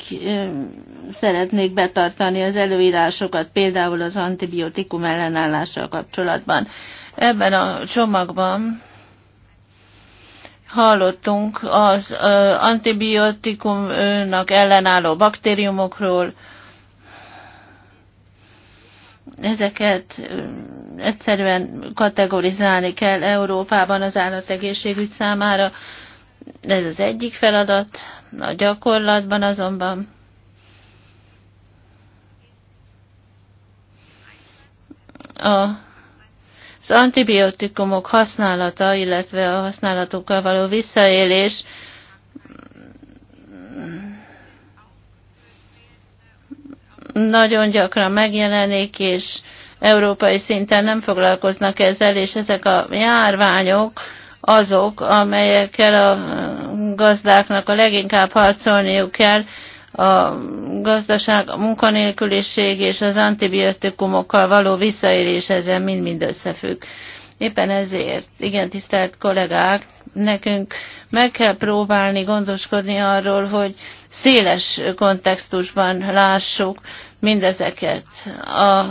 szeretnék betartani az előírásokat, például az antibiotikum ellenállással kapcsolatban. Ebben a csomagban hallottunk az antibiotikumnak ellenálló baktériumokról, ezeket egyszerűen kategorizálni kell Európában az állategészségügy számára. Ez az egyik feladat. A gyakorlatban azonban a az antibiotikumok használata, illetve a használatukkal való visszaélés nagyon gyakran megjelenik, és európai szinten nem foglalkoznak ezzel, és ezek a járványok azok, amelyekkel a gazdáknak a leginkább harcolniuk kell a gazdaság, a munkanélküliség és az antibiotikumokkal való visszaélés ezen mind-mind összefügg. Éppen ezért, igen, tisztelt kollégák, nekünk meg kell próbálni gondoskodni arról, hogy széles kontextusban lássuk, mindezeket az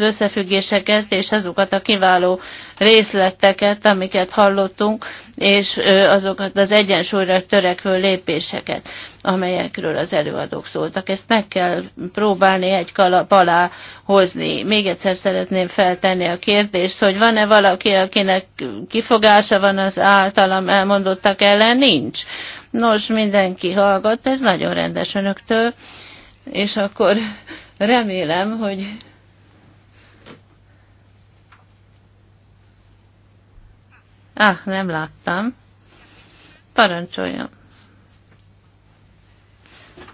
összefüggéseket és azokat a kiváló részleteket, amiket hallottunk, és azokat az egyensúlyra törekvő lépéseket, amelyekről az előadók szóltak. Ezt meg kell próbálni egy kalap alá hozni. Még egyszer szeretném feltenni a kérdést, hogy van-e valaki, akinek kifogása van az általam elmondottak ellen? Nincs. Nos, mindenki hallgat, ez nagyon rendes önöktől és akkor remélem, hogy Ah, nem láttam. Parancsoljon.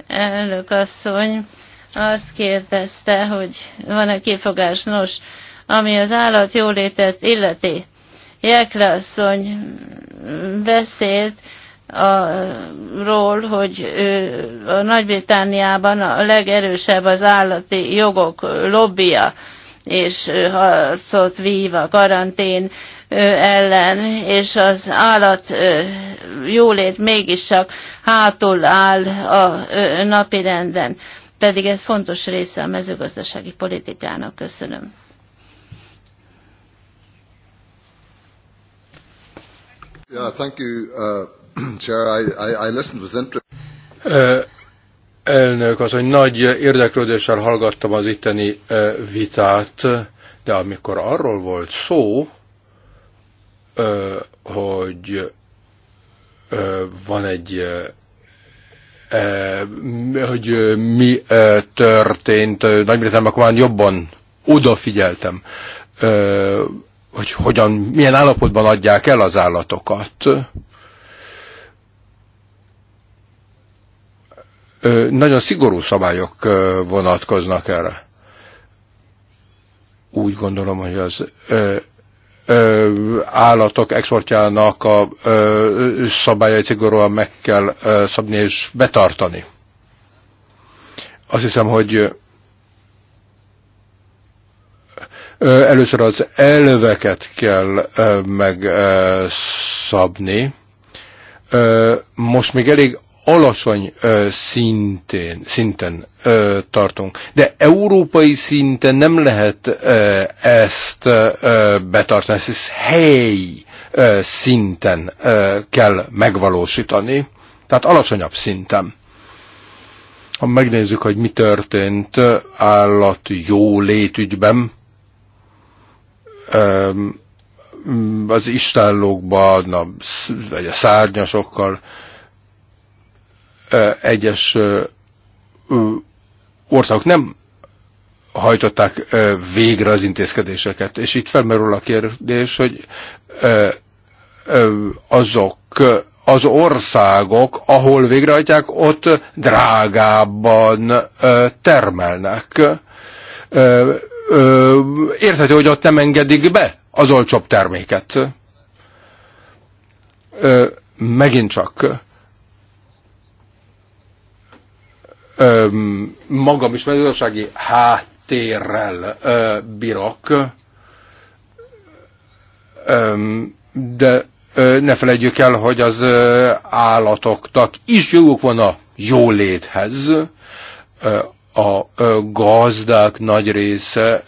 Elnök asszony azt kérdezte, hogy van-e kifogás. Nos, ami az állat jólétet illeti. Jekle asszony beszélt ról, hogy a Nagy-Britániában a legerősebb az állati jogok lobbia és harcot vív a karantén ellen, és az állat jólét mégiscsak hátul áll a napirenden. Pedig ez fontos része a mezőgazdasági politikának. Köszönöm. Yeah, thank you. Uh... Chair, I, I listened with interest. Elnök az, hogy nagy érdeklődéssel hallgattam az itteni vitát, de amikor arról volt szó, hogy van egy hogy mi történt nagy akkor már jobban odafigyeltem, hogy hogyan, milyen állapotban adják el az állatokat nagyon szigorú szabályok vonatkoznak erre. Úgy gondolom, hogy az állatok exportjának a szabályait szigorúan meg kell szabni és betartani. Azt hiszem, hogy először az elveket kell megszabni. Most még elég alacsony szintén, szinten ö, tartunk. De európai szinten nem lehet ö, ezt ö, betartani, ezt helyi ö, szinten ö, kell megvalósítani, tehát alacsonyabb szinten. Ha megnézzük, hogy mi történt állat jó létügyben, ö, az istállókban, vagy a szárnyasokkal, egyes országok nem hajtották végre az intézkedéseket. És itt felmerül a kérdés, hogy azok az országok, ahol végrehajtják, ott drágábban termelnek. Érthető, hogy ott nem engedik be az olcsóbb terméket. Megint csak magam is mezőgazdasági háttérrel bírok, de ne felejtjük el, hogy az állatoknak is joguk van a jóléthez. A gazdák nagy része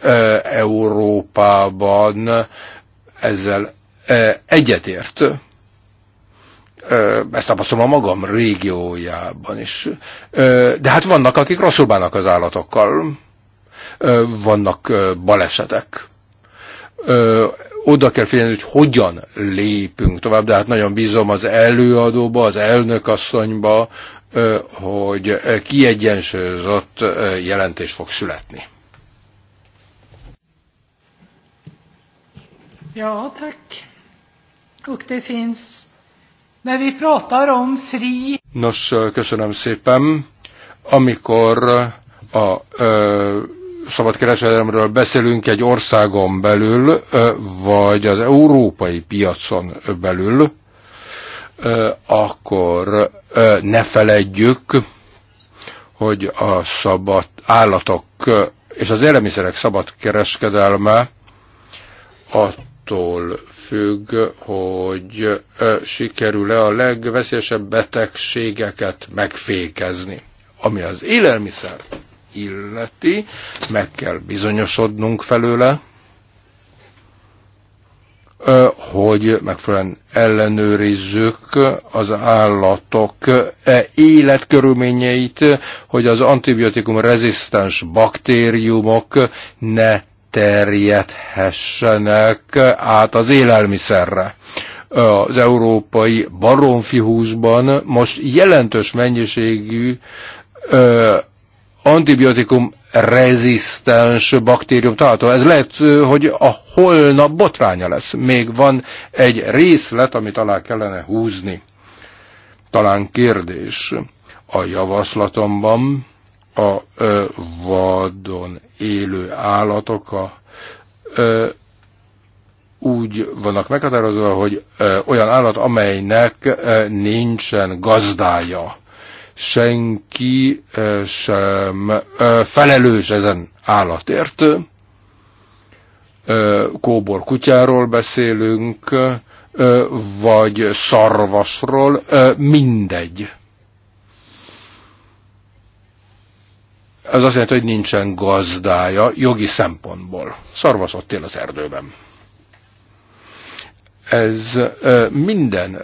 Európában ezzel egyetért ezt tapasztalom a magam régiójában is. De hát vannak, akik rosszul bánnak az állatokkal. Vannak balesetek. Oda kell figyelni, hogy hogyan lépünk tovább, de hát nagyon bízom az előadóba, az elnökasszonyba, hogy kiegyensúlyozott jelentés fog születni. Ja, tack. Och det finns När vi pratar om fri... Nos, köszönöm szépen. Amikor a ö, szabadkereskedelemről beszélünk egy országon belül, ö, vagy az európai piacon belül, ö, akkor ö, ne feledjük, hogy a szabad állatok és az élelmiszerek szabad kereskedelme attól függ, hogy sikerül-e a legveszélyesebb betegségeket megfékezni. Ami az élelmiszer illeti, meg kell bizonyosodnunk felőle, hogy megfelelően ellenőrizzük az állatok e, életkörülményeit, hogy az antibiotikum rezisztens baktériumok ne terjedhessenek át az élelmiszerre. Az európai baromfihúsban most jelentős mennyiségű antibiotikum rezisztens baktérium található. Ez lehet, hogy a holnap botránya lesz. Még van egy részlet, amit alá kellene húzni. Talán kérdés a javaslatomban a ö, vadon élő állatok a, ö, úgy vannak meghatározva, hogy ö, olyan állat, amelynek ö, nincsen gazdája. Senki ö, sem ö, felelős ezen állatért. Ö, kóbor kutyáról beszélünk, ö, vagy szarvasról, ö, mindegy az azt jelenti, hogy nincsen gazdája jogi szempontból. Szarvaszott él az erdőben. Ez minden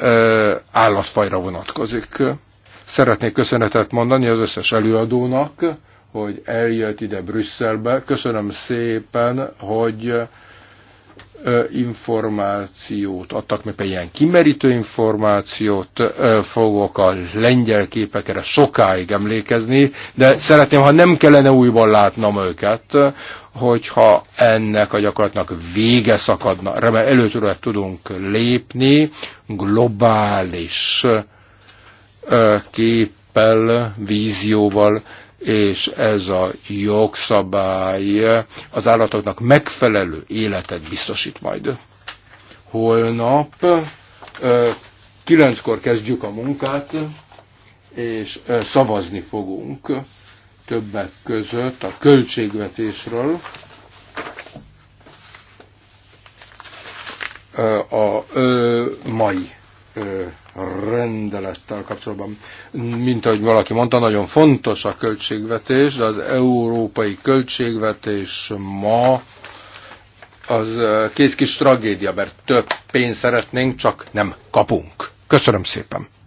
állatfajra vonatkozik. Szeretnék köszönetet mondani az összes előadónak, hogy eljött ide Brüsszelbe. Köszönöm szépen, hogy információt adtak, mert ilyen kimerítő információt fogok a lengyel képekre sokáig emlékezni, de szeretném, ha nem kellene újban látnom őket, hogyha ennek a gyakorlatnak vége szakadna. Remélem előtörőre tudunk lépni globális képpel, vízióval, és ez a jogszabály az állatoknak megfelelő életet biztosít majd. Holnap kilenckor kezdjük a munkát, és szavazni fogunk többek között a költségvetésről, a mai rendelettel kapcsolatban. Mint ahogy valaki mondta, nagyon fontos a költségvetés, de az európai költségvetés ma az kész kis tragédia, mert több pénzt szeretnénk, csak nem kapunk. Köszönöm szépen!